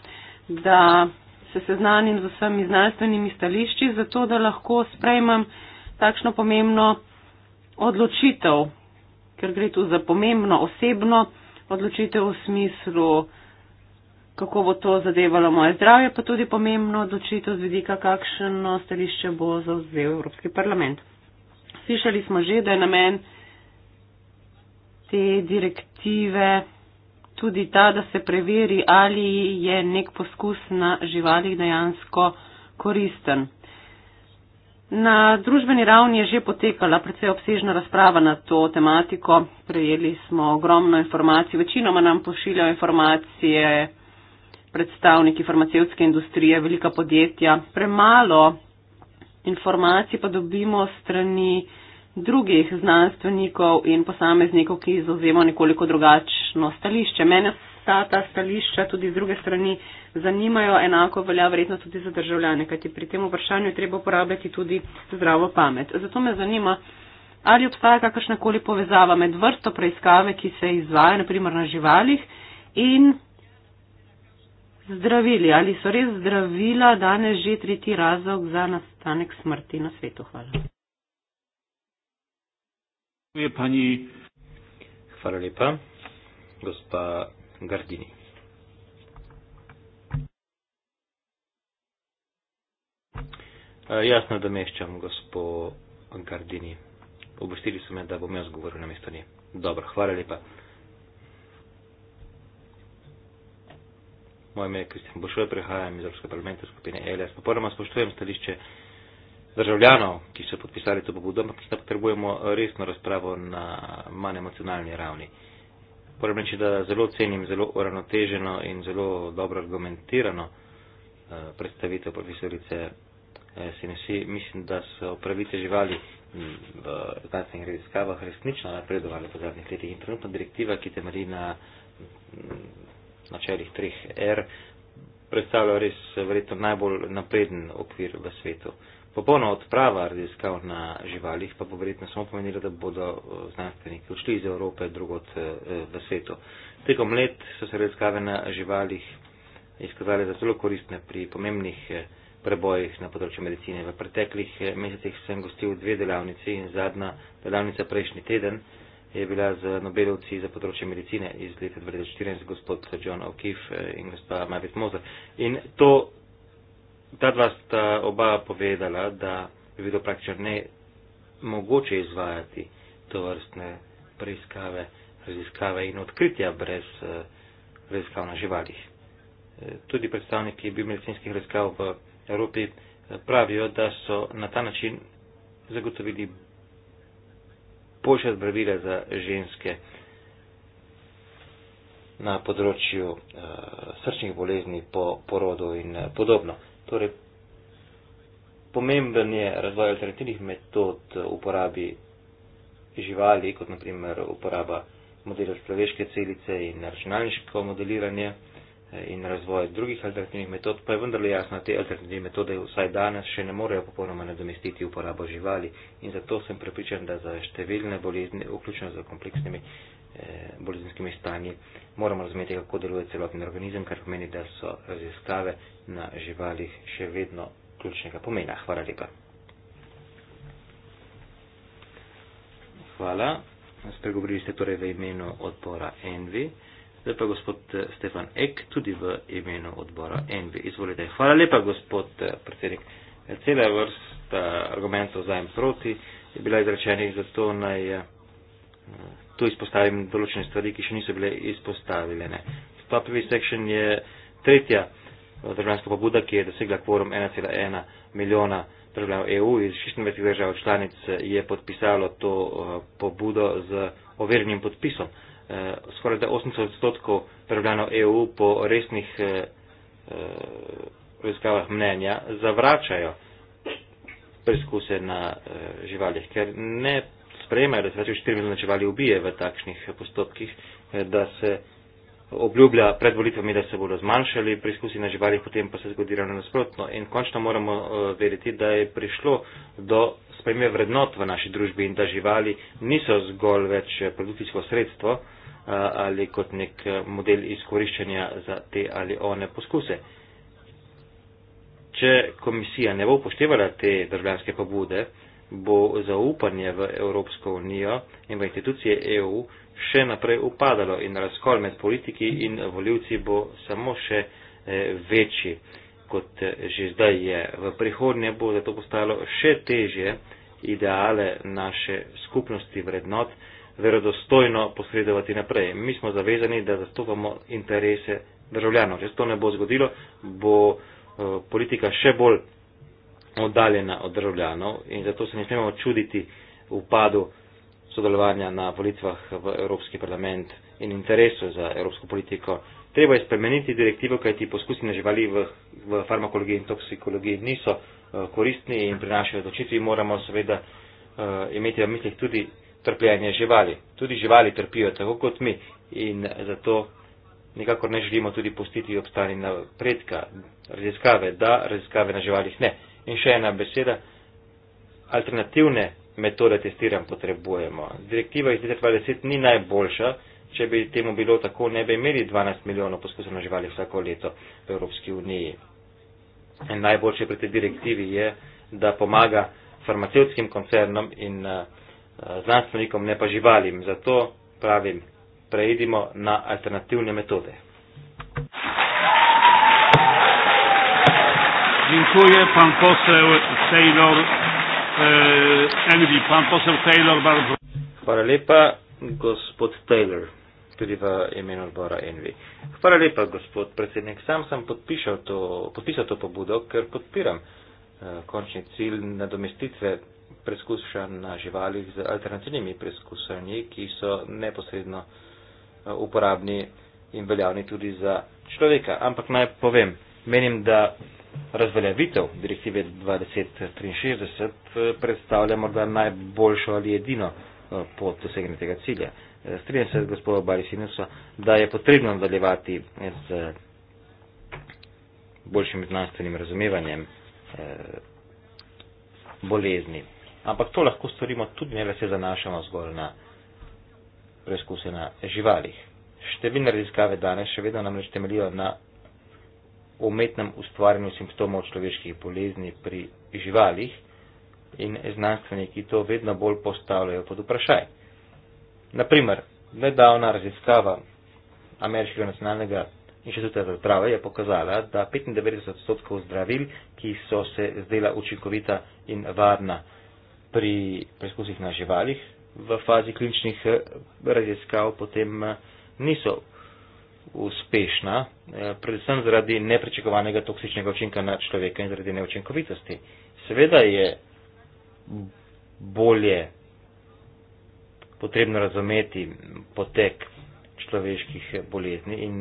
Speaker 2: da se seznanim z vsemi znanstvenimi stališči, zato da lahko sprejmem takšno pomembno odločitev, ker gre tu za pomembno osebno odločitev v smislu, kako bo to zadevalo moje zdravje, pa tudi pomembno odločitev z vidika, kakšno stališče bo zauzel Evropski parlament. Slišali smo že, da je namen te direktive tudi ta, da se preveri, ali je nek poskus na živalih dejansko koristen. Na družbeni ravni je že potekala predvsej obsežna razprava na to tematiko. Prejeli smo ogromno informacij, večinoma nam pošiljajo informacije, predstavniki farmacevtske industrije, velika podjetja. Premalo informacij pa dobimo strani drugih znanstvenikov in posameznikov, ki zauzemajo nekoliko drugačno stališče. Mene vsa ta stališča tudi z druge strani zanimajo, enako velja verjetno tudi za državljane, kajti pri tem vprašanju je treba uporabljati tudi zdravo pamet. Zato me zanima, ali obstaja kakršnakoli povezava med vrsto preiskave, ki se izvaja, naprimer na živalih, in zdravili. Ali so res zdravila danes že tretji razlog za nastanek smrti na svetu? Hvala.
Speaker 1: Hvala lepa, gospa Gardini. E, Jasno, da meščam, gospo Gardini. Obvestili so me, da bom jaz govoril na mesto nje. Dobro, hvala lepa. Moje ime je Kristjan Bošoj, prehajam iz Evropske parlamente skupine ELS. Popolnoma spoštujem stališče državljanov, ki so podpisali to pobudo, ampak mislim, da potrebujemo resno razpravo na manj emocionalni ravni. Moram reči, da zelo cenim zelo uravnoteženo in zelo dobro argumentirano eh, predstavitev profesorice eh, Senesi. Mislim, da so pravice živali hm, v znanstvenih raziskavah resnično napredovali v zadnjih letih in trenutna direktiva, ki temelji na hm, načelih 3R, predstavlja res verjetno najbolj napreden okvir v svetu. Popolna odprava raziskav na živalih pa bo verjetno samo pomenila, da bodo eh, znanstveniki ušli iz Evrope drugot eh, v svetu. Tekom let so se raziskave na živalih izkazale za zelo koristne pri pomembnih eh, prebojih na področju medicine. V preteklih mesecih sem gostil dve delavnici in zadnja delavnica prejšnji teden je bila z Nobelovci za področje medicine iz leta 2014, gospod John O'Keefe eh, in gospa Marit Mozer. In to, ta dva sta oba povedala, da bi bilo praktično ne mogoče izvajati to vrstne preiskave, raziskave in odkritja brez eh, raziskav na živalih. Eh, tudi predstavniki biomedicinskih raziskav v Evropi pravijo, da so na ta način zagotovili boljša zdravila za ženske na področju uh, srčnih bolezni po porodu in eh, podobno. Torej, pomemben je razvoj alternativnih metod eh, uporabi živali, kot naprimer uporaba modela človeške celice in računalniško modeliranje. Uh, in razvoj drugih alternativnih metod, pa je vendarle jasno, da te alternativne metode vsaj danes še ne morejo popolnoma nadomestiti uporabo živali in zato sem prepričan, da za številne bolezni, vključno za kompleksnimi eh, bolezninskimi stanji, moramo razumeti, kako deluje celoten organizem, kar pomeni, da so raziskave na živalih še vedno ključnega pomena. Hvala lepa. Hvala. Spregovorili ste torej v imenu odbora Envi. Zdaj pa gospod eh, Stefan Ek, tudi v imenu odbora NV. Izvolite. Hvala lepa, gospod eh, predsednik. Ja, cela vrsta argumentov za in proti je bila izrečenih, zato naj eh, tu izpostavim določene stvari, ki še niso bile izpostavljene. Ta prvi section je tretja državljanska pobuda, ki je dosegla kvorum 1,1 milijona državljanov EU iz 26 držav članic je podpisalo to pobudo z overjenim podpisom eh, skoraj da 80 odstotkov državljanov EU po resnih eh, eh, raziskavah mnenja zavračajo preizkuse na eh, živalih, ker ne sprejemajo, da se več kot 4 milijona živali ubije v takšnih postopkih, eh, da se obljublja pred volitvami, da se bodo zmanjšali preizkusi na živalih, potem pa se zgodi ravno nasprotno. In končno moramo eh, veriti, da je prišlo do spremembe vrednot v naši družbi in da živali niso zgolj več produkcijsko sredstvo, eh, Eh, ali kot nek eh, model izkoriščanja za te ali one poskuse. Če komisija ne bo upoštevala te državljanske pobude, bo zaupanje v Evropsko unijo in v institucije EU še naprej upadalo in razkol med politiki in voljivci bo samo še eh, večji, kot že zdaj je. V prihodnje bo zato postalo še teže ideale naše skupnosti vrednot, verodostojno posredovati naprej. Mi smo zavezani, da zastopamo interese državljanov. Če se to ne bo zgodilo, bo eh, politika še bolj oddaljena od državljanov in zato se ne smemo čuditi v padu sodelovanja na volitvah v Evropski parlament in interesu za evropsko politiko. Treba je spremeniti direktivo, kajti poskusi na živali v, v farmakologiji in toksikologiji niso uh, koristni in prinašajo odločitvi. Moramo seveda uh, imeti v mislih tudi trpljenje živali. Tudi živali trpijo tako kot mi in zato nikakor ne želimo tudi pustiti obstani napredka, raziskave, da, raziskave na živalih ne. In še ena beseda, alternativne metode testiranja potrebujemo. Direktiva iz 2020 ni najboljša, če bi temu bilo tako, ne bi imeli 12 milijonov poskusov na živalih vsako leto v Evropski uniji. Najboljše pri tej direktivi je, da pomaga farmacevskim koncernom in uh, znanstvenikom, ne pa živalim. Zato pravim, preidimo na alternativne metode.
Speaker 3: Dziękuję pan poseł Taylor, e, Andy, pan poseł Taylor bardzo. Hvala
Speaker 1: lepa, gospod Taylor, tudi v imenu odbora Envi. Hvala lepa, gospod predsednik. Sam sem podpisal to, podpisal to pobudo, ker podpiram eh, končni cilj nadomestitve preskušan na živalih z alternativnimi preskušanji, ki so neposredno eh, uporabni in veljavni tudi za človeka. Ampak naj povem, menim, da razveljavitev direktive 2063 eh, predstavlja morda najboljšo ali edino eh, pot dosegnje tega cilja. Strinjam se z gospodo Barisinuso, da je potrebno nadaljevati z boljšim znanstvenim razumevanjem bolezni. Ampak to lahko storimo tudi, ne da se zanašamo zgolj na preizkuse na živalih. Številne raziskave danes še vedno namreč temeljijo na umetnem ustvarjanju simptomov človeških bolezni pri živalih in znanstveniki to vedno bolj postavljajo pod vprašaj. Naprimer, nedavna raziskava Ameriškega nacionalnega inštituta za zdravje je pokazala, da 95 odstotkov zdravil, ki so se zdela učinkovita in varna, pri preizkusih na živalih v fazi kliničnih eh, raziskav potem eh, niso uspešna, eh, predvsem zaradi neprečakovanega toksičnega učinka na človeka in zaradi neučinkovitosti. Seveda je bolje potrebno razumeti potek človeških bolezni in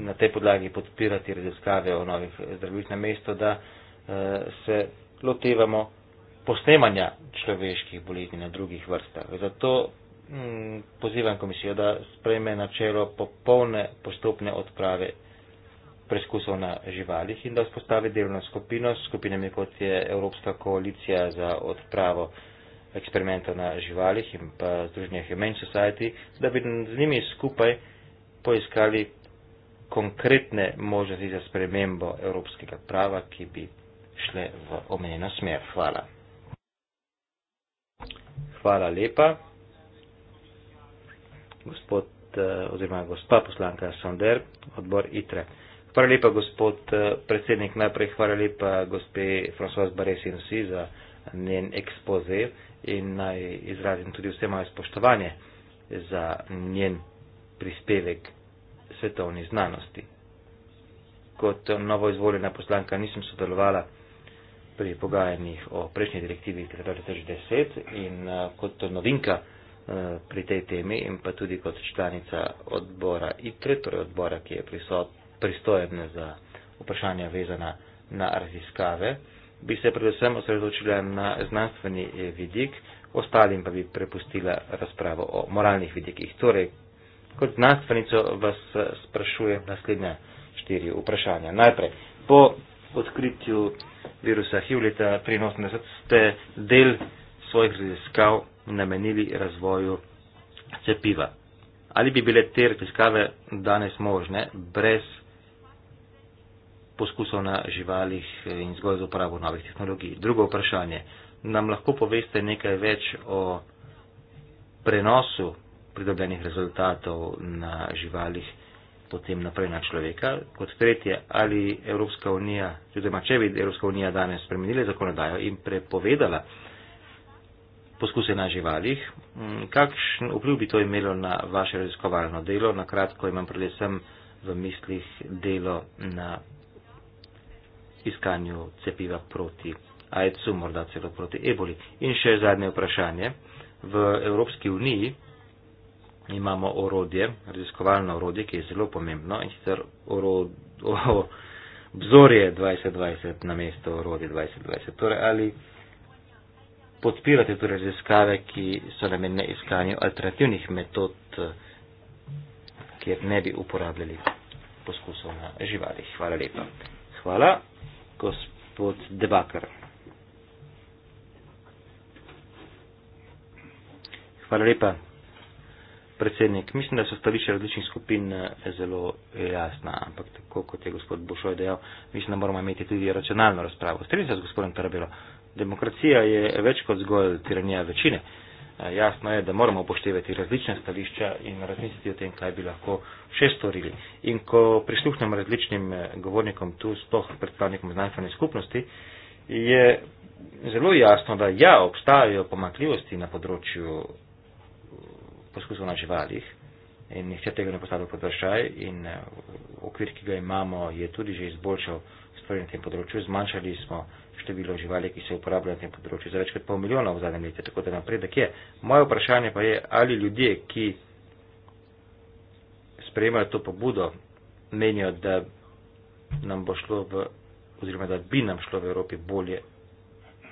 Speaker 1: na tej podlagi podpirati raziskave o novih zdravilih, namesto da se lotevamo posnemanja človeških bolezni na drugih vrstah. Zato mm, pozivam komisijo, da sprejme načelo popolne postopne odprave preskusov na živalih in da vzpostavi delovno skupino s skupinami, kot je Evropska koalicija za odpravo eksperimenta na živalih in pa Združenje Humane Society, da bi z njimi skupaj poiskali konkretne možnosti za spremembo evropskega prava, ki bi šle v omenjeno smer. Hvala. Hvala lepa. Gospod eh, oziroma gospa poslanka Sonder, odbor ITRE. Hvala lepa, gospod eh, predsednik. Najprej hvala lepa gospe François Bares in vsi za njen ekspoze in naj izrazim tudi vse moje spoštovanje za njen prispevek svetovni znanosti. Kot novo izvoljena poslanka nisem sodelovala pri pogajanjih o prejšnji direktivi 2010 in eh, kot novinka eh, pri tej temi in pa tudi kot članica odbora ITRE, torej odbora, ki je pristojen za vprašanja vezana na raziskave, bi se predvsem osredotočila na znanstveni eh, vidik, ostalim pa bi prepustila razpravo o moralnih vidikih. Torej, kot znanstvenico vas sprašujem naslednja štiri vprašanja. Najprej, po odkritju virusa HIV leta 1983 ste del svojih raziskav namenili razvoju cepiva. Ali bi bile te raziskave danes možne brez poskusov na živalih in zgolj z uporabo novih tehnologij? Drugo vprašanje. Nam lahko poveste nekaj več o prenosu pridobljenih rezultatov na živalih? potem naprej na človeka. Kot tretje, ali Evropska unija, tudi če bi Evropska unija danes spremenila zakonodajo in prepovedala poskuse na živalih, kakšen vpliv bi to imelo na vaše raziskovalno delo? Na kratko imam predvsem v mislih delo na iskanju cepiva proti AIDS-u, morda celo proti eboli. In še zadnje vprašanje. V Evropski uniji imamo orodje, raziskovalno orodje, ki je zelo pomembno in sicer obzorje 2020 na mesto orodje 2020. Torej, ali podpirate tudi torej raziskave, ki so namenjene iskanju alternativnih metod, kjer ne bi uporabljali poskusov na živalih. Hvala lepa. Hvala, gospod Debakar. Hvala lepa, predsednik, mislim, da so stališče različnih skupin eh, zelo eh, jasna, ampak tako kot je gospod Bušoj dejal, mislim, da moramo imeti tudi racionalno razpravo. Strinjam se z gospodom Tarabelo. Demokracija je več kot zgolj tiranija večine. Eh, jasno je, da moramo upoštevati različne stališča in razmisliti o tem, kaj bi lahko še storili. In ko prisluhnem različnim govornikom, tu sploh predstavnikom znanstvene skupnosti, je zelo jasno, da ja, obstajajo pomakljivosti na področju poskusov na živalih in nihče tega ne postavlja pod vršaj in eh, okvir, ki ga imamo, je tudi že izboljšal stvari na tem področju. Zmanjšali smo število živali, ki se uporabljajo na tem področju za več kot pol milijona v zadnjem letu, tako da napredek je. Moje vprašanje pa je, ali ljudje, ki sprejemajo to pobudo, menijo, da nam bo šlo v oziroma da bi nam šlo v Evropi bolje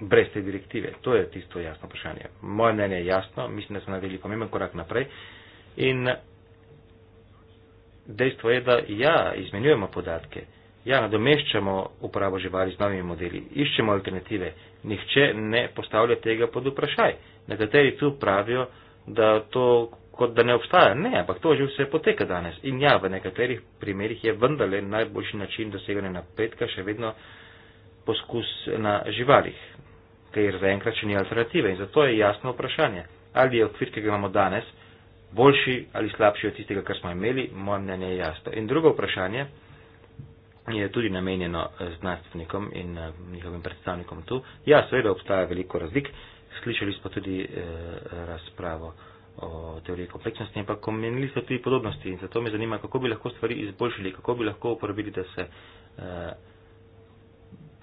Speaker 1: brez te direktive. To je tisto jasno vprašanje. Moje mnenje je jasno, mislim, da smo naredili pomemben korak naprej. In dejstvo je, da ja, izmenjujemo podatke, ja, nadomeščamo uporabo živali z novimi modeli, iščemo alternative. Nihče ne postavlja tega pod vprašaj. Nekateri tu pravijo, da to kot da ne obstaja. Ne, ampak to že vse poteka danes. In ja, v nekaterih primerjih je vendarle najboljši način doseganja napredka še vedno poskus na živalih ker zaenkrat še ni alternative. In zato je jasno vprašanje, ali je okvir, ki ga imamo danes, boljši ali slabši od tistega, kar smo imeli, moje mnenje je jasno. In drugo vprašanje je tudi namenjeno znanstvenikom in eh, njihovim predstavnikom tu. Ja, seveda obstaja veliko razlik, slišali smo tudi eh, razpravo o teoriji kompleksnosti, ampak omenili so tudi podobnosti in zato me zanima, kako bi lahko stvari izboljšali, kako bi lahko uporabili, da se. Eh,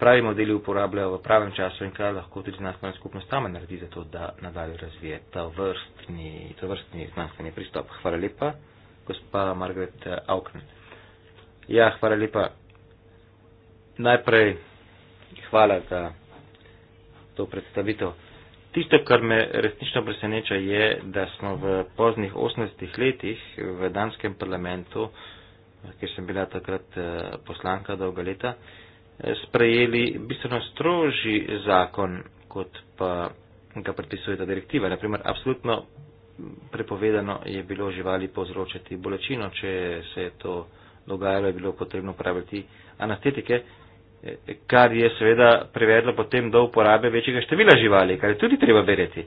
Speaker 1: pravi modeli uporabljajo v pravem času in kaj lahko tudi znanstvena skupnost sama naredi za to, da nadalje razvije ta vrstni, ta vrstni znanstveni pristop. Hvala lepa, gospa Margaret eh, Aukn. Ja, hvala lepa. Najprej hvala za to predstavitev. Tisto, kar me resnično preseneča, je, da smo v poznih 80-ih letih v danskem parlamentu, kjer sem bila takrat eh, poslanka dolga leta, uh, Eh, sprejeli bistveno stroži zakon, kot pa ga predpisuje ta direktiva. Naprimer, absolutno prepovedano je bilo živali povzročati bolečino, če se je to dogajalo, je bilo potrebno praviti anestetike, eh, kar je seveda prevedlo potem do uporabe večjega števila živali, kar je tudi treba vedeti.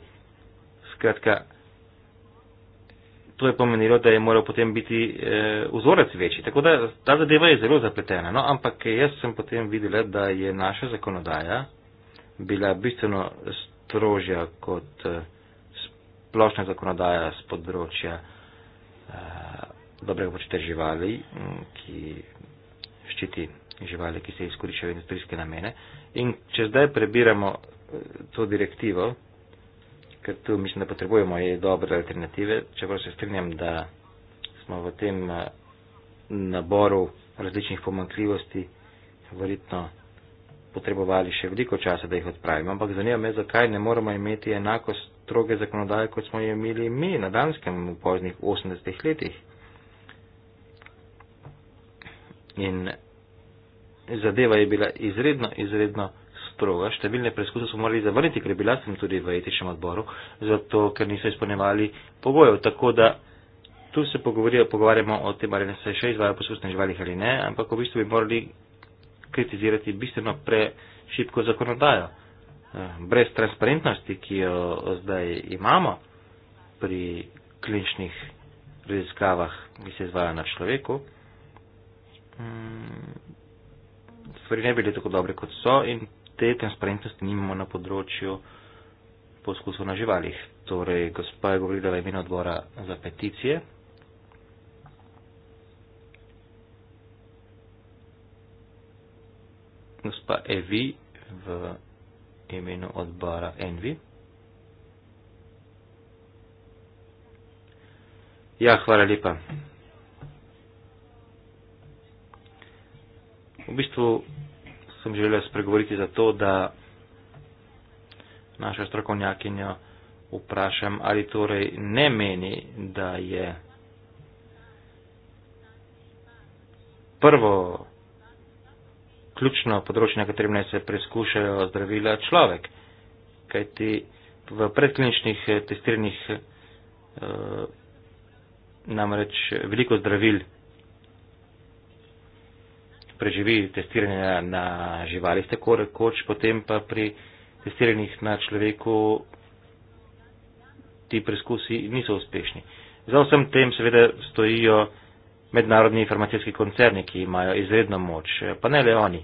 Speaker 1: Skratka, to je pomenilo, da je moral potem biti e, vzorec večji. Tako da ta zadeva je zelo zapletena. No, ampak jaz sem potem videla, da je naša zakonodaja bila bistveno strožja kot e, splošna zakonodaja z področja e, dobrega početja živali, ki ščiti živali, ki se izkoriščajo v industrijske namene. In če zdaj prebiramo to direktivo, ker tu mislim, da potrebujemo je dobre alternative, čeprav se strinjam, da smo v tem eh, naboru različnih pomankljivosti verjetno potrebovali še veliko časa, da jih odpravimo. Ampak zanima me, zakaj ne moramo imeti enako stroge zakonodaje, kot smo imeli mi na Danskem v poznih 80-ih letih. In zadeva je bila izredno, izredno proga, številne preskuse so morali zavrniti, ker bila sem tudi v etičnem odboru, zato ker niso izpolnevali pogojev. Tako da tu se pogovarjamo o tem, ali se še izvajo poskusne živalih ali ne, ampak v bistvu bi morali kritizirati bistveno prešipko zakonodajo. Eh, brez transparentnosti, ki jo zdaj imamo pri kliničnih raziskavah, ki se izvajajo na človeku, mm, stvari ne bi bile tako dobre, kot so in te transparentnosti nimamo na področju poskusov na živalih. Torej, gospa je govorila v imenu odbora za peticije. Gospa Evi v imenu odbora Envi. Ja, hvala lepa. V bistvu sem želel spregovoriti zato, da našo strokovnjakinjo vprašam, ali torej ne meni, da je prvo ključno področje, na katerem naj se preskušajo zdravila človek. Kajti v predkliničnih eh, testiranjih eh, namreč veliko zdravil preživi testiranje na živalih, tako rekoč, potem pa pri testiranjih na človeku ti preskusi niso uspešni. Za vsem tem seveda stojijo mednarodni farmacijski koncerni, ki imajo izredno moč, pa ne le oni.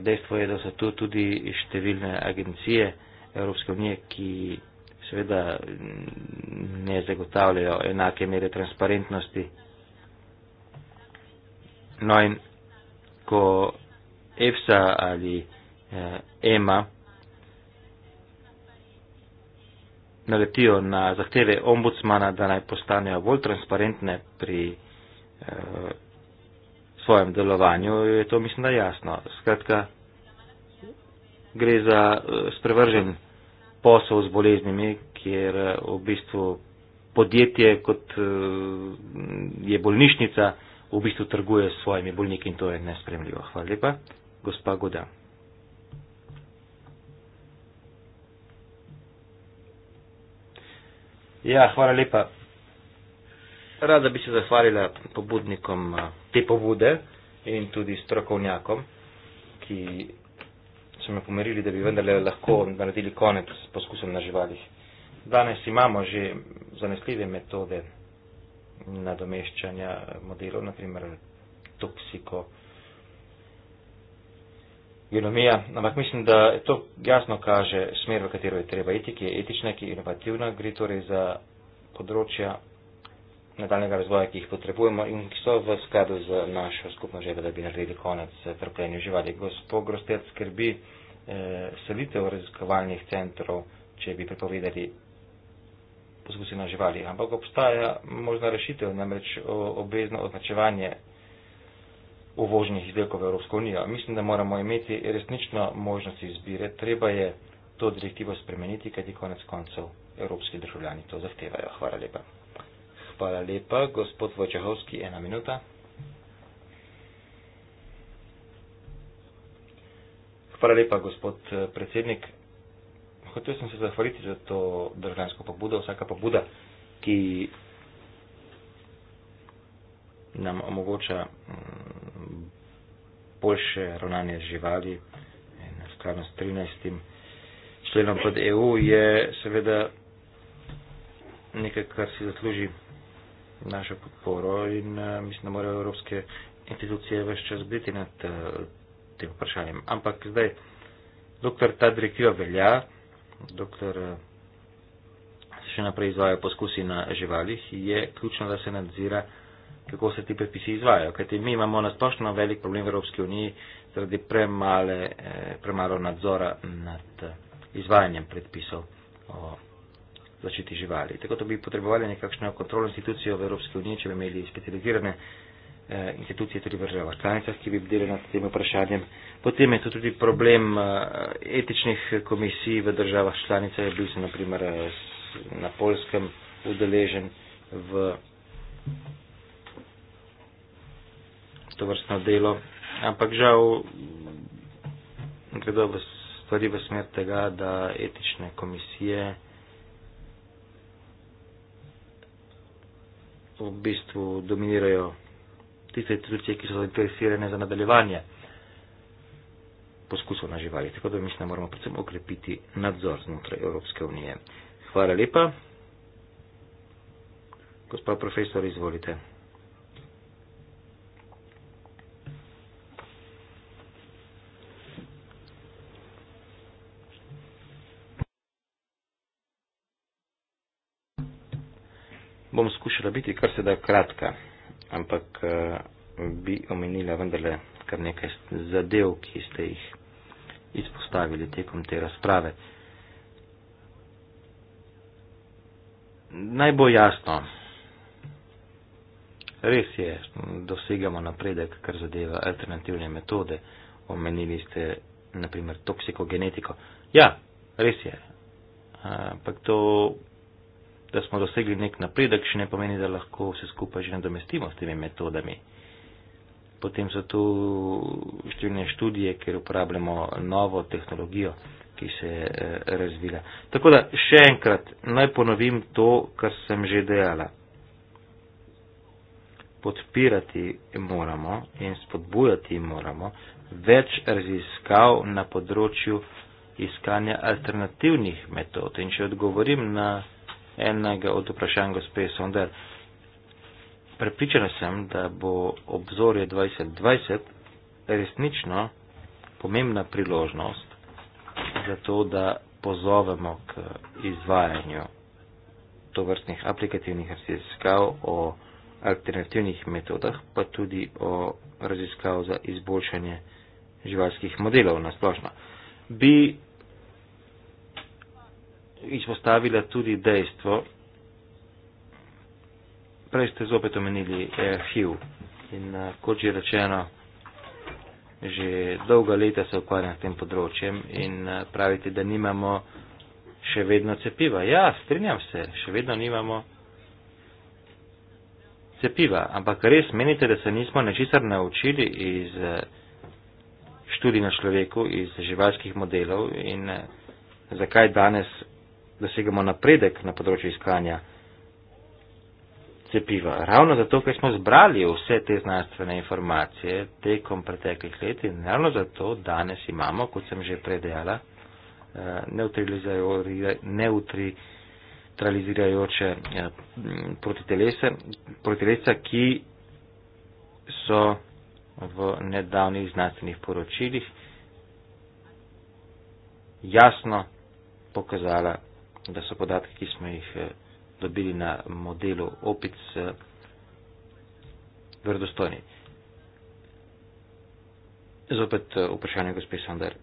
Speaker 1: Dejstvo je, da so tu tudi številne agencije Evropske unije, ki seveda ne zagotavljajo enake mere transparentnosti. No in ko Efsa ali eh, Ema naletijo na zahteve ombudsmana, da naj postanejo bolj transparentne pri eh, svojem delovanju, je to mislim, da jasno. Skratka, gre za eh, sprevržen posel z boleznimi, kjer eh, v bistvu podjetje kot eh, je bolnišnica, v bistvu trguje s svojimi bolniki in to je nespremljivo. Hvala lepa, gospa Goda. Ja, hvala lepa. Rada bi se zahvalila pobudnikom eh, te pobude in tudi strokovnjakom, ki so me pomerili, da bi vendarle lahko naredili konec s poskusom na živalih. Danes imamo že zanesljive metode nadomeščanja modelov, naprimer toksiko genomija. Ampak mislim, da to jasno kaže smer, v katero je treba iti, ki je etična, ki je inovativna, gre torej za področja nadaljnega razvoja, ki jih potrebujemo in ki so v skladu z našo skupno željo, da bi naredili konec trpljenju živali. Gospod Grostec skrbi eh, selitev raziskovalnih centrov, če bi prepovedali poskusi na živali. Ampak obstaja možna rešitev, namreč obvezno označevanje uvoženih izdelkov v Evropsko unijo. Mislim, da moramo imeti resnično možnosti izbire. Treba je to direktivo spremeniti, kajti konec koncev evropski državljani to zahtevajo. Hvala lepa. Hvala lepa, gospod Vojčehovski, ena minuta. Hvala lepa, gospod eh, predsednik hotel sem se zahvaliti za to državljansko pobudo, vsaka pobuda, ki nam omogoča mm, boljše ravnanje z živali in skladno s 13. členom pod EU je seveda nekaj, kar si zasluži našo podporo in eh, mislim, da morajo evropske institucije več čas biti nad eh, tem vprašanjem. Ampak zdaj, dokler ta direktiva velja, dr. Eh, se še naprej izvajajo poskusi na živalih, je ključno, da se nadzira, kako se ti predpisi izvajajo. Ker mi imamo na splošno velik problem v Evropski uniji zaradi premale, eh, premalo nadzora nad eh, izvajanjem predpisov o zaščiti živali. Tako da bi potrebovali nekakšno kontrolno institucijo v Evropski uniji, če bi imeli specializirane Eh, institucije, tudi država članica, ki bi bdele nad tem vprašanjem. Potem je to tudi problem eh, etičnih komisij v državah članica, je bil se naprimer na eh, Polskem udeležen v to vrstno delo, ampak žal gredo v stvari v smer tega, da etične komisije v bistvu dominirajo tiste institucije, ki so zainteresirane za nadaljevanje poskusov na živali. Tako da mislim, da moramo predvsem okrepiti nadzor znotraj Evropske unije. Hvala lepa. Gospa profesor, izvolite. Bom skušala biti kar se da kratka ampak eh, bi omenila vendarle kar nekaj zadev, ki ste jih izpostavili tekom te razprave. Najbolj jasno, res je, dosegamo napredek, kar zadeva alternativne metode, omenili ste naprimer toksikogenetiko. Ja, res je, eh, ampak to da smo dosegli nek napredek, še ne pomeni, da lahko vse skupaj že nadomestimo s temi metodami. Potem so tu številne študije, kjer uporabljamo novo tehnologijo, ki se je eh, razvila. Tako da še enkrat naj ponovim to, kar sem že dejala. Podpirati moramo in spodbujati moramo več raziskav na področju iskanja alternativnih metod. In če odgovorim na enega od vprašanj gospe Sonder. Prepričana sem, da bo obzorje 2020 resnično pomembna priložnost za to, da pozovemo k izvajanju tovrstnih aplikativnih raziskav o alternativnih metodah, pa tudi o raziskav za izboljšanje živalskih modelov na splošno. Bi izpostavila tudi dejstvo, prej ste zopet omenili arhiv eh, in eh, kot že rečeno, že dolga leta se ukvarjam s tem področjem in eh, pravite, da nimamo še vedno cepiva. Ja, strinjam se, še vedno nimamo cepiva, ampak res menite, da se nismo nečisar naučili iz študij na človeku, iz živalskih modelov in zakaj danes dosegamo napredek na področju iskanja cepiva. Ravno zato, ker smo zbrali vse te znanstvene informacije tekom preteklih let in ravno zato danes imamo, kot sem že predejala, eh, neutralizirajoče eh, protitelesa, ki so v nedavnih znanstvenih poročilih jasno pokazala da so podatki, ki smo jih eh, dobili na modelu opic, eh, verodostojni. Zopet eh, vprašanje, gospod Sander.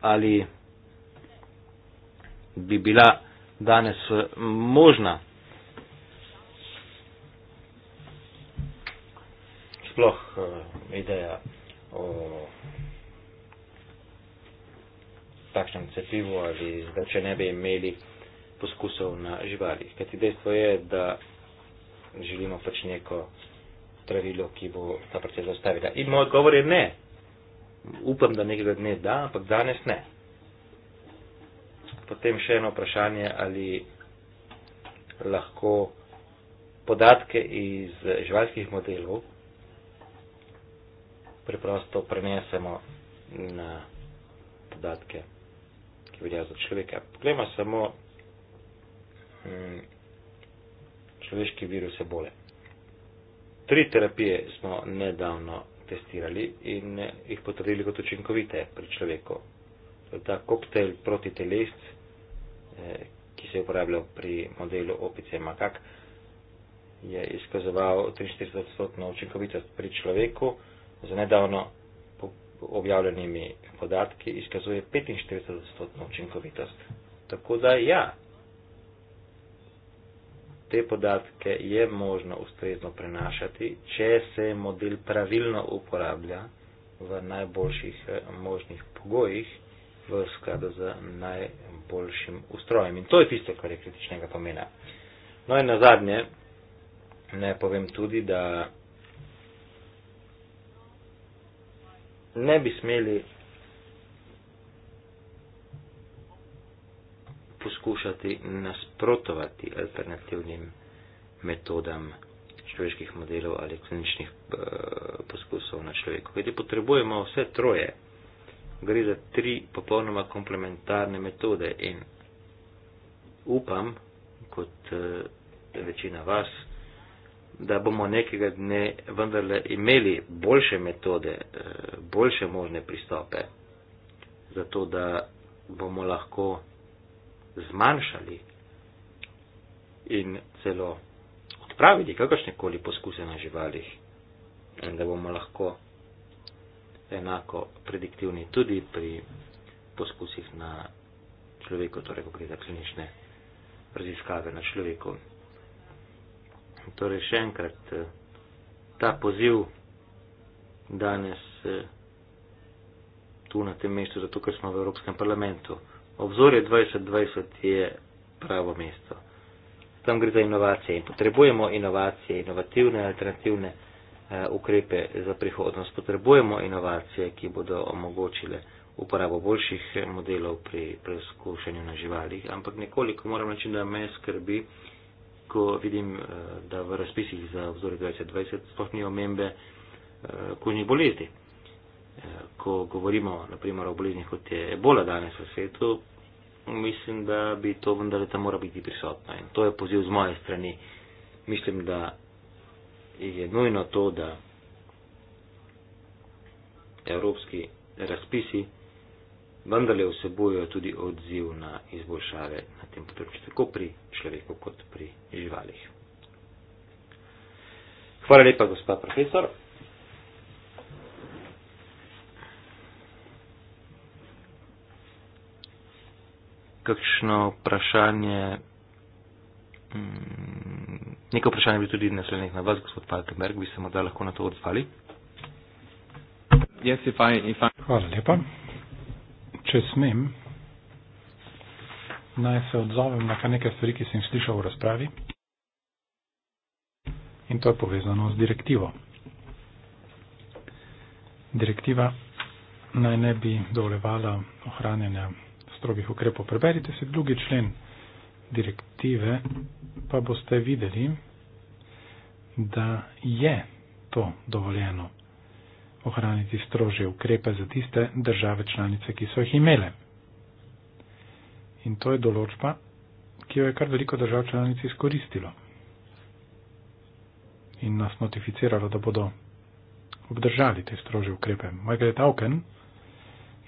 Speaker 1: Ali bi bila danes možna sploh ideja o takšnem cepivu ali da če ne bi imeli poskusov na živali. Kajti dejstvo je, da želimo pač neko travilo, ki bo ta proces zastavila. In moj odgovor je ne. Upam, da nekega dne da, ampak danes ne. Potem še eno vprašanje, ali lahko podatke iz živalskih modelov preprosto prenesemo na podatke velja za človeka. Poglejmo samo mm, človeški virus ebole. Tri terapije smo nedavno testirali in eh, jih potrdili kot učinkovite pri človeku. To je ta koktejl proti telest, eh, ki se je uporabljal pri modelu opice makak, je izkazoval 43-odstotno učinkovitost pri človeku za nedavno objavljenimi podatki izkazuje 45-odstotno učinkovitost. Tako da ja, te podatke je možno ustrezno prenašati, če se model pravilno uporablja v najboljših eh, možnih pogojih v skladu z najboljšim ustrojem. In to je tisto, kar je kritičnega pomena. No in na zadnje, ne povem tudi, da ne bi smeli poskušati nasprotovati alternativnim metodam človeških modelov ali kliničnih eh, poskusov na človeku. Kajti potrebujemo vse troje. Gre za tri popolnoma komplementarne metode in upam, kot eh, večina vas, da bomo nekega dne vendarle imeli boljše metode, eh, boljše možne pristope, zato da bomo lahko zmanjšali in celo odpravili kakršne koli poskuse na živalih in da bomo lahko enako prediktivni tudi pri poskusih na človeku, torej ko gre za klinične raziskave na človeku. Torej še enkrat eh, ta poziv danes eh, tu na tem mestu, zato ker smo v Evropskem parlamentu. Obzorje 2020 je pravo mesto. Tam gre za inovacije in potrebujemo inovacije, inovativne, alternativne eh, ukrepe za prihodnost. Potrebujemo inovacije, ki bodo omogočile uporabo boljših modelov pri preizkušanju na živalih, ampak nekoliko moram reči, da me skrbi, ko vidim, eh, da v razpisih za obzor 2020 sploh ni omembe eh, kožnih bolezni. Eh, ko govorimo naprimer o boleznih, kot je ebola danes v svetu, mislim, da bi to vendar tam mora biti prisotno. In to je poziv z moje strani. Mislim, da je nujno to, da evropski razpisi vendarle vsebujejo tudi odziv na izboljšave in potrošnji, tako pri človeku kot pri živalih. Hvala lepa, gospa profesor. Kakšno vprašanje, hm, mm, neko vprašanje bi tudi naslednjih na vas, gospod Falkenberg, bi se morda lahko na to odzvali. Jaz si fajn in fajn. Hvala
Speaker 3: lepa. Če smem, naj se odzovem na nekaj stvari, ki sem slišal v razpravi. In to je povezano z direktivo. Direktiva naj ne bi dovoljevala ohranjanja strogih ukrepov. Preberite si drugi člen direktive, pa boste videli, da je to dovoljeno ohraniti strože ukrepe za tiste države članice, ki so jih imele in to je določba, ki jo je kar veliko držav članic izkoristilo in nas notificiralo, da bodo obdržali te strože ukrepe. Margaret Auken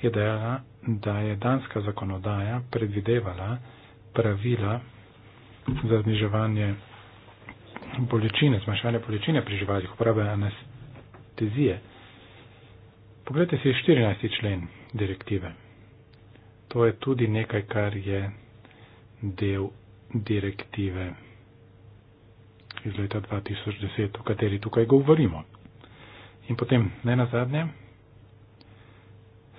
Speaker 3: je dejala, da je danska zakonodaja predvidevala pravila za zniževanje bolečine, zmanjševanje bolečine pri živalih, uporabe anestezije. Poglejte si 14. člen direktive to je tudi nekaj, kar je del direktive iz leta 2010, o kateri tukaj govorimo. In potem, ne na zadnje,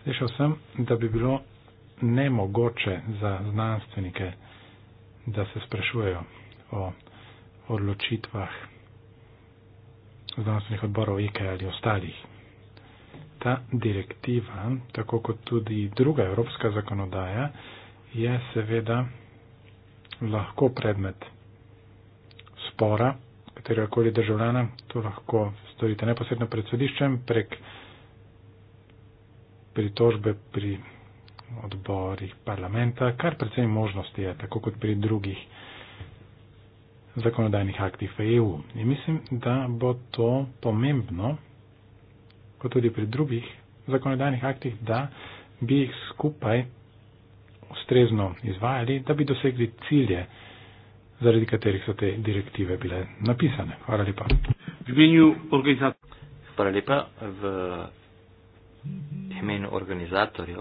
Speaker 3: slišal sem, da bi bilo nemogoče za znanstvenike, da se sprašujejo o odločitvah znanstvenih odborov IKE ali ostalih ta direktiva, tako kot tudi druga evropska zakonodaja, je seveda lahko predmet spora kateregakoli državljana. To lahko storite neposredno pred sodiščem prek pritožbe pri odborih parlamenta, kar predvsem možnosti je, tako kot pri drugih zakonodajnih aktih v EU. In mislim, da bo to pomembno kot tudi pri drugih zakonodajnih aktih, da bi jih skupaj ustrezno izvajali, da bi dosegli cilje, zaradi katerih so te direktive bile napisane. Hvala lepa.
Speaker 1: Hvala lepa v imenu organizatorjev.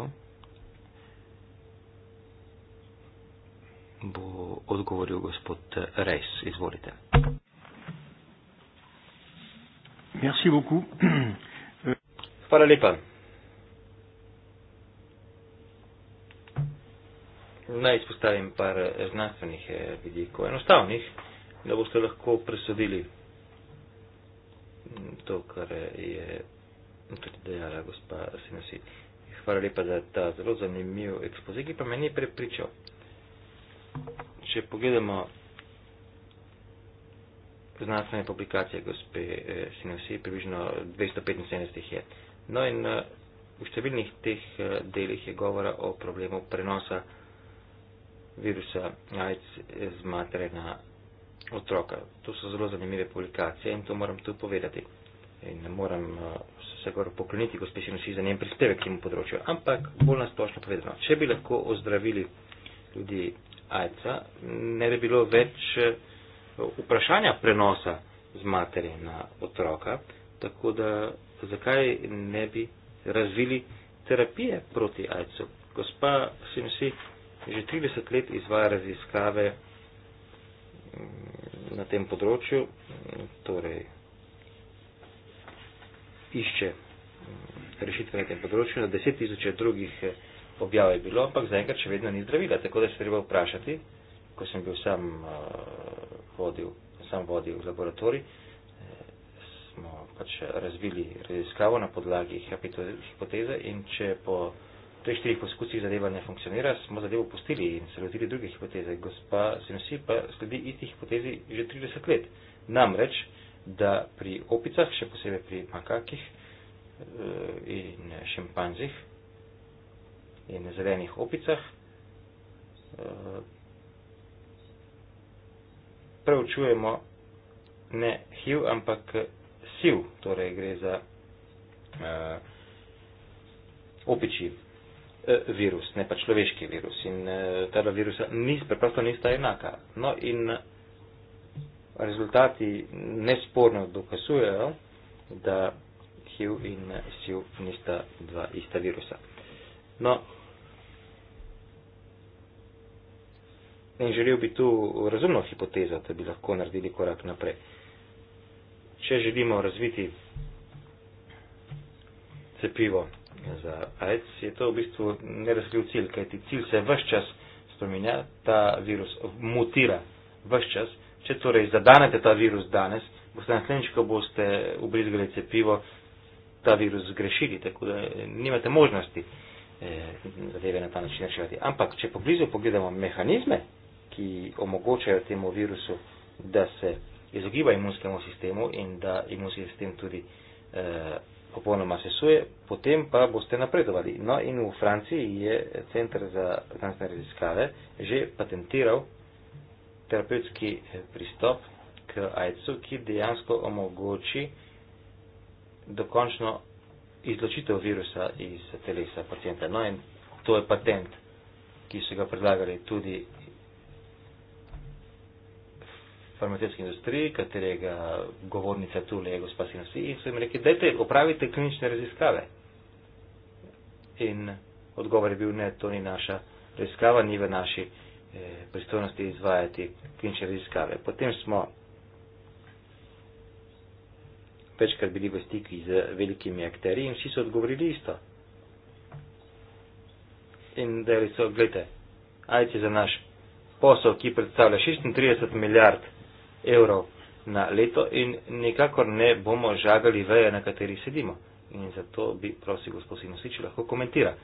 Speaker 1: bo odgovoril gospod Rejs. Izvolite.
Speaker 3: Merci beaucoup.
Speaker 1: Hvala lepa. Naj izpostavim par eh, znanstvenih eh, vidikov, enostavnih, da boste lahko presodili mm, to, kar eh, je no, tudi dejala gospa Sinosi. Hvala lepa za ta zelo zanimiv ekspozit, ki pa me ni prepričal. Če pogledamo znanstvene publikacije gospe Sinosi, približno 275 jih je. No in eh, v številnih teh eh, delih je govora o problemu prenosa virusa AIDS z matere na otroka. To so zelo zanimive publikacije in to moram tu povedati. In moram eh, se gor pokloniti, gospešim vsi za njen prispevek k temu področju. Ampak bolj nasplošno povedano, če bi lahko ozdravili ljudi AIDS-a, ne bi bilo več vprašanja prenosa z matere na otroka, tako da zakaj ne bi razvili terapije proti AIDS-u. Gospa Simsi že 30 let izvaja raziskave mm, na tem področju, mm, torej išče mm, rešitve na tem področju, na 10 tisoče drugih eh, objav je bilo, ampak zaenkrat še vedno ni zdravila, tako da se treba vprašati, ko sem bil sam eh, vodil, sam vodil laboratorij, eh, smo pač razvili raziskavo na podlagi hipoteze in če po teh štirih poskusih zadeva ne funkcionira, smo zadevo pustili in se lotili druge hipoteze. Gospa Sinusi pa sledi isti hipotezi že 30 let. Namreč, da pri opicah, še posebej pri makakih eh, in šimpanzih in zelenih opicah, eh, preučujemo ne HIV, ampak siv, torej gre za uh, opičji uh, virus, ne pa človeški virus. In uh, eh, ta dva virusa nis, preprosto nista enaka. No in rezultati nesporno dokazujejo, da HIV in SIV nista dva ista virusa. No, In želel bi tu razumno hipotezo, da bi lahko naredili korak naprej. Uh, če želimo razviti cepivo za AIDS, je to v bistvu nerazljiv cilj, kajti cilj se vse čas spremenja, ta virus mutira vse čas. Če torej zadanete ta virus danes, boste naslednjič, ko boste ubrizgali cepivo, ta virus zgrešili, tako da eh, nimate možnosti eh, zadeve na ta način reševati. Ampak, če poblizu pogledamo mehanizme, ki omogočajo temu virusu, da se izogiba imunskemu sistemu in da imunski sistem tudi eh, popolnoma sesuje, potem pa boste napredovali. No in v Franciji je Centr za znanstvene raziskave že patentiral terapevtski eh, pristop k AIDS-u, ki dejansko omogoči dokončno izločitev virusa iz telesa pacijenta. No in to je patent, ki so ga predlagali tudi farmacijski industriji, katerega govornica tule je gospa Sinosi in so jim rekli, dajte, opravite klinične raziskave. In odgovor je bil, ne, to ni naša raziskava, ni v naši eh, pristojnosti izvajati klinične raziskave. Potem smo večkrat bili v stiku z velikimi akterji in vsi so odgovorili isto. In da je so, gledajte, ajte za naš posel, ki predstavlja 36 milijard evrov na leto in nekakor ne bomo žagali veje, na kateri sedimo. In zato bi prosil gospod Sinosič, če lahko komentira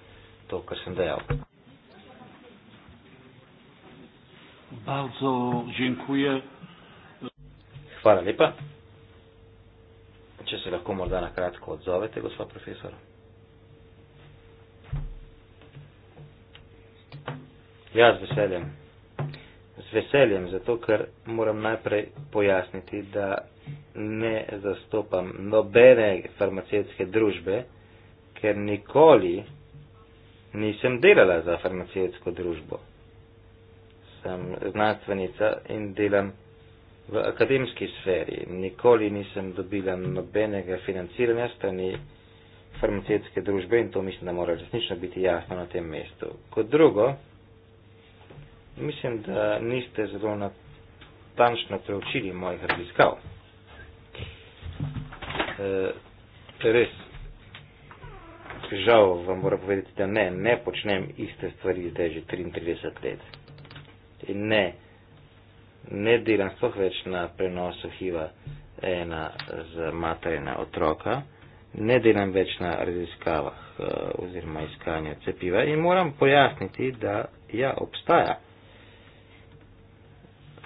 Speaker 1: to, kar sem dejal.
Speaker 3: Bardzo dziękuję.
Speaker 1: Hvala lepa. Če se lahko morda na kratko odzovete, gospod profesor. Ja, z veseljem z veseljem, zato ker moram najprej pojasniti, da ne zastopam nobene farmacijske družbe, ker nikoli nisem delala za farmacijsko družbo. Sem znanstvenica in delam v akademski sferi. Nikoli nisem dobila nobenega financiranja strani farmacijske družbe in to mislim, da mora resnično biti jasno na tem mestu. Kot drugo, Mislim, da niste zelo natančno preučili mojih raziskav. E, res, žal vam moram povedati, da ne, ne počnem iste stvari zdaj že 33 let. In ne, ne delam sploh več na prenosu HIV-a ena z materina otroka, ne delam več na raziskavah eh, oziroma iskanju cepiva in moram pojasniti, da ja, obstaja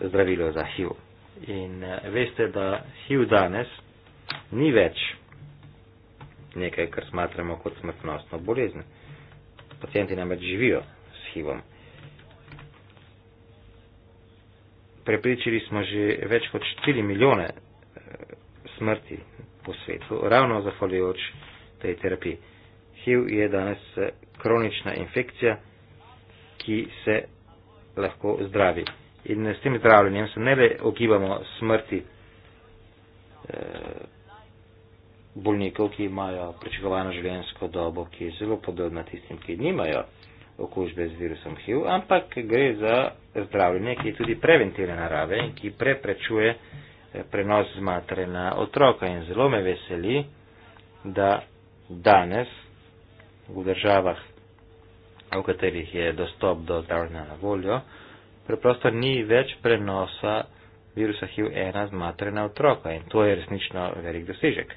Speaker 1: zdravilo za HIV. In eh, veste, da HIV danes ni več nekaj, kar smatramo kot smrtnostno bolezen. Pacijenti namreč živijo s HIVom. Prepričali smo že več kot 4 milijone eh, smrti po svetu, ravno zahvaljujoč tej terapiji. HIV je danes eh, kronična infekcija, ki se lahko zdravi. In s tem zdravljenjem se ne le ogibamo smrti eh, bolnikov, ki imajo pričakovano življenjsko dobo, ki je zelo podobna tistim, ki nimajo okužbe z virusom HIV, ampak gre za zdravljenje, ki je tudi preventivne narave in ki preprečuje eh, prenos z matere na otroka. In zelo me veseli, da danes v državah, v katerih je dostop do zdravljenja na voljo, eh, preprosto ni več prenosa virusa HIV-1 z matere na otroka in to je resnično velik dosežek.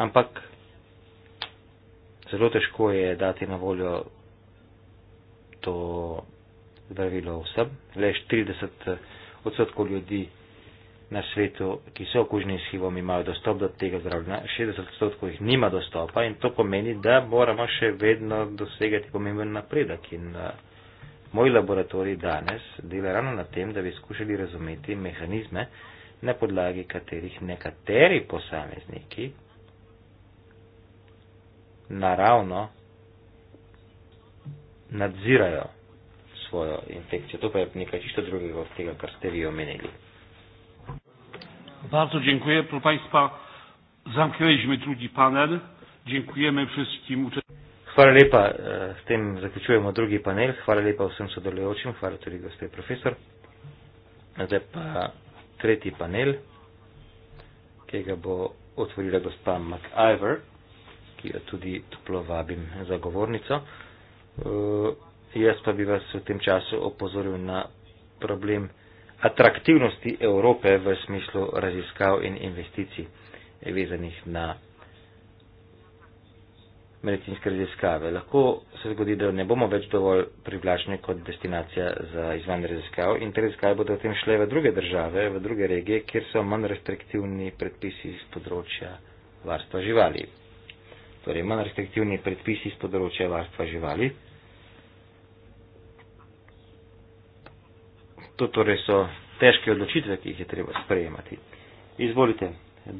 Speaker 1: Ampak zelo težko je dati na voljo to zdravilo vsem. Lež 30 odstotkov ljudi na svetu, ki so okuženi s HIV-om, imajo dostop do tega zdravljenja, 60 odstotkov jih nima dostopa in to pomeni, da moramo še vedno dosegati pomemben napredek. In uh, moj laboratorij danes dela ravno na tem, da bi skušali razumeti mehanizme, na podlagi katerih nekateri posamezniki naravno nadzirajo svojo infekcijo. To pa je nekaj čisto drugega od tega, kar ste vi omenili.
Speaker 3: Bardzo dziękuję. Proszę Państwa, zamknęliśmy drugi panel. Dziękujemy wszystkim uczestnikom.
Speaker 1: Hvala lepa, e, s tem zaključujemo drugi panel. Hvala lepa vsem sodelujočim, hvala tudi gospe profesor. Zdaj pa tretji panel, ki ga bo otvorila gospa McIver, ki jo tudi toplo vabim za govornico. Uh, jaz pa bi vas v tem času opozoril na problem atraktivnosti Evrope v smislu raziskav in investicij vezanih na medicinske raziskave. Lahko se zgodi, da ne bomo več dovolj privlačni kot destinacija za izvan raziskav in te raziskave bodo potem šle v druge države, v druge regije, kjer so manj restriktivni predpisi iz področja varstva živali. Torej, manj restriktivni predpisi iz področja varstva živali. To torej so težke odločitve, ki jih je treba sprejemati. Izvolite,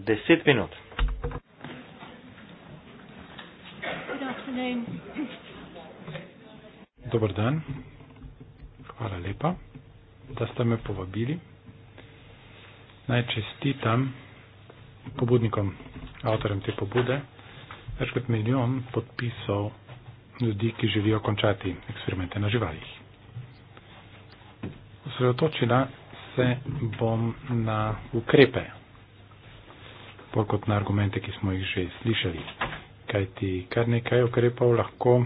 Speaker 1: deset minut.
Speaker 3: Dobar dan. Hvala lepa, da ste me povabili. Najčestitam pobudnikom, avtorem te pobude, več kot milijon podpisov ljudi, ki želijo končati eksperimente na živalih. Osredotočila se bom na ukrepe, bolj kot na argumente, ki smo jih že slišali. Kaj ti kar nekaj ukrepov lahko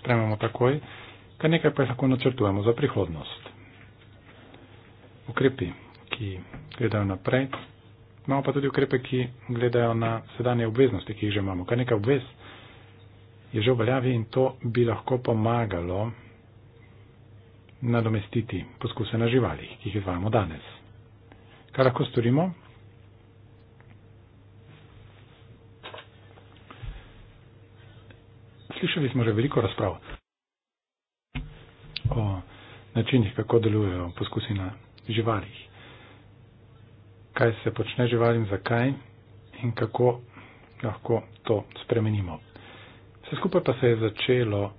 Speaker 3: sprememo takoj, kar nekaj pa jih lahko načrtujemo za prihodnost. Ukrepi, ki gledajo naprej, imamo pa tudi ukrepe, ki gledajo na sedanje obveznosti, ki jih že imamo. Kar nekaj obvez je že v veljavi in to bi lahko pomagalo nadomestiti poskuse na živalih, ki jih izvajamo danes. Kaj lahko storimo? Slišali smo že veliko razprav o načinih, kako delujejo poskusi na živalih, kaj se počne živalim, zakaj in kako lahko to spremenimo. Vse skupaj pa se je začelo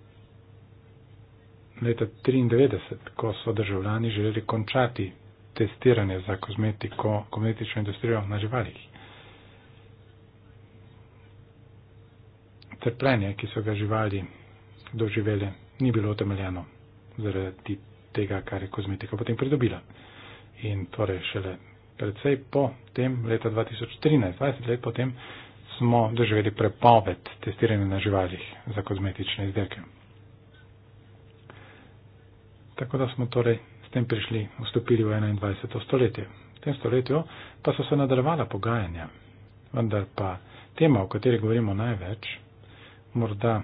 Speaker 3: leta 1993, ko so državljani želeli končati testiranje za kozmetiko, kozmetično industrijo na živalih. Trpljenje, ki so ga živali doživele, ni bilo utemeljeno zaradi tega, kar je kozmetika potem pridobila. In torej šele predvsej po tem, leta 2013, 20 let potem, smo doživeli prepoved testiranja na živalih za kozmetične izdelke. Tako da smo torej s tem prišli, vstopili v 21. stoletje. V tem stoletju pa so se nadaljevala pogajanja. Vendar pa tema, o kateri govorimo največ, morda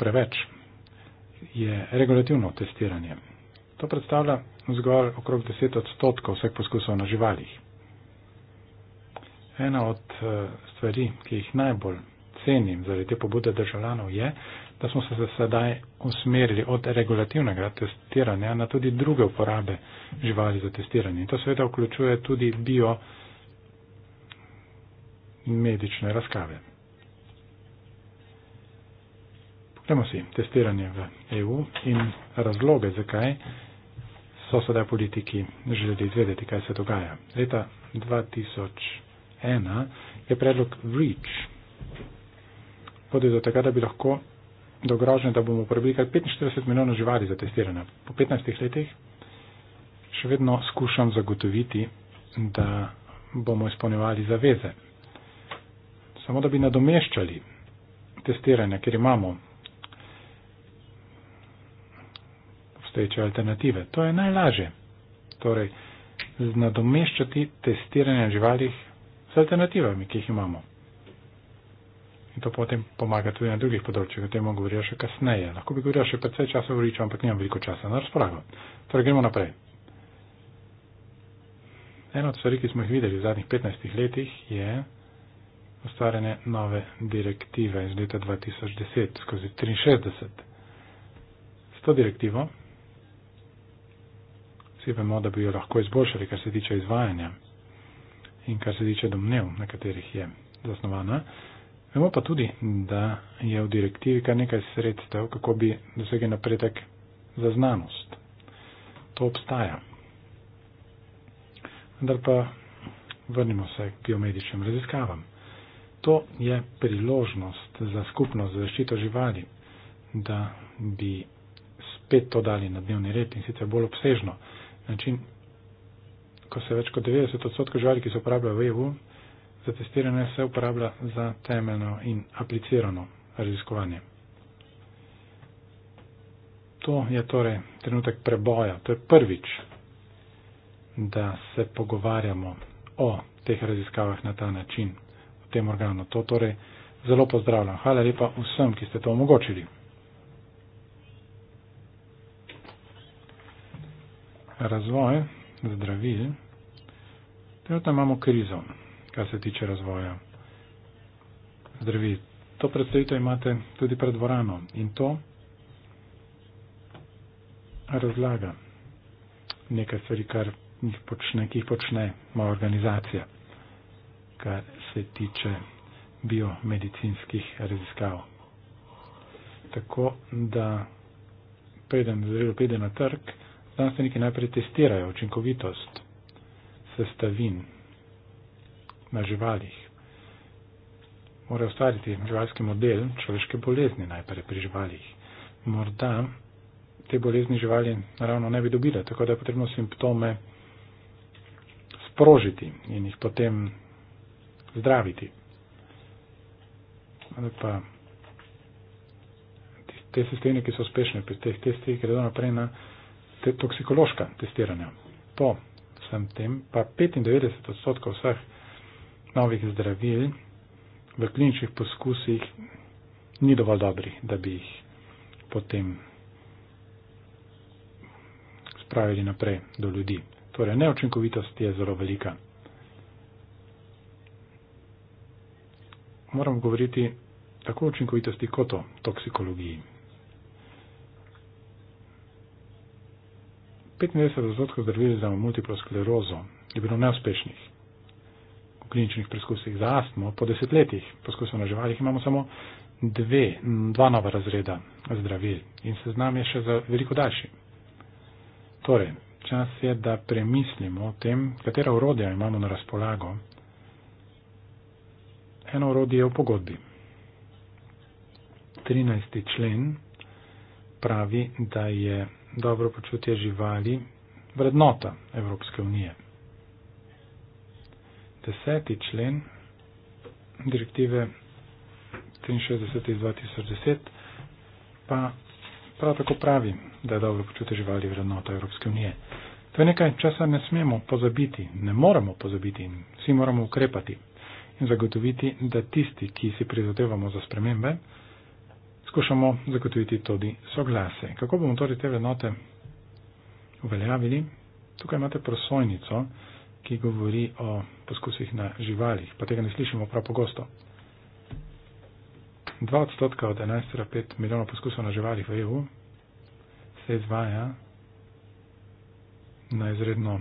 Speaker 3: preveč, je regulativno testiranje. To predstavlja zgolj okrog 10 odstotkov vseh poskusov na živalih. Ena od eh, stvari, ki jih najbolj cenim zaradi te pobude državljanov, je, da smo se sedaj usmerili od regulativnega testiranja na tudi druge uporabe živali za testiranje. In to seveda vključuje tudi biomedične razkave. Poglejmo si testiranje v EU in razloge, zakaj so sedaj politiki želeli izvedeti, kaj se dogaja. Leta 2001 je predlog REACH. Podi do tega, da bi lahko dogrožene, da bomo uporabili kar 45 milijonov živali za testiranje. Po 15 letih še vedno skušam zagotoviti, da bomo izpolnjevali zaveze. Samo da bi nadomeščali testiranje, ker imamo obstoječe alternative. To je najlažje. Torej, nadomeščati testiranje živalih z alternativami, ki jih imamo in to potem pomaga tudi na drugih področjih. O tem bom govoril še kasneje. Lahko bi govoril še predvsej časa v Ričo, ampak nimam veliko časa na razpolago. Torej, gremo naprej. Eno od stvari, ki smo jih videli v zadnjih 15 letih, je ustvarjene nove direktive iz leta 2010 skozi 63. S to direktivo vsi vemo, da bi jo lahko izboljšali, kar se tiče izvajanja in kar se tiče domnev, na katerih je zasnovana. Vemo pa tudi, da je v direktivi kar nekaj sredstev, kako bi dosegli napredek za znanost. To obstaja. Vendar pa vrnimo se k biomedičnim raziskavam. To je priložnost za skupnost za zaščito živali, da bi spet to dali na dnevni red in sicer bolj obsežno. Način, ko se več kot 90 odstotkov živali, ki se uporabljajo v EU, za testiranje se uporablja za temeljno in aplicirano raziskovanje. To je torej trenutek preboja, to je prvič, da se pogovarjamo o teh raziskavah na ta način, v tem organu. To torej zelo pozdravljam. Hvala lepa vsem, ki ste to omogočili. Razvoj zdravil. Trenutno imamo krizo kar se tiče razvoja zdravi. To predstavitev imate tudi pred dvorano in to razlaga nekaj stvari, kar jih počne, ki jih počne moja organizacija, kar se tiče biomedicinskih raziskav. Tako da preden zdravilo pride na trg, znanstveniki najprej testirajo učinkovitost sestavin na živalih. Mora ustvariti živalski model človeške bolezni najprej pri živalih. Morda te bolezni živali naravno ne bi dobile, tako da je potrebno simptome sprožiti in jih potem zdraviti. Ali pa te sistemi, ki so uspešni pri teh testih, gredo naprej na te toksikološka testiranja. Po vsem tem pa 95 odstotkov vseh novih zdravil v kliničnih poskusih ni dovolj dobrih, da bi jih potem spravili naprej do ljudi. Torej, neočinkovitost je zelo velika. Moram govoriti tako o učinkovitosti kot o toksikologiji. 95% zdravil za multiplo sklerozo je bilo neuspešnih v kliničnih preskusih za astmo, po desetletjih poskusov na živalih imamo samo dve, dva nova razreda zdravil in se znam je še za veliko daljši. Torej, čas je, da premislimo o tem, katera urodja imamo na razpolago. Eno urodje je v pogodbi. 13. člen pravi, da je dobro počutje živali vrednota Evropske unije deseti člen direktive 63 iz 2010 pa prav tako pravi, da je dobro počutje živali vrednota Evropske unije. To je nekaj, česar ne smemo pozabiti, ne moramo pozabiti in vsi moramo ukrepati in zagotoviti, da tisti, ki si prizadevamo za spremembe, skušamo zagotoviti tudi soglase. Kako bomo torej te vrednote uveljavili? Tukaj imate prosojnico, ki govori o poskusih na živalih, pa tega ne slišimo prav pogosto. 2 odstotka od 11,5 milijona poskusov na živalih v EU se izvaja na izredno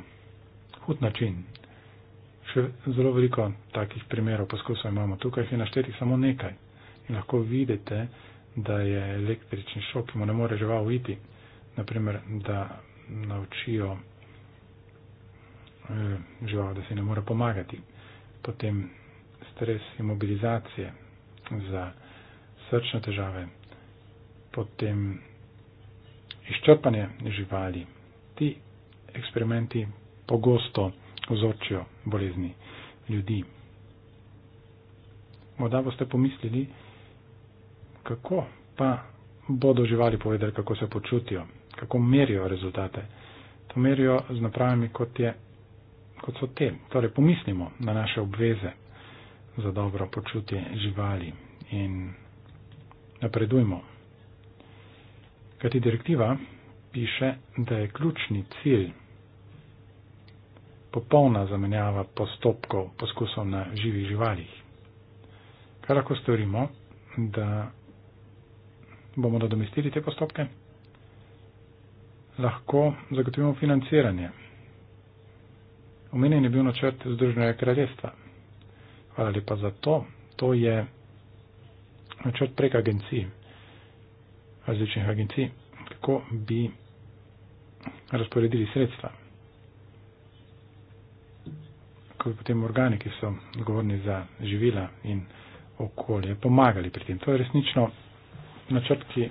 Speaker 3: hud način. Še zelo veliko takih primerov poskusov imamo tukaj, jih je naštetih samo nekaj. In lahko vidite, da je električni šok, ki mu ne more žival uiti, naprimer, da naučijo Mm, žival, da si ne more pomagati. Potem stres imobilizacije za srčne težave, potem izčrpanje živali. Ti eksperimenti pogosto vzročijo bolezni ljudi. Morda boste pomislili, kako pa bodo živali povedali, kako se počutijo, kako merijo rezultate. To merijo z napravami, kot je kot so te. Torej, pomislimo na naše obveze za dobro počutje živali in napredujmo. Kajti direktiva piše, da je ključni cilj popolna zamenjava postopkov poskusov na živih živalih. Kaj lahko storimo, da bomo nadomestili te postopke? Lahko zagotovimo financiranje Omenjen je bil načrt Združenega kraljestva. Hvala lepa za to. To je načrt prek agencij, različnih agencij, kako bi razporedili sredstva. Kako bi potem organi, ki so odgovorni za živila in okolje, pomagali pri tem. To je resnično načrt, ki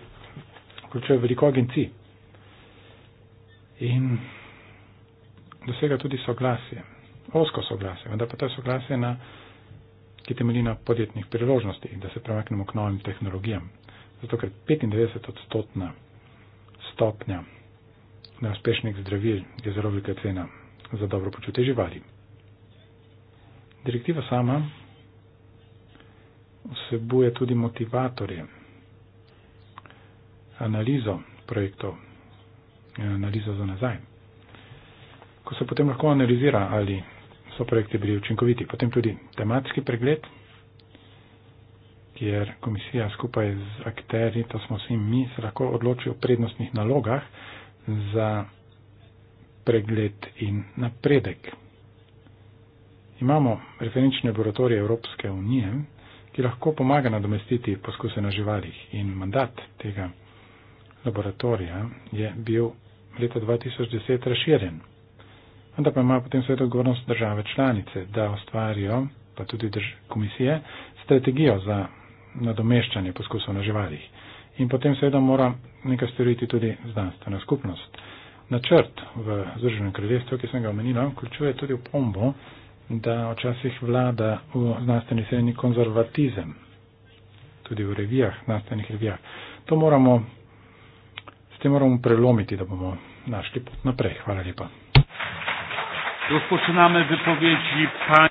Speaker 3: vključuje veliko agencij. In dosega tudi soglasje, osko soglasje, vendar pa to je soglasje, na, ki temelji na podjetnih priložnostih, da se premaknemo k novim tehnologijam. Zato, ker 95 odstotna stopnja na uspešnih zdravil je zelo velika cena za dobro počutje živali. Direktiva sama vsebuje tudi motivatorje, analizo projektov in eh, analizo za nazaj ko se potem lahko analizira, ali so projekti bili učinkoviti. Potem tudi tematski pregled, kjer komisija skupaj z akteri, to smo vsi mi, se lahko odloči o prednostnih nalogah za pregled in napredek. Imamo referenčne laboratorije Evropske unije, ki lahko pomaga nadomestiti poskuse na živalih in mandat tega laboratorija je bil leta 2010 razširjen vendar pa imajo potem svet odgovornost države članice, da ustvarijo, pa tudi drž, komisije, strategijo za nadomeščanje poskusov na živalih. In potem seveda mora nekaj storiti tudi znanstvena skupnost. Načrt v Združenem kraljestvu, ki sem ga omenila, vključuje tudi opombo, da včasih vlada v znanstveni sredini konzervatizem, tudi v revijah, znanstvenih revijah. To moramo, s tem moramo prelomiti, da bomo našli pot naprej. Hvala lepa. Rozpoczynamy wypowiedzi Pani.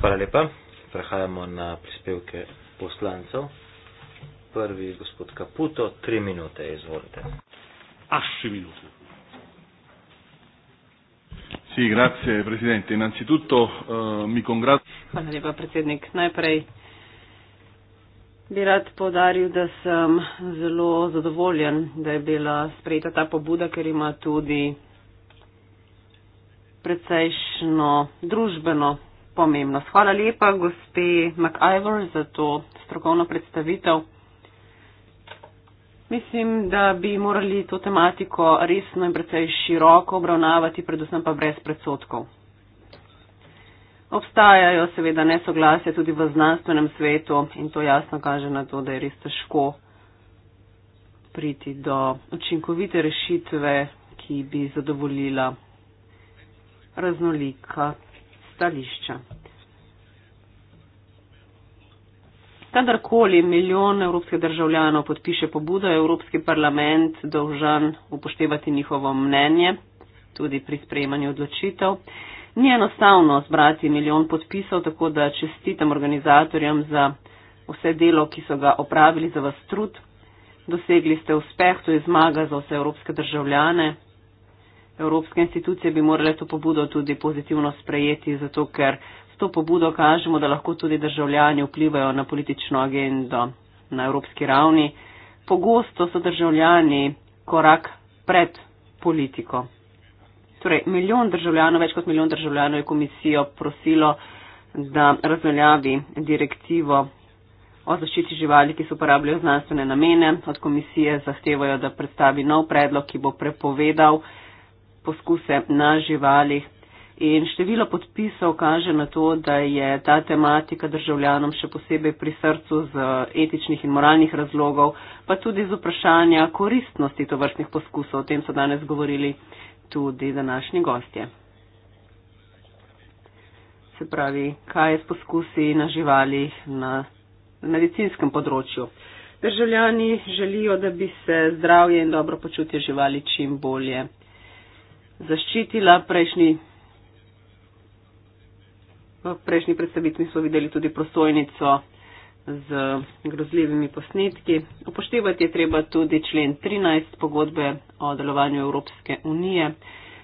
Speaker 1: Hvala lepa. Prehajamo na prispevke poslancov. Prvi je gospod Kaputo, tri minute, izvolite.
Speaker 3: Až tri minute. Sì, grazie Presidente. Innanzitutto uh, mi congratulo.
Speaker 2: Hvala lepa, predsednik. Najprej bi rad podaril, da sem zelo zadovoljen, da je bila sprejeta ta pobuda, ker ima tudi precejšno družbeno pomembnost. Hvala lepa, gospe McIver, za to strokovno predstavitev. Mislim, da bi morali to tematiko resno in precej široko obravnavati, predvsem pa brez predsotkov. Obstajajo seveda nesoglasje tudi v znanstvenem svetu in to jasno kaže na to, da je res težko priti do učinkovite rešitve, ki bi zadovoljila raznolika stališča. Kadarkoli milijon evropskih državljanov podpiše pobudo, je Evropski parlament dolžan upoštevati njihovo mnenje, tudi pri sprejemanju odločitev. Ni enostavno zbrati milijon podpisov, tako da čestitam organizatorjem za vse delo, ki so ga opravili za vas trud. Dosegli ste uspeh, to je zmaga za vse evropske državljane, evropske institucije bi morale to pobudo tudi pozitivno sprejeti, zato ker s to pobudo kažemo, da lahko tudi državljani vplivajo na politično agendo na evropski ravni. Pogosto so državljani korak pred politiko. Torej, milijon državljanov, več kot milijon državljanov je komisijo prosilo, da razveljavi direktivo o zaščiti živali, ki se uporabljajo v znanstvene namene. Od komisije zahtevajo, da predstavi nov predlog, ki bo prepovedal poskuse na živalih. In število podpisov kaže na to, da je ta tematika državljanom še posebej pri srcu z eh, etičnih in moralnih razlogov, pa tudi z vprašanja koristnosti tovrstnih poskusov. O tem so danes govorili tudi današnji gostje. Se pravi, kaj je s poskusi na živalih na medicinskem področju. Državljani želijo, da bi se zdravje in dobro počutje živali čim bolje zaščitila. Prejšnji, v prejšnji predstavitvi smo videli tudi prosojnico z grozljivimi posnetki. Upoštevati je treba tudi člen 13 pogodbe o delovanju Evropske unije.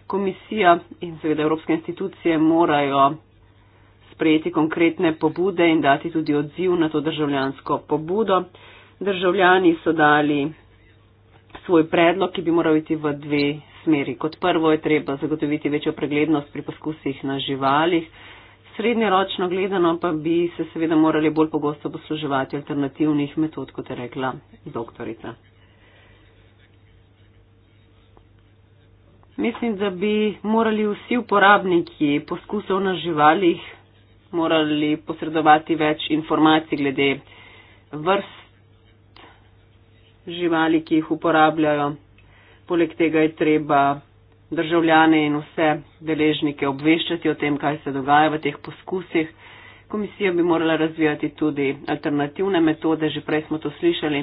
Speaker 2: Komisija in seveda evropske institucije morajo sprejeti konkretne pobude in dati tudi odziv na to državljansko pobudo. Državljani so dali svoj predlog, ki bi moral iti v dve smeri. Kot prvo je treba zagotoviti večjo preglednost pri poskusih na živalih. Srednjeročno gledano pa bi se seveda morali bolj pogosto posluževati alternativnih metod, kot je rekla doktorica. Mislim, da bi morali vsi uporabniki poskusov na živalih morali posredovati več informacij glede vrst živali, ki jih uporabljajo. Poleg tega je treba državljane in vse deležnike obveščati o tem, kaj se dogaja v teh poskusih. Komisija bi morala razvijati tudi alternativne metode, že prej smo to slišali.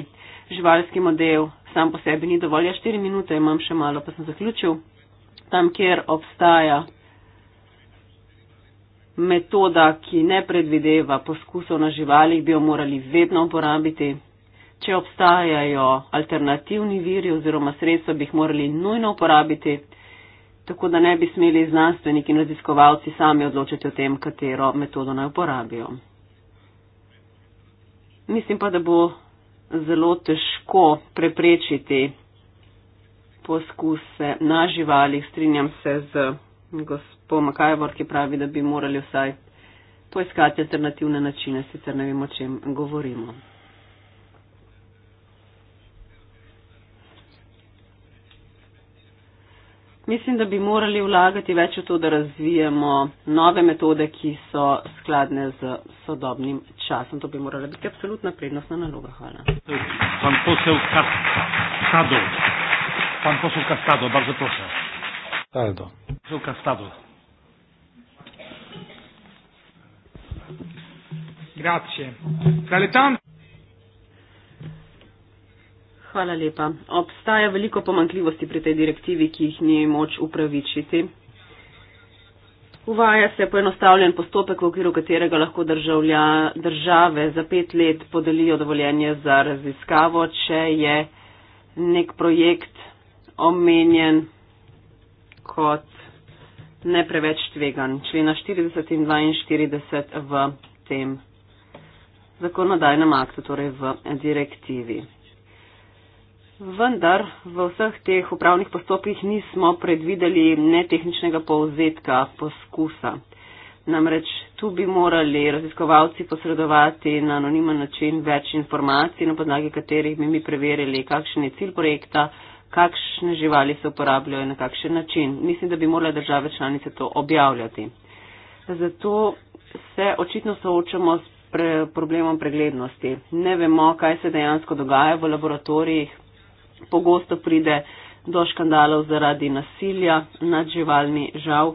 Speaker 2: Živalski model sam po sebi ni dovolj, ja 4 minute imam še malo, pa sem zaključil. Tam, kjer obstaja metoda, ki ne predvideva poskusov na živalih, bi jo morali vedno uporabiti če obstajajo alternativni viri oziroma sredstva, bi jih morali nujno uporabiti, tako da ne bi smeli znanstveniki in raziskovalci sami odločiti o tem, katero metodo naj uporabijo. Mislim pa, da bo zelo težko preprečiti poskuse na živalih. Strinjam se z gospod Makajvor, ki pravi, da bi morali vsaj poiskati alternativne načine, sicer ne vemo, o čem govorimo. Mislim, da bi morali vlagati več v to, da razvijemo nove metode, ki so skladne z sodobnim časom. To bi morala biti absolutna prednostna naloga. Hvala.
Speaker 3: Pan posel Kastado. Pan posel Kastado, bardzo proszę. Aldo. Posel Kastado. Grazie. Tra le
Speaker 2: tante... Hvala lepa. Obstaja veliko pomankljivosti pri tej direktivi, ki jih ni moč upravičiti. Uvaja se poenostavljen postopek, v okviru katerega lahko državlja, države za pet let podelijo dovoljenje za raziskavo, če je nek projekt omenjen kot ne preveč tvegan. Člena 40 in 42 v tem zakonodajnem aktu, torej v direktivi. Vendar v vseh teh upravnih postopkih nismo predvideli netehničnega povzetka poskusa. Namreč tu bi morali raziskovalci posredovati na anonimen način več informacij, na podlagi katerih bi mi preverili, kakšen je cilj projekta, kakšne živali se uporabljajo in na kakšen način. Mislim, da bi morale države članice to objavljati. Zato se očitno soočamo s pre problemom preglednosti. Ne vemo, kaj se dejansko dogaja v laboratorijih, Pogosto pride do škandalov zaradi nasilja nad živalmi, žal.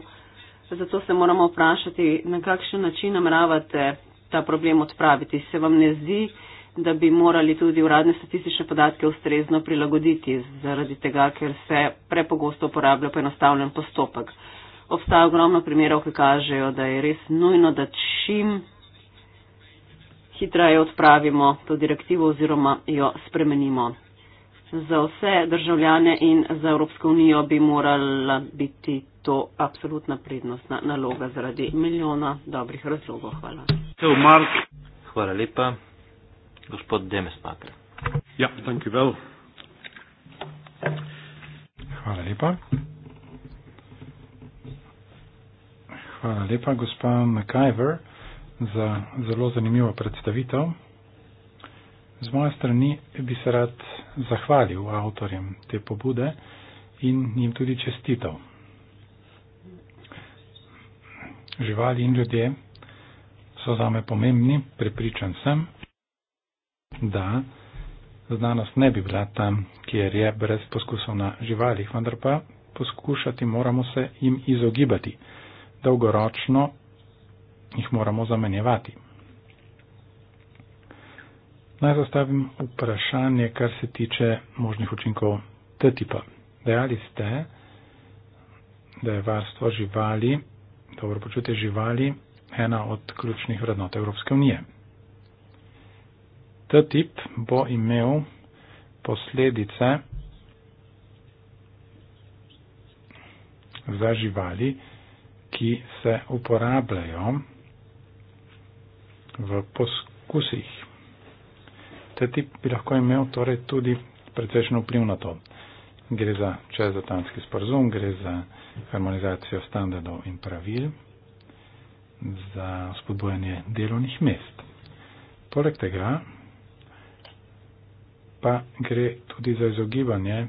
Speaker 2: Zato se moramo vprašati, na kakšen način nameravate ta problem odpraviti. Se vam ne zdi, da bi morali tudi uradne statistične podatke ustrezno prilagoditi, zaradi tega, ker se prepogosto uporablja poenostavljen postopek. Obstaja ogromno primerov, ki kažejo, da je res nujno, da čim hitreje odpravimo to direktivo oziroma jo spremenimo za vse državljane in za Evropsko unijo bi morala biti to absolutna prednostna naloga zaradi milijona dobrih razlogov. Hvala.
Speaker 1: Hvala lepa. Gospod Demesmaker.
Speaker 3: Ja, thank you well. Hvala lepa. Hvala lepa, gospa McIver, za zelo zanimivo predstavitev. Z moje strani bi se rad zahvalil avtorjem te pobude in jim tudi čestitev. Živali in ljudje so za me pomembni, prepričan sem, da znanost ne bi bila tam, kjer je brez poskusov na živalih, vendar pa poskušati moramo se jim izogibati. Dolgoročno jih moramo zamenjevati. Naj zastavim vprašanje, kar se tiče možnih učinkov TTIP-a. Dejali ste, da je varstvo živali, dobro počutje živali, ena od ključnih vrednot Evropske unije. TTIP bo imel posledice za živali, ki se uporabljajo v poskusih. Ta tip bi lahko imel torej tudi precejšen vpliv na to. Gre za čezatlantski sporozum, gre za harmonizacijo standardov in pravil, za spodbojanje delovnih mest. Poleg tega pa gre tudi za izogibanje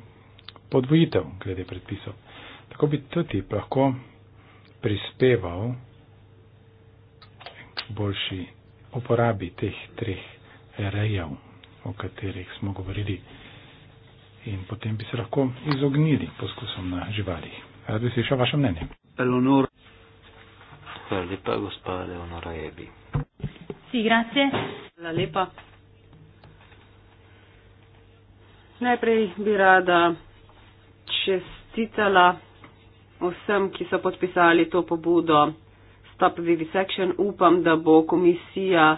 Speaker 3: podvojitev glede predpisov. Tako bi TTIP lahko prispeval k boljši uporabi teh treh rejev o katerih smo govorili. In potem bi se lahko izognili poskusom na živalih. Rad bi slišal vaše mnenje.
Speaker 1: Eleonora. Hvala lepa, gospa Eleonora Ebi.
Speaker 2: Si, grazie. Hvala lepa. Najprej bi rada čestitala vsem, ki so podpisali to pobudo Stop Vivisection. Upam, da bo komisija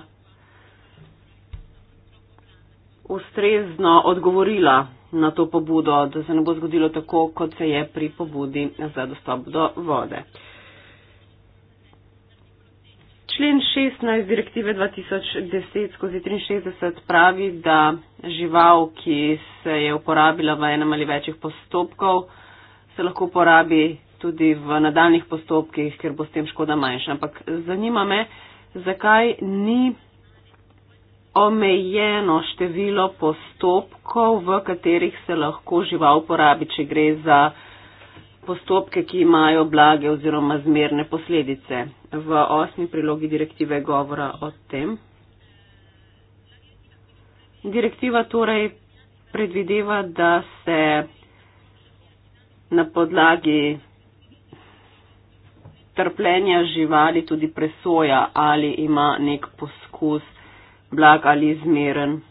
Speaker 2: ustrezno odgovorila na to pobudo, da se ne bo zgodilo tako, kot se je pri pobudi za dostop do vode. Člen 16 direktive 2010 skozi 63 pravi, da žival, ki se je uporabila v enem ali večjih postopkov, se lahko uporabi tudi v nadaljnih postopkih, ker bo s tem škoda manjša. Ampak zanima me, zakaj ni omejeno število postopkov, v katerih se lahko žival uporabi, če gre za postopke, ki imajo blage oziroma zmerne posledice. V osmi prilogi direktive je govora o tem. Direktiva torej predvideva, da se na podlagi trpljenja živali tudi presoja, ali ima nek poskus blag ali zmeren.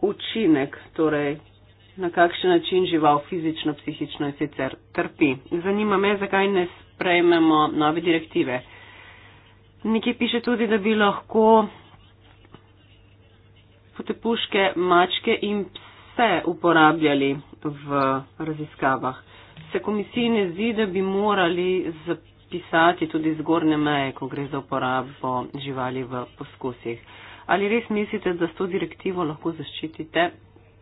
Speaker 2: Učinek, torej na kakšen način žival fizično, psihično in sicer trpi. Zanima me, zakaj ne sprejmemo nove direktive. Nekje piše tudi, da bi lahko potepuške, mačke in pse uporabljali v raziskavah. Se komisiji ne zdi, da bi morali zapisati pisati tudi zgornje meje, ko gre za uporabo živali v poskusih. Ali res mislite, da s to direktivo lahko zaščitite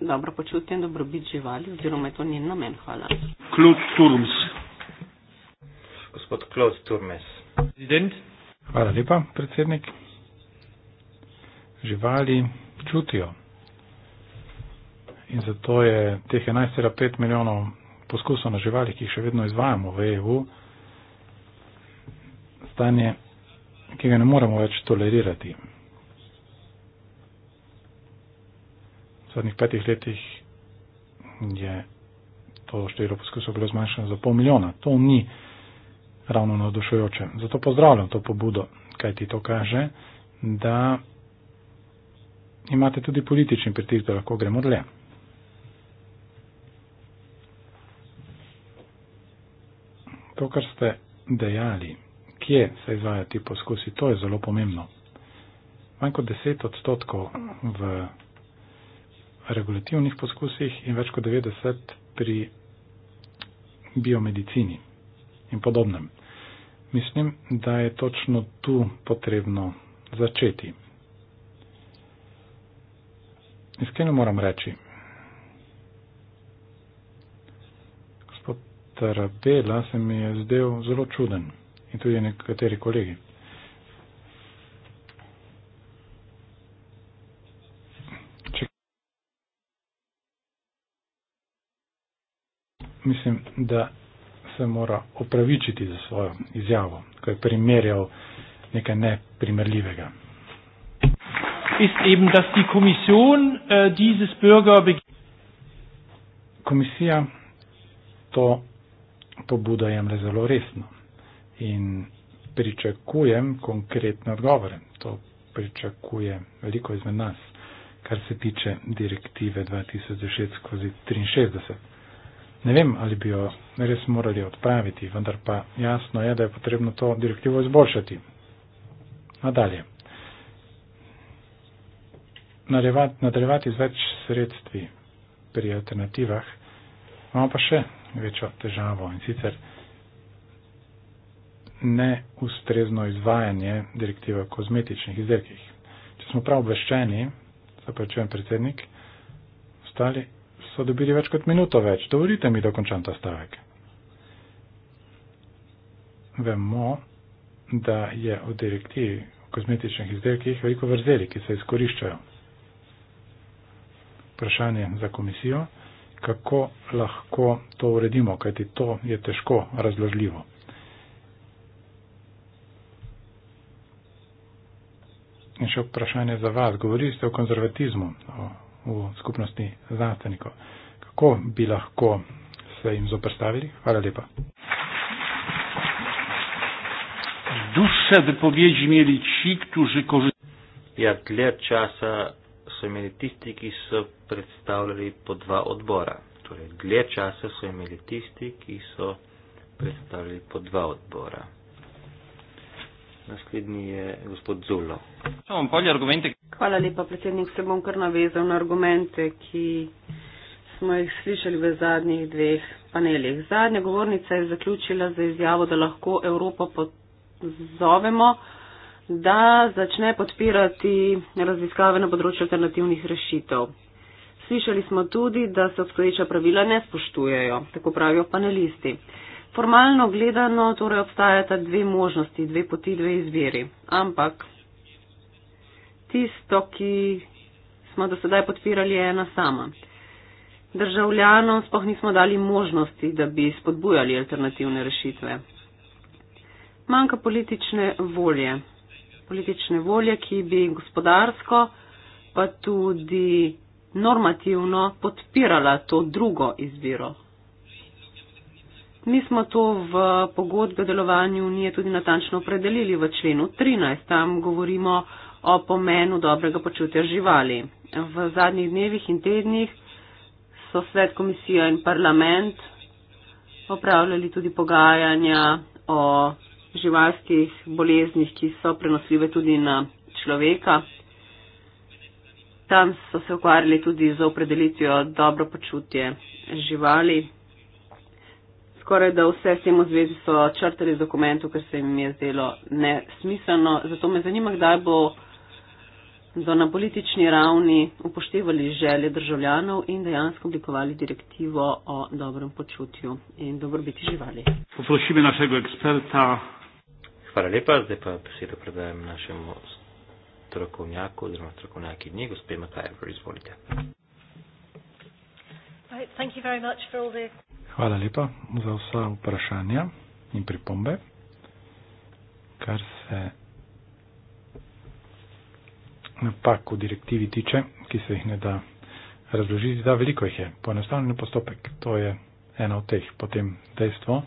Speaker 2: dobro počutje in dobrobit živali, oziroma je to njen namen? Hvala.
Speaker 3: Klud Turms.
Speaker 1: Gospod Klud Turmes. Prezident.
Speaker 3: Hvala lepa, predsednik. Živali čutijo. In zato je teh 11,5 milijonov poskusov na živalih, ki jih še vedno izvajamo v EU, stanje, ki ga ne moramo več tolerirati. V zadnjih petih letih je to število poskusov bilo zmanjšano za pol milijona. To ni ravno navdušujoče. Zato pozdravljam to pobudo, kaj ti to kaže, da imate tudi politični pritisk, da lahko gremo dlje. To, kar ste dejali, kje se izvajo ti poskusi, to je zelo pomembno. Manj kot 10 odstotkov v regulativnih poskusih in več kot 90 pri biomedicini in podobnem. Mislim, da je točno tu potrebno začeti. Iskreno moram reči, gospod Tarabela se mi je zdel zelo čuden in tudi nekateri kolegi. Če... Mislim, da se mora opravičiti za svojo izjavo, ko je primerjal nekaj neprimerljivega. Äh, Komisija to pobudo jemlje zelo resno in pričakujem konkretne odgovore. To pričakuje veliko izmed nas, kar se tiče direktive 2006-63. Ne vem, ali bi jo res morali odpraviti, vendar pa jasno je, da je potrebno to direktivo izboljšati. Nadalje. Nadaljevati, nadaljevati z več sredstvi pri alternativah. Imamo pa še večjo težavo in sicer neustrezno izvajanje direktive o kozmetičnih izdelkih. Če smo prav obveščeni, se pa čujem predsednik, ostali so dobili več kot minuto več. Dovolite mi, da končam ta stavek. Vemo, da je v direktivi o kozmetičnih izdelkih veliko vrzeli, ki se izkoriščajo. Vprašanje za komisijo, kako lahko to uredimo, kajti to je težko razložljivo. In še vprašanje za vas. Govorili ste o konzervatizmu o, v skupnosti znanstvenikov. Kako bi lahko se jim zoprstavili? Hvala lepa. Duša vypovedi imeli či, ktorí koži...
Speaker 1: Ja, tle časa so imeli tisti, ki so predstavljali po dva odbora. Torej, dle časa so imeli tisti, ki so predstavljali po dva odbora. Naslednji je gospod Zulo.
Speaker 2: Hvala lepa, predsednik. Se bom kar navezal na argumente, ki smo jih slišali v zadnjih dveh panelih. Zadnja govornica je zaključila za izjavo, da lahko Evropo pozovemo, da začne podpirati raziskave na področju alternativnih rešitev. Slišali smo tudi, da se obstoječa pravila ne spoštujejo, tako pravijo panelisti. Formalno gledano torej obstajata dve možnosti, dve poti, dve izviri. Ampak tisto, ki smo do sedaj podpirali, je ena sama. Državljanom spoh nismo dali možnosti, da bi spodbujali alternativne rešitve. Manjka politične volje. Politične volje, ki bi gospodarsko, pa tudi normativno podpirala to drugo izbiro, Mi smo to v pogodbi o delovanju unije tudi natančno opredelili v členu 13. Tam govorimo o pomenu dobrega počutja živali. V zadnjih dnevih in tednih so svet, komisija in parlament opravljali tudi pogajanja o živalskih boleznih, ki so prenosljive tudi na človeka. Tam so se ukvarjali tudi z opredelitvijo dobro počutje živali skoraj da vse s tem v zvezi so črtali z dokumentov, ker se jim je zdelo nesmiselno. Zato me zanima, kdaj bo do na politični ravni upoštevali želje državljanov in dejansko oblikovali direktivo o dobrem počutju in dobrobiti živali.
Speaker 1: Poprosim
Speaker 3: našega eksperta.
Speaker 1: Hvala lepa, zdaj pa besedo predajem našemu strokovnjaku oziroma strokovnjaki dni, gospe Matajev, izvolite.
Speaker 2: Right, thank you very much for all the
Speaker 3: Hvala lepa za vsa vprašanja in pripombe. Kar se napak v direktivi tiče, ki se jih ne da razložiti, da veliko jih je. Poenostavljen postopek, to je ena od teh. Potem dejstvo,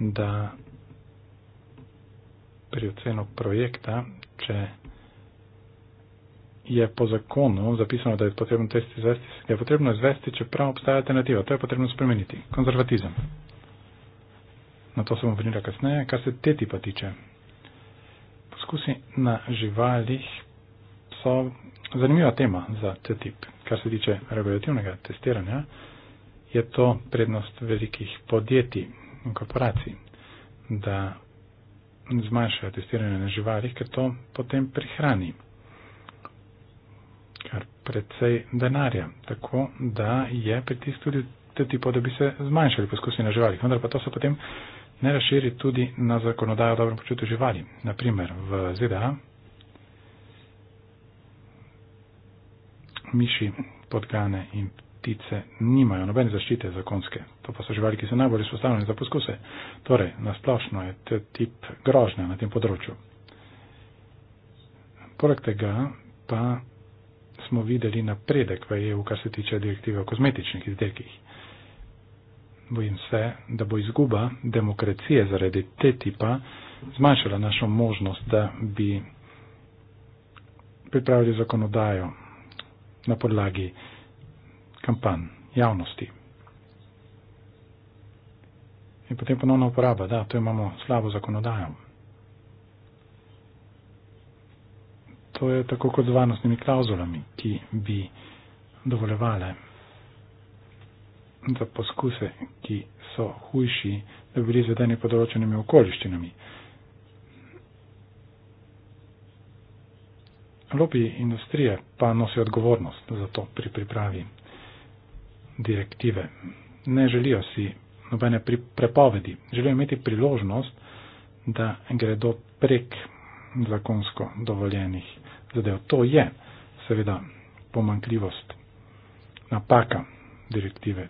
Speaker 3: da pri oceno projekta, če je po zakonu zapisano, da je potrebno test izvesti, je potrebno izvesti, čeprav obstaja alternativa. To je potrebno spremeniti. Konzervatizem. Na to sem vrnila kasneje. Kar se te tipa tiče, poskusi na živalih so zanimiva tema za te tip. Kar se tiče regulativnega testiranja, je to prednost velikih podjetij in korporacij, da zmanjšajo testiranje na živalih, ker to potem prihrani precej denarja, tako da je pritisk tudi tipo, da bi se zmanjšali poskusi na živalih. Vendar pa to se potem ne razširi tudi na zakonodajo o dobrem počutju živali. Naprimer, v ZDA miši, podgane in ptice nimajo nobene zaščite zakonske. To pa so živali, ki so najbolj izpostavljeni za poskuse. Torej, nasplošno je te tip grožnja na tem področju. Poleg tega pa smo videli napredek v EU, kar se tiče direktive o kozmetičnih izdelkih. Bojim se, da bo izguba demokracije zaradi te tipa zmanjšala našo možnost, da bi pripravili zakonodajo na podlagi kampanj javnosti. In potem ponovna uporaba, da, to imamo slabo zakonodajo. To je tako kot z varnostnimi klauzulami, ki bi dovoljevale za poskuse, ki so hujši, da bi bili izvedeni pod določenimi okoliščinami. Lobi industrije pa nosijo odgovornost za to pri pripravi direktive. Ne želijo si nobene prepovedi, želijo imeti priložnost, da gredo prek zakonsko dovoljenih zadev. To je seveda pomankljivost, napaka direktive.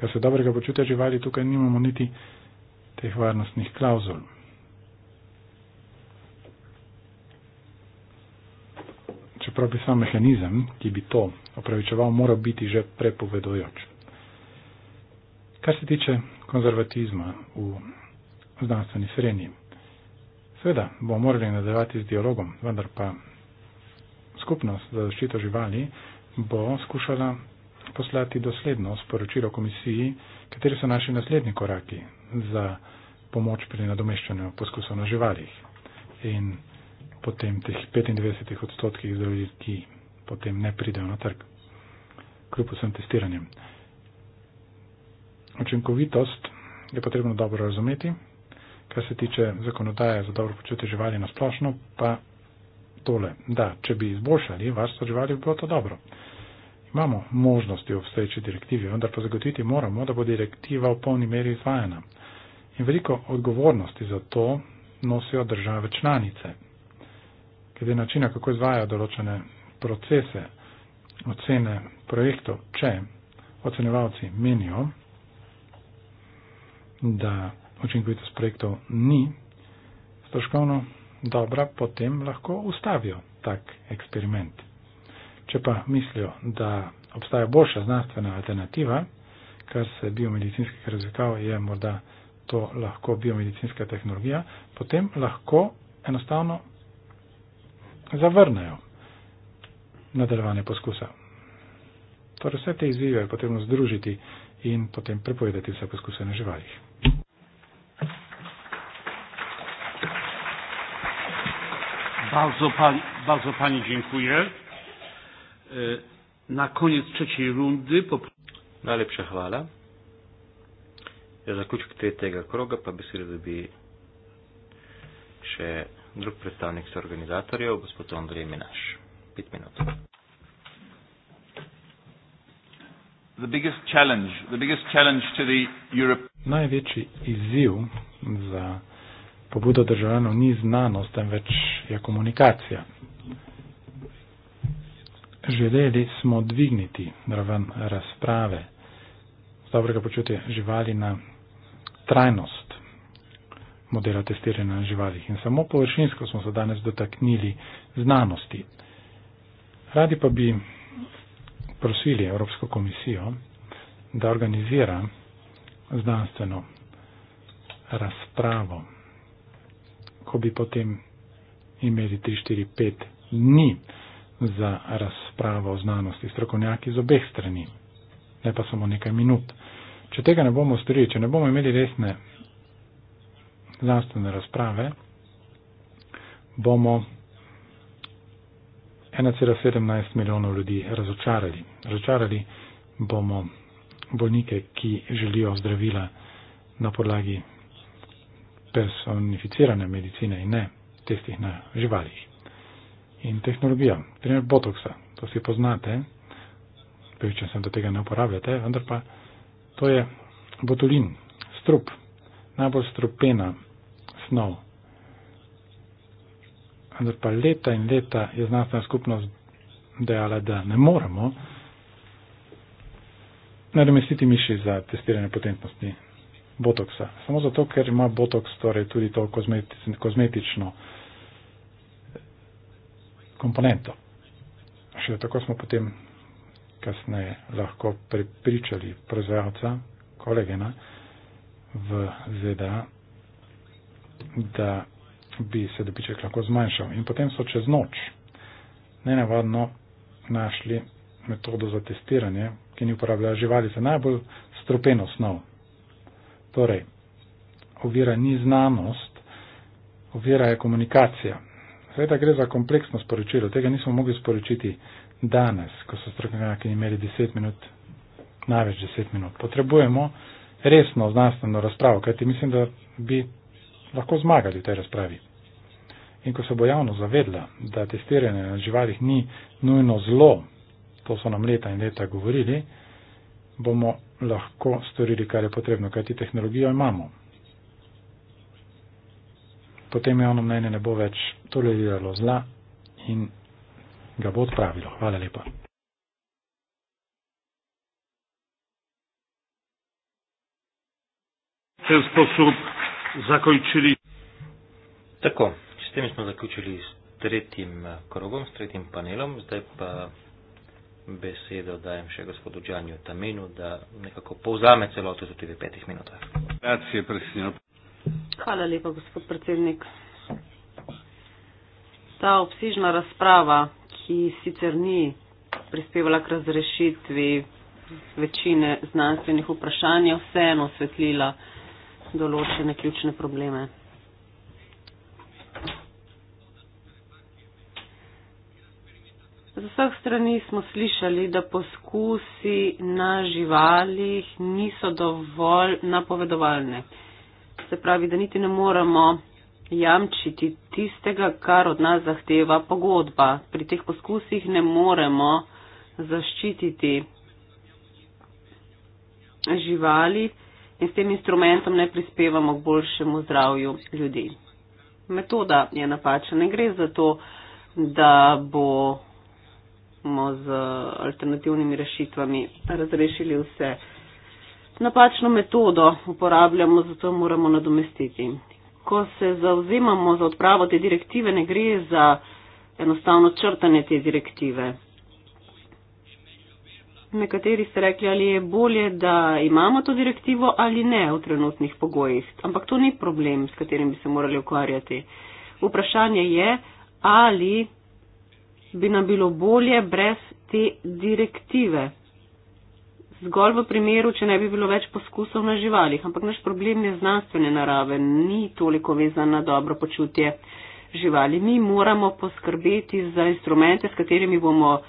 Speaker 3: Kar se dobrega počutja živali, tukaj nimamo niti teh varnostnih klauzul. Čeprav bi sam mehanizem, ki bi to opravičeval, mora biti že prepovedojoč. Kar se tiče konzervatizma v znanstveni srednji, seveda bomo morali nadaljevati z dialogom, vendar pa skupnost za zaščito živali bo skušala poslati dosledno sporočilo komisiji, kateri so naši naslednji koraki za pomoč pri nadomeščanju poskusov na živalih in potem teh 95 odstotkih zdravil, ki potem ne pridejo na trg, kljub vsem testiranjem. Učinkovitost je potrebno dobro razumeti, kar se tiče zakonodaje za dobro počutje živali na splošno, pa tole, da če bi izboljšali varstvo živali, bi bilo to dobro. Imamo možnosti v obstoječi direktivi, vendar pa zagotoviti moramo, da bo direktiva v polni meri izvajana. In veliko odgovornosti za to nosijo države članice, glede načina, kako izvajajo določene procese, ocene projektov, če ocenjevalci menijo, da učinkovitost projektov ni stroškovno dobra, potem lahko ustavijo tak eksperiment. Če pa mislijo, da obstaja boljša znanstvena alternativa, kar se biomedicinskih raziskav je morda to lahko biomedicinska tehnologija, potem lahko enostavno zavrnejo nadaljevanje poskusa. Torej vse te izzive je potrebno združiti in potem prepovedati vse poskuse na živalih. Bardzo, pan, bardzo Pani dziękuję. E, na koniec trzeciej rundy poproszę.
Speaker 1: Najlepsza chwala. Ja Zakończyk tego kroga, pa by się by jeszcze drugi przedstawnik z organizatorów, gospod
Speaker 3: Andrzej Minasz. 5 minut. The biggest challenge, the biggest challenge to the Europe... Największy izzył za pobudo državljanov ni znanost, temveč je komunikacija. Želeli smo dvigniti raven razprave z dobrega počutja živali na trajnost modela testiranja na živalih. In samo površinsko smo se danes dotaknili znanosti. Radi pa bi prosili Evropsko komisijo, da organizira znanstveno razpravo ko bi potem imeli 3, 4, 5 dni za razpravo o znanosti strokovnjaki z obeh strani, ne pa samo nekaj minut. Če tega ne bomo storili, če ne bomo imeli resne znanstvene razprave, bomo 1,17 milijonov ljudi razočarali. Razočarali bomo bolnike, ki želijo zdravila na podlagi personificirane medicine in ne testih na živalih. In tehnologija, primer botoksa, to si poznate, prvičem sem, da tega ne uporabljate, vendar pa to je botulin, strup, najbolj strupena snov. Vendar pa leta in leta je znanstvena skupnost dejala, da ne moremo nadomestiti miši za testiranje potentnosti botoksa. Samo zato, ker ima botoks torej tudi to kozmetično eh, komponento. Še tako smo potem kasneje lahko prepričali proizvajalca, kolegena v ZDA, da bi se dobiček lahko zmanjšal. In potem so čez noč nenavadno našli metodo za testiranje, ki ni uporabljala živali za najbolj strupeno snov, Torej, ovira ni znanost, ovira je komunikacija. Seveda gre za kompleksno sporočilo, tega nismo mogli sporočiti danes, ko so strokovnjaki imeli 10 minut, največ 10 minut. Potrebujemo resno znanstveno razpravo, kajti mislim, da bi lahko zmagali v tej razpravi. In ko se bo javno zavedla, da testiranje na živalih ni nujno zlo, to so nam leta in leta govorili, bomo lahko storili, kar je potrebno, kajti tehnologijo imamo. Potem je ono mnenje ne bo več toleriralo zla in ga bo odpravilo. Hvala lepa.
Speaker 1: Tako, s tem smo zaključili s tretjim krogom, s tretjim panelom, zdaj pa besedo dajem še gospodu Džanju Taminu, da nekako povzame celoto za tudi petih minutah.
Speaker 2: Hvala lepa, gospod predsednik. Ta obsižna razprava, ki sicer ni prispevala k razrešitvi večine znanstvenih vprašanj, je vseeno osvetlila določene ključne probleme. Z vseh strani smo slišali, da poskusi na živalih niso dovolj napovedovalne. Se pravi, da niti ne moremo jamčiti tistega, kar od nas zahteva pogodba. Pri teh poskusih ne moremo zaščititi živali in s tem instrumentom ne prispevamo k boljšemu zdravju ljudi. Metoda je napačna. Ne gre za to, da bo smo z alternativnimi rešitvami razrešili vse. Napačno metodo uporabljamo, zato moramo nadomestiti. Ko se zauzemamo za odpravo te direktive, ne gre za enostavno črtanje te direktive. Nekateri ste rekli, ali je bolje, da imamo to direktivo ali ne v trenutnih pogojih. Ampak to ni problem, s katerim bi se morali ukvarjati. Vprašanje je, ali bi nam bilo bolje brez te direktive. Zgolj v primeru, če ne bi bilo več poskusov na živalih. Ampak naš problem je znanstvene narave, ni toliko vezan na dobro počutje živali. Mi moramo poskrbeti za instrumente, s katerimi bomo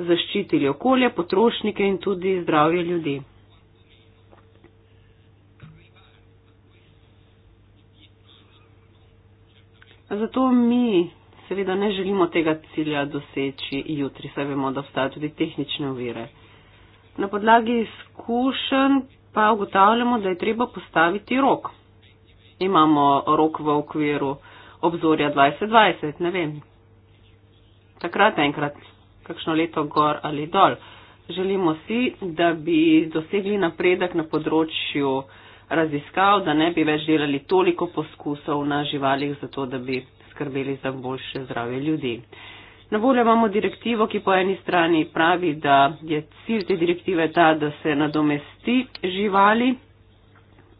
Speaker 2: zaščitili okolje, potrošnike in tudi zdravje ljudi. Zato mi seveda ne želimo tega cilja doseči jutri, saj vemo, da obstajajo tudi tehnične ovire. Na podlagi izkušenj pa ugotavljamo, da je treba postaviti rok. Imamo rok v okviru obzorja 2020, ne vem. Takrat enkrat, kakšno leto gor ali dol. Želimo si, da bi dosegli napredek na področju raziskav, da ne bi več delali toliko poskusov na živalih, zato da bi poskrbeli za boljše zdravje ljudi. Na voljo imamo direktivo, ki po eni strani pravi, da je cilj te direktive ta, da se nadomesti živali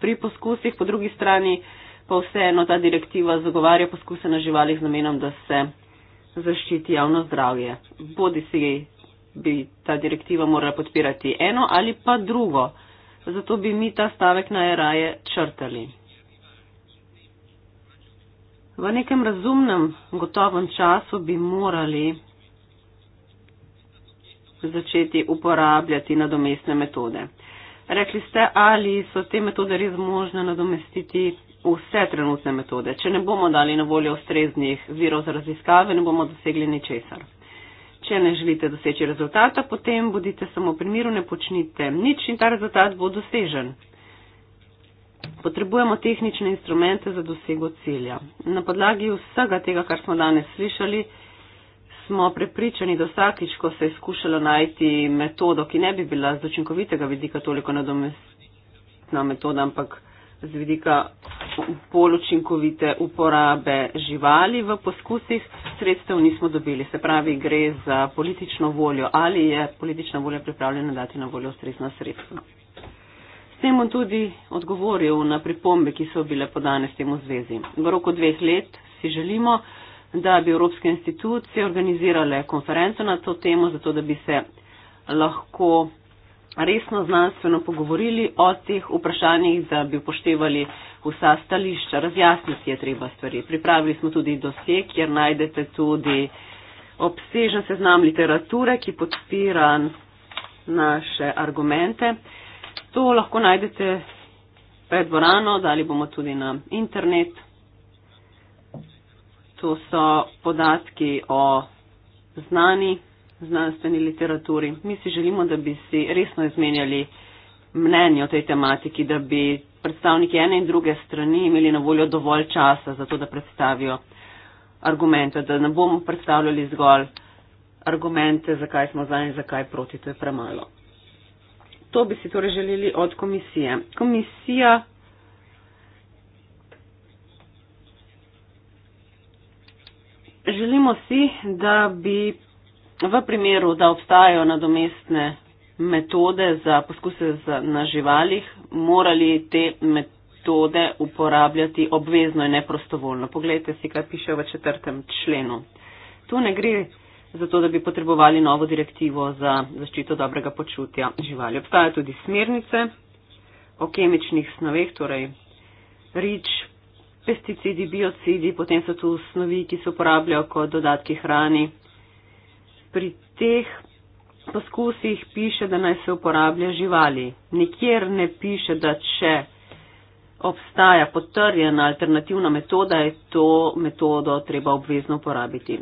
Speaker 2: pri poskusih, po drugi strani pa vseeno ta direktiva zagovarja poskuse na živalih z namenom, da se zaščiti javno zdravje. Bodi si bi ta direktiva morala podpirati eno ali pa drugo. Zato bi mi ta stavek najraje e črtali. V nekem razumnem, gotovem času bi morali začeti uporabljati nadomestne metode. Rekli ste, ali so te metode res možne nadomestiti vse trenutne metode. Če ne bomo dali na voljo ustreznih virov za raziskave, ne bomo dosegli ničesar. Če ne želite doseči rezultata, potem bodite samo pri miru, ne počnite nič in ta rezultat bo dosežen. Potrebujemo tehnične instrumente za dosego cilja. Na podlagi vsega tega, kar smo danes slišali, smo prepričani, da vsakič, ko se je skušalo najti metodo, ki ne bi bila z učinkovitega vidika toliko nadomestna metoda, ampak z vidika polučinkovite uporabe živali v poskusih, sredstev nismo dobili. Se pravi, gre za politično voljo ali je politična volja pripravljena dati na voljo ustrezna sredstva tem on tudi odgovoril na pripombe, ki so bile podane s tem v zvezi. V roku dveh let si želimo, da bi evropske institucije organizirale konferenco na to temo, zato da bi se lahko resno znanstveno pogovorili o teh vprašanjih, da bi upoštevali vsa stališča, razjasniti je treba stvari. Pripravili smo tudi dosje, kjer najdete tudi obsežen seznam literature, ki podpira naše argumente. To lahko najdete pred dvorano, dali bomo tudi na internet. To so podatki o znani znanstveni literaturi. Mi si želimo, da bi si resno izmenjali mnenje o tej tematiki, da bi predstavniki ene in druge strani imeli na voljo dovolj časa za to, da predstavijo argumente, da ne bomo predstavljali zgolj argumente, zakaj smo za in zakaj proti, to je premalo. To bi si torej želeli od komisije. Komisija želimo si, da bi v primeru, da obstajajo nadomestne metode za poskuse na živalih, morali te metode uporabljati obvezno in neprostovoljno. Poglejte si, kaj piše v četrtem členu. Tu ne gre zato da bi potrebovali novo direktivo za zaščito dobrega počutja živali. Obstajajo tudi smernice o kemičnih snoveh, torej rič, pesticidi, biocidi, potem so tu snovi, ki se uporabljajo kot dodatki hrani. Pri teh poskusih piše, da naj se uporablja živali. Nikjer ne piše, da če obstaja potrjena alternativna metoda, je to metodo treba obvezno uporabiti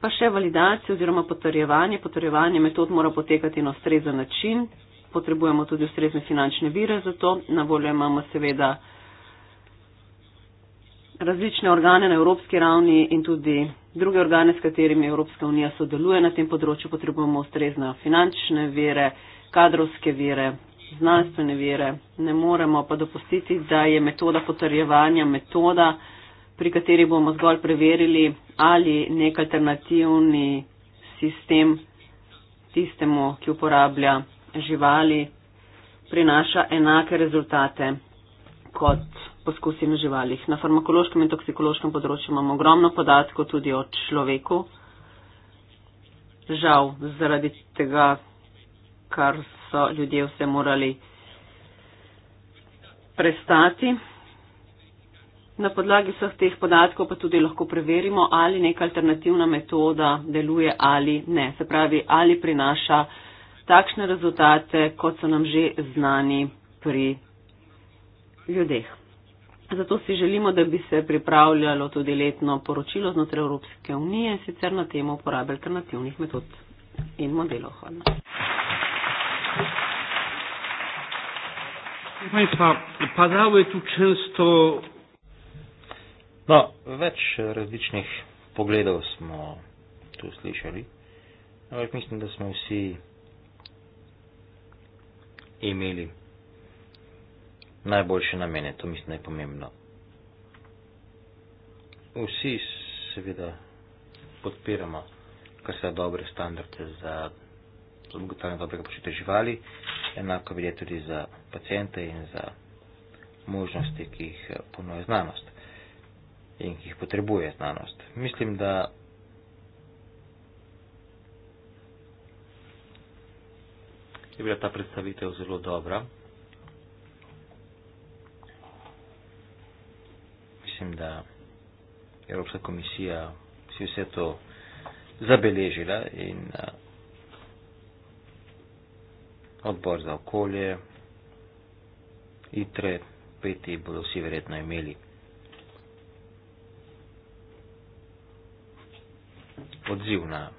Speaker 2: pa še validacija oziroma potrjevanje. Potrjevanje metod mora potekati na ustrezen način. Potrebujemo tudi ustrezne finančne vire za to. Na voljo imamo seveda različne organe na evropski ravni in tudi druge organe, s katerimi Evropska unija sodeluje na tem področju. Potrebujemo ustrezne finančne vire, kadrovske vire, znanstvene vire. Ne moremo pa dopustiti, da je metoda potrjevanja metoda, pri kateri bomo zgolj preverili, ali nek alternativni sistem tistemu, ki uporablja živali, prinaša enake rezultate kot poskusi na živalih. Na farmakološkem in toksikološkem področju imamo ogromno podatkov tudi o človeku. Žal, zaradi tega, kar so ljudje vse morali prestati. Na podlagi vseh teh podatkov pa tudi lahko preverimo, ali neka alternativna metoda deluje ali ne. Se pravi, ali prinaša takšne rezultate, kot so nam že znani pri ljudeh. Zato si želimo, da bi se pripravljalo tudi letno poročilo znotraj Evropske unije in sicer na temo uporabe alternativnih metod in modelov. Hvala. Proszę Państwa, padały tu często
Speaker 1: No, več različnih pogledov smo tu slišali, ampak mislim, da smo vsi imeli najboljše namene, to mislim najpomembno. Vsi seveda podpiramo, kar se dobre standarde za zagotavljanje dobrega počutja živali, enako velja tudi za pacijente in za možnosti, ki jih ponuja znanost in ki jih potrebuje znanost. Mislim, da je bila ta predstavitev zelo dobra. Mislim, da Evropska komisija si vse to zabeležila in odbor za okolje, ITRE, PETI bodo vsi verjetno imeli odziv na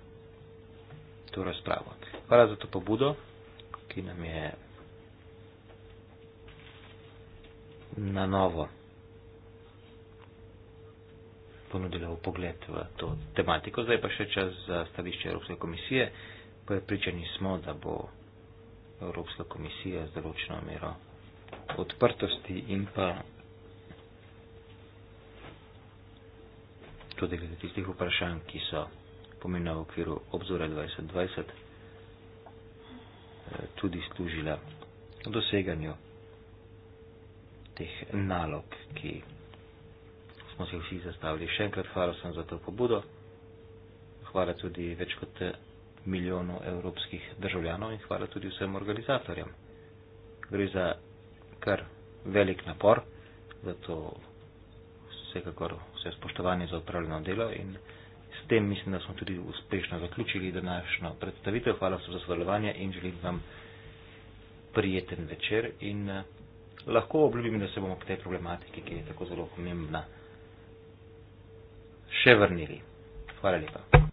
Speaker 1: to razpravo. Hvala za to pobudo, ki nam je na novo ponudila v pogled v to tematiko. Zdaj pa še čas za stališče Evropske komisije. Pripričani smo, da bo Evropska komisija z določeno mero odprtosti in pa tudi glede tistih vprašanj, ki so pomeni v okviru obzora 2020, eh, tudi služila doseganju teh nalog, ki smo si vsi zastavili. Še enkrat hvala sem za to pobudo. Hvala tudi več kot milijonu evropskih državljanov in hvala tudi vsem organizatorjem. Gre za kar velik napor, zato vsekakor vse spoštovanje za upravljeno delo in tem mislim, da smo tudi uspešno zaključili današnjo predstavitev. Hvala vsem za sodelovanje in želim vam prijeten večer in eh, lahko obljubim, da se bomo k tej problematiki, ki je tako zelo pomembna, še vrnili. Hvala lepa.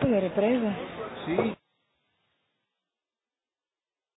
Speaker 1: tiempo de
Speaker 2: represa. Sí,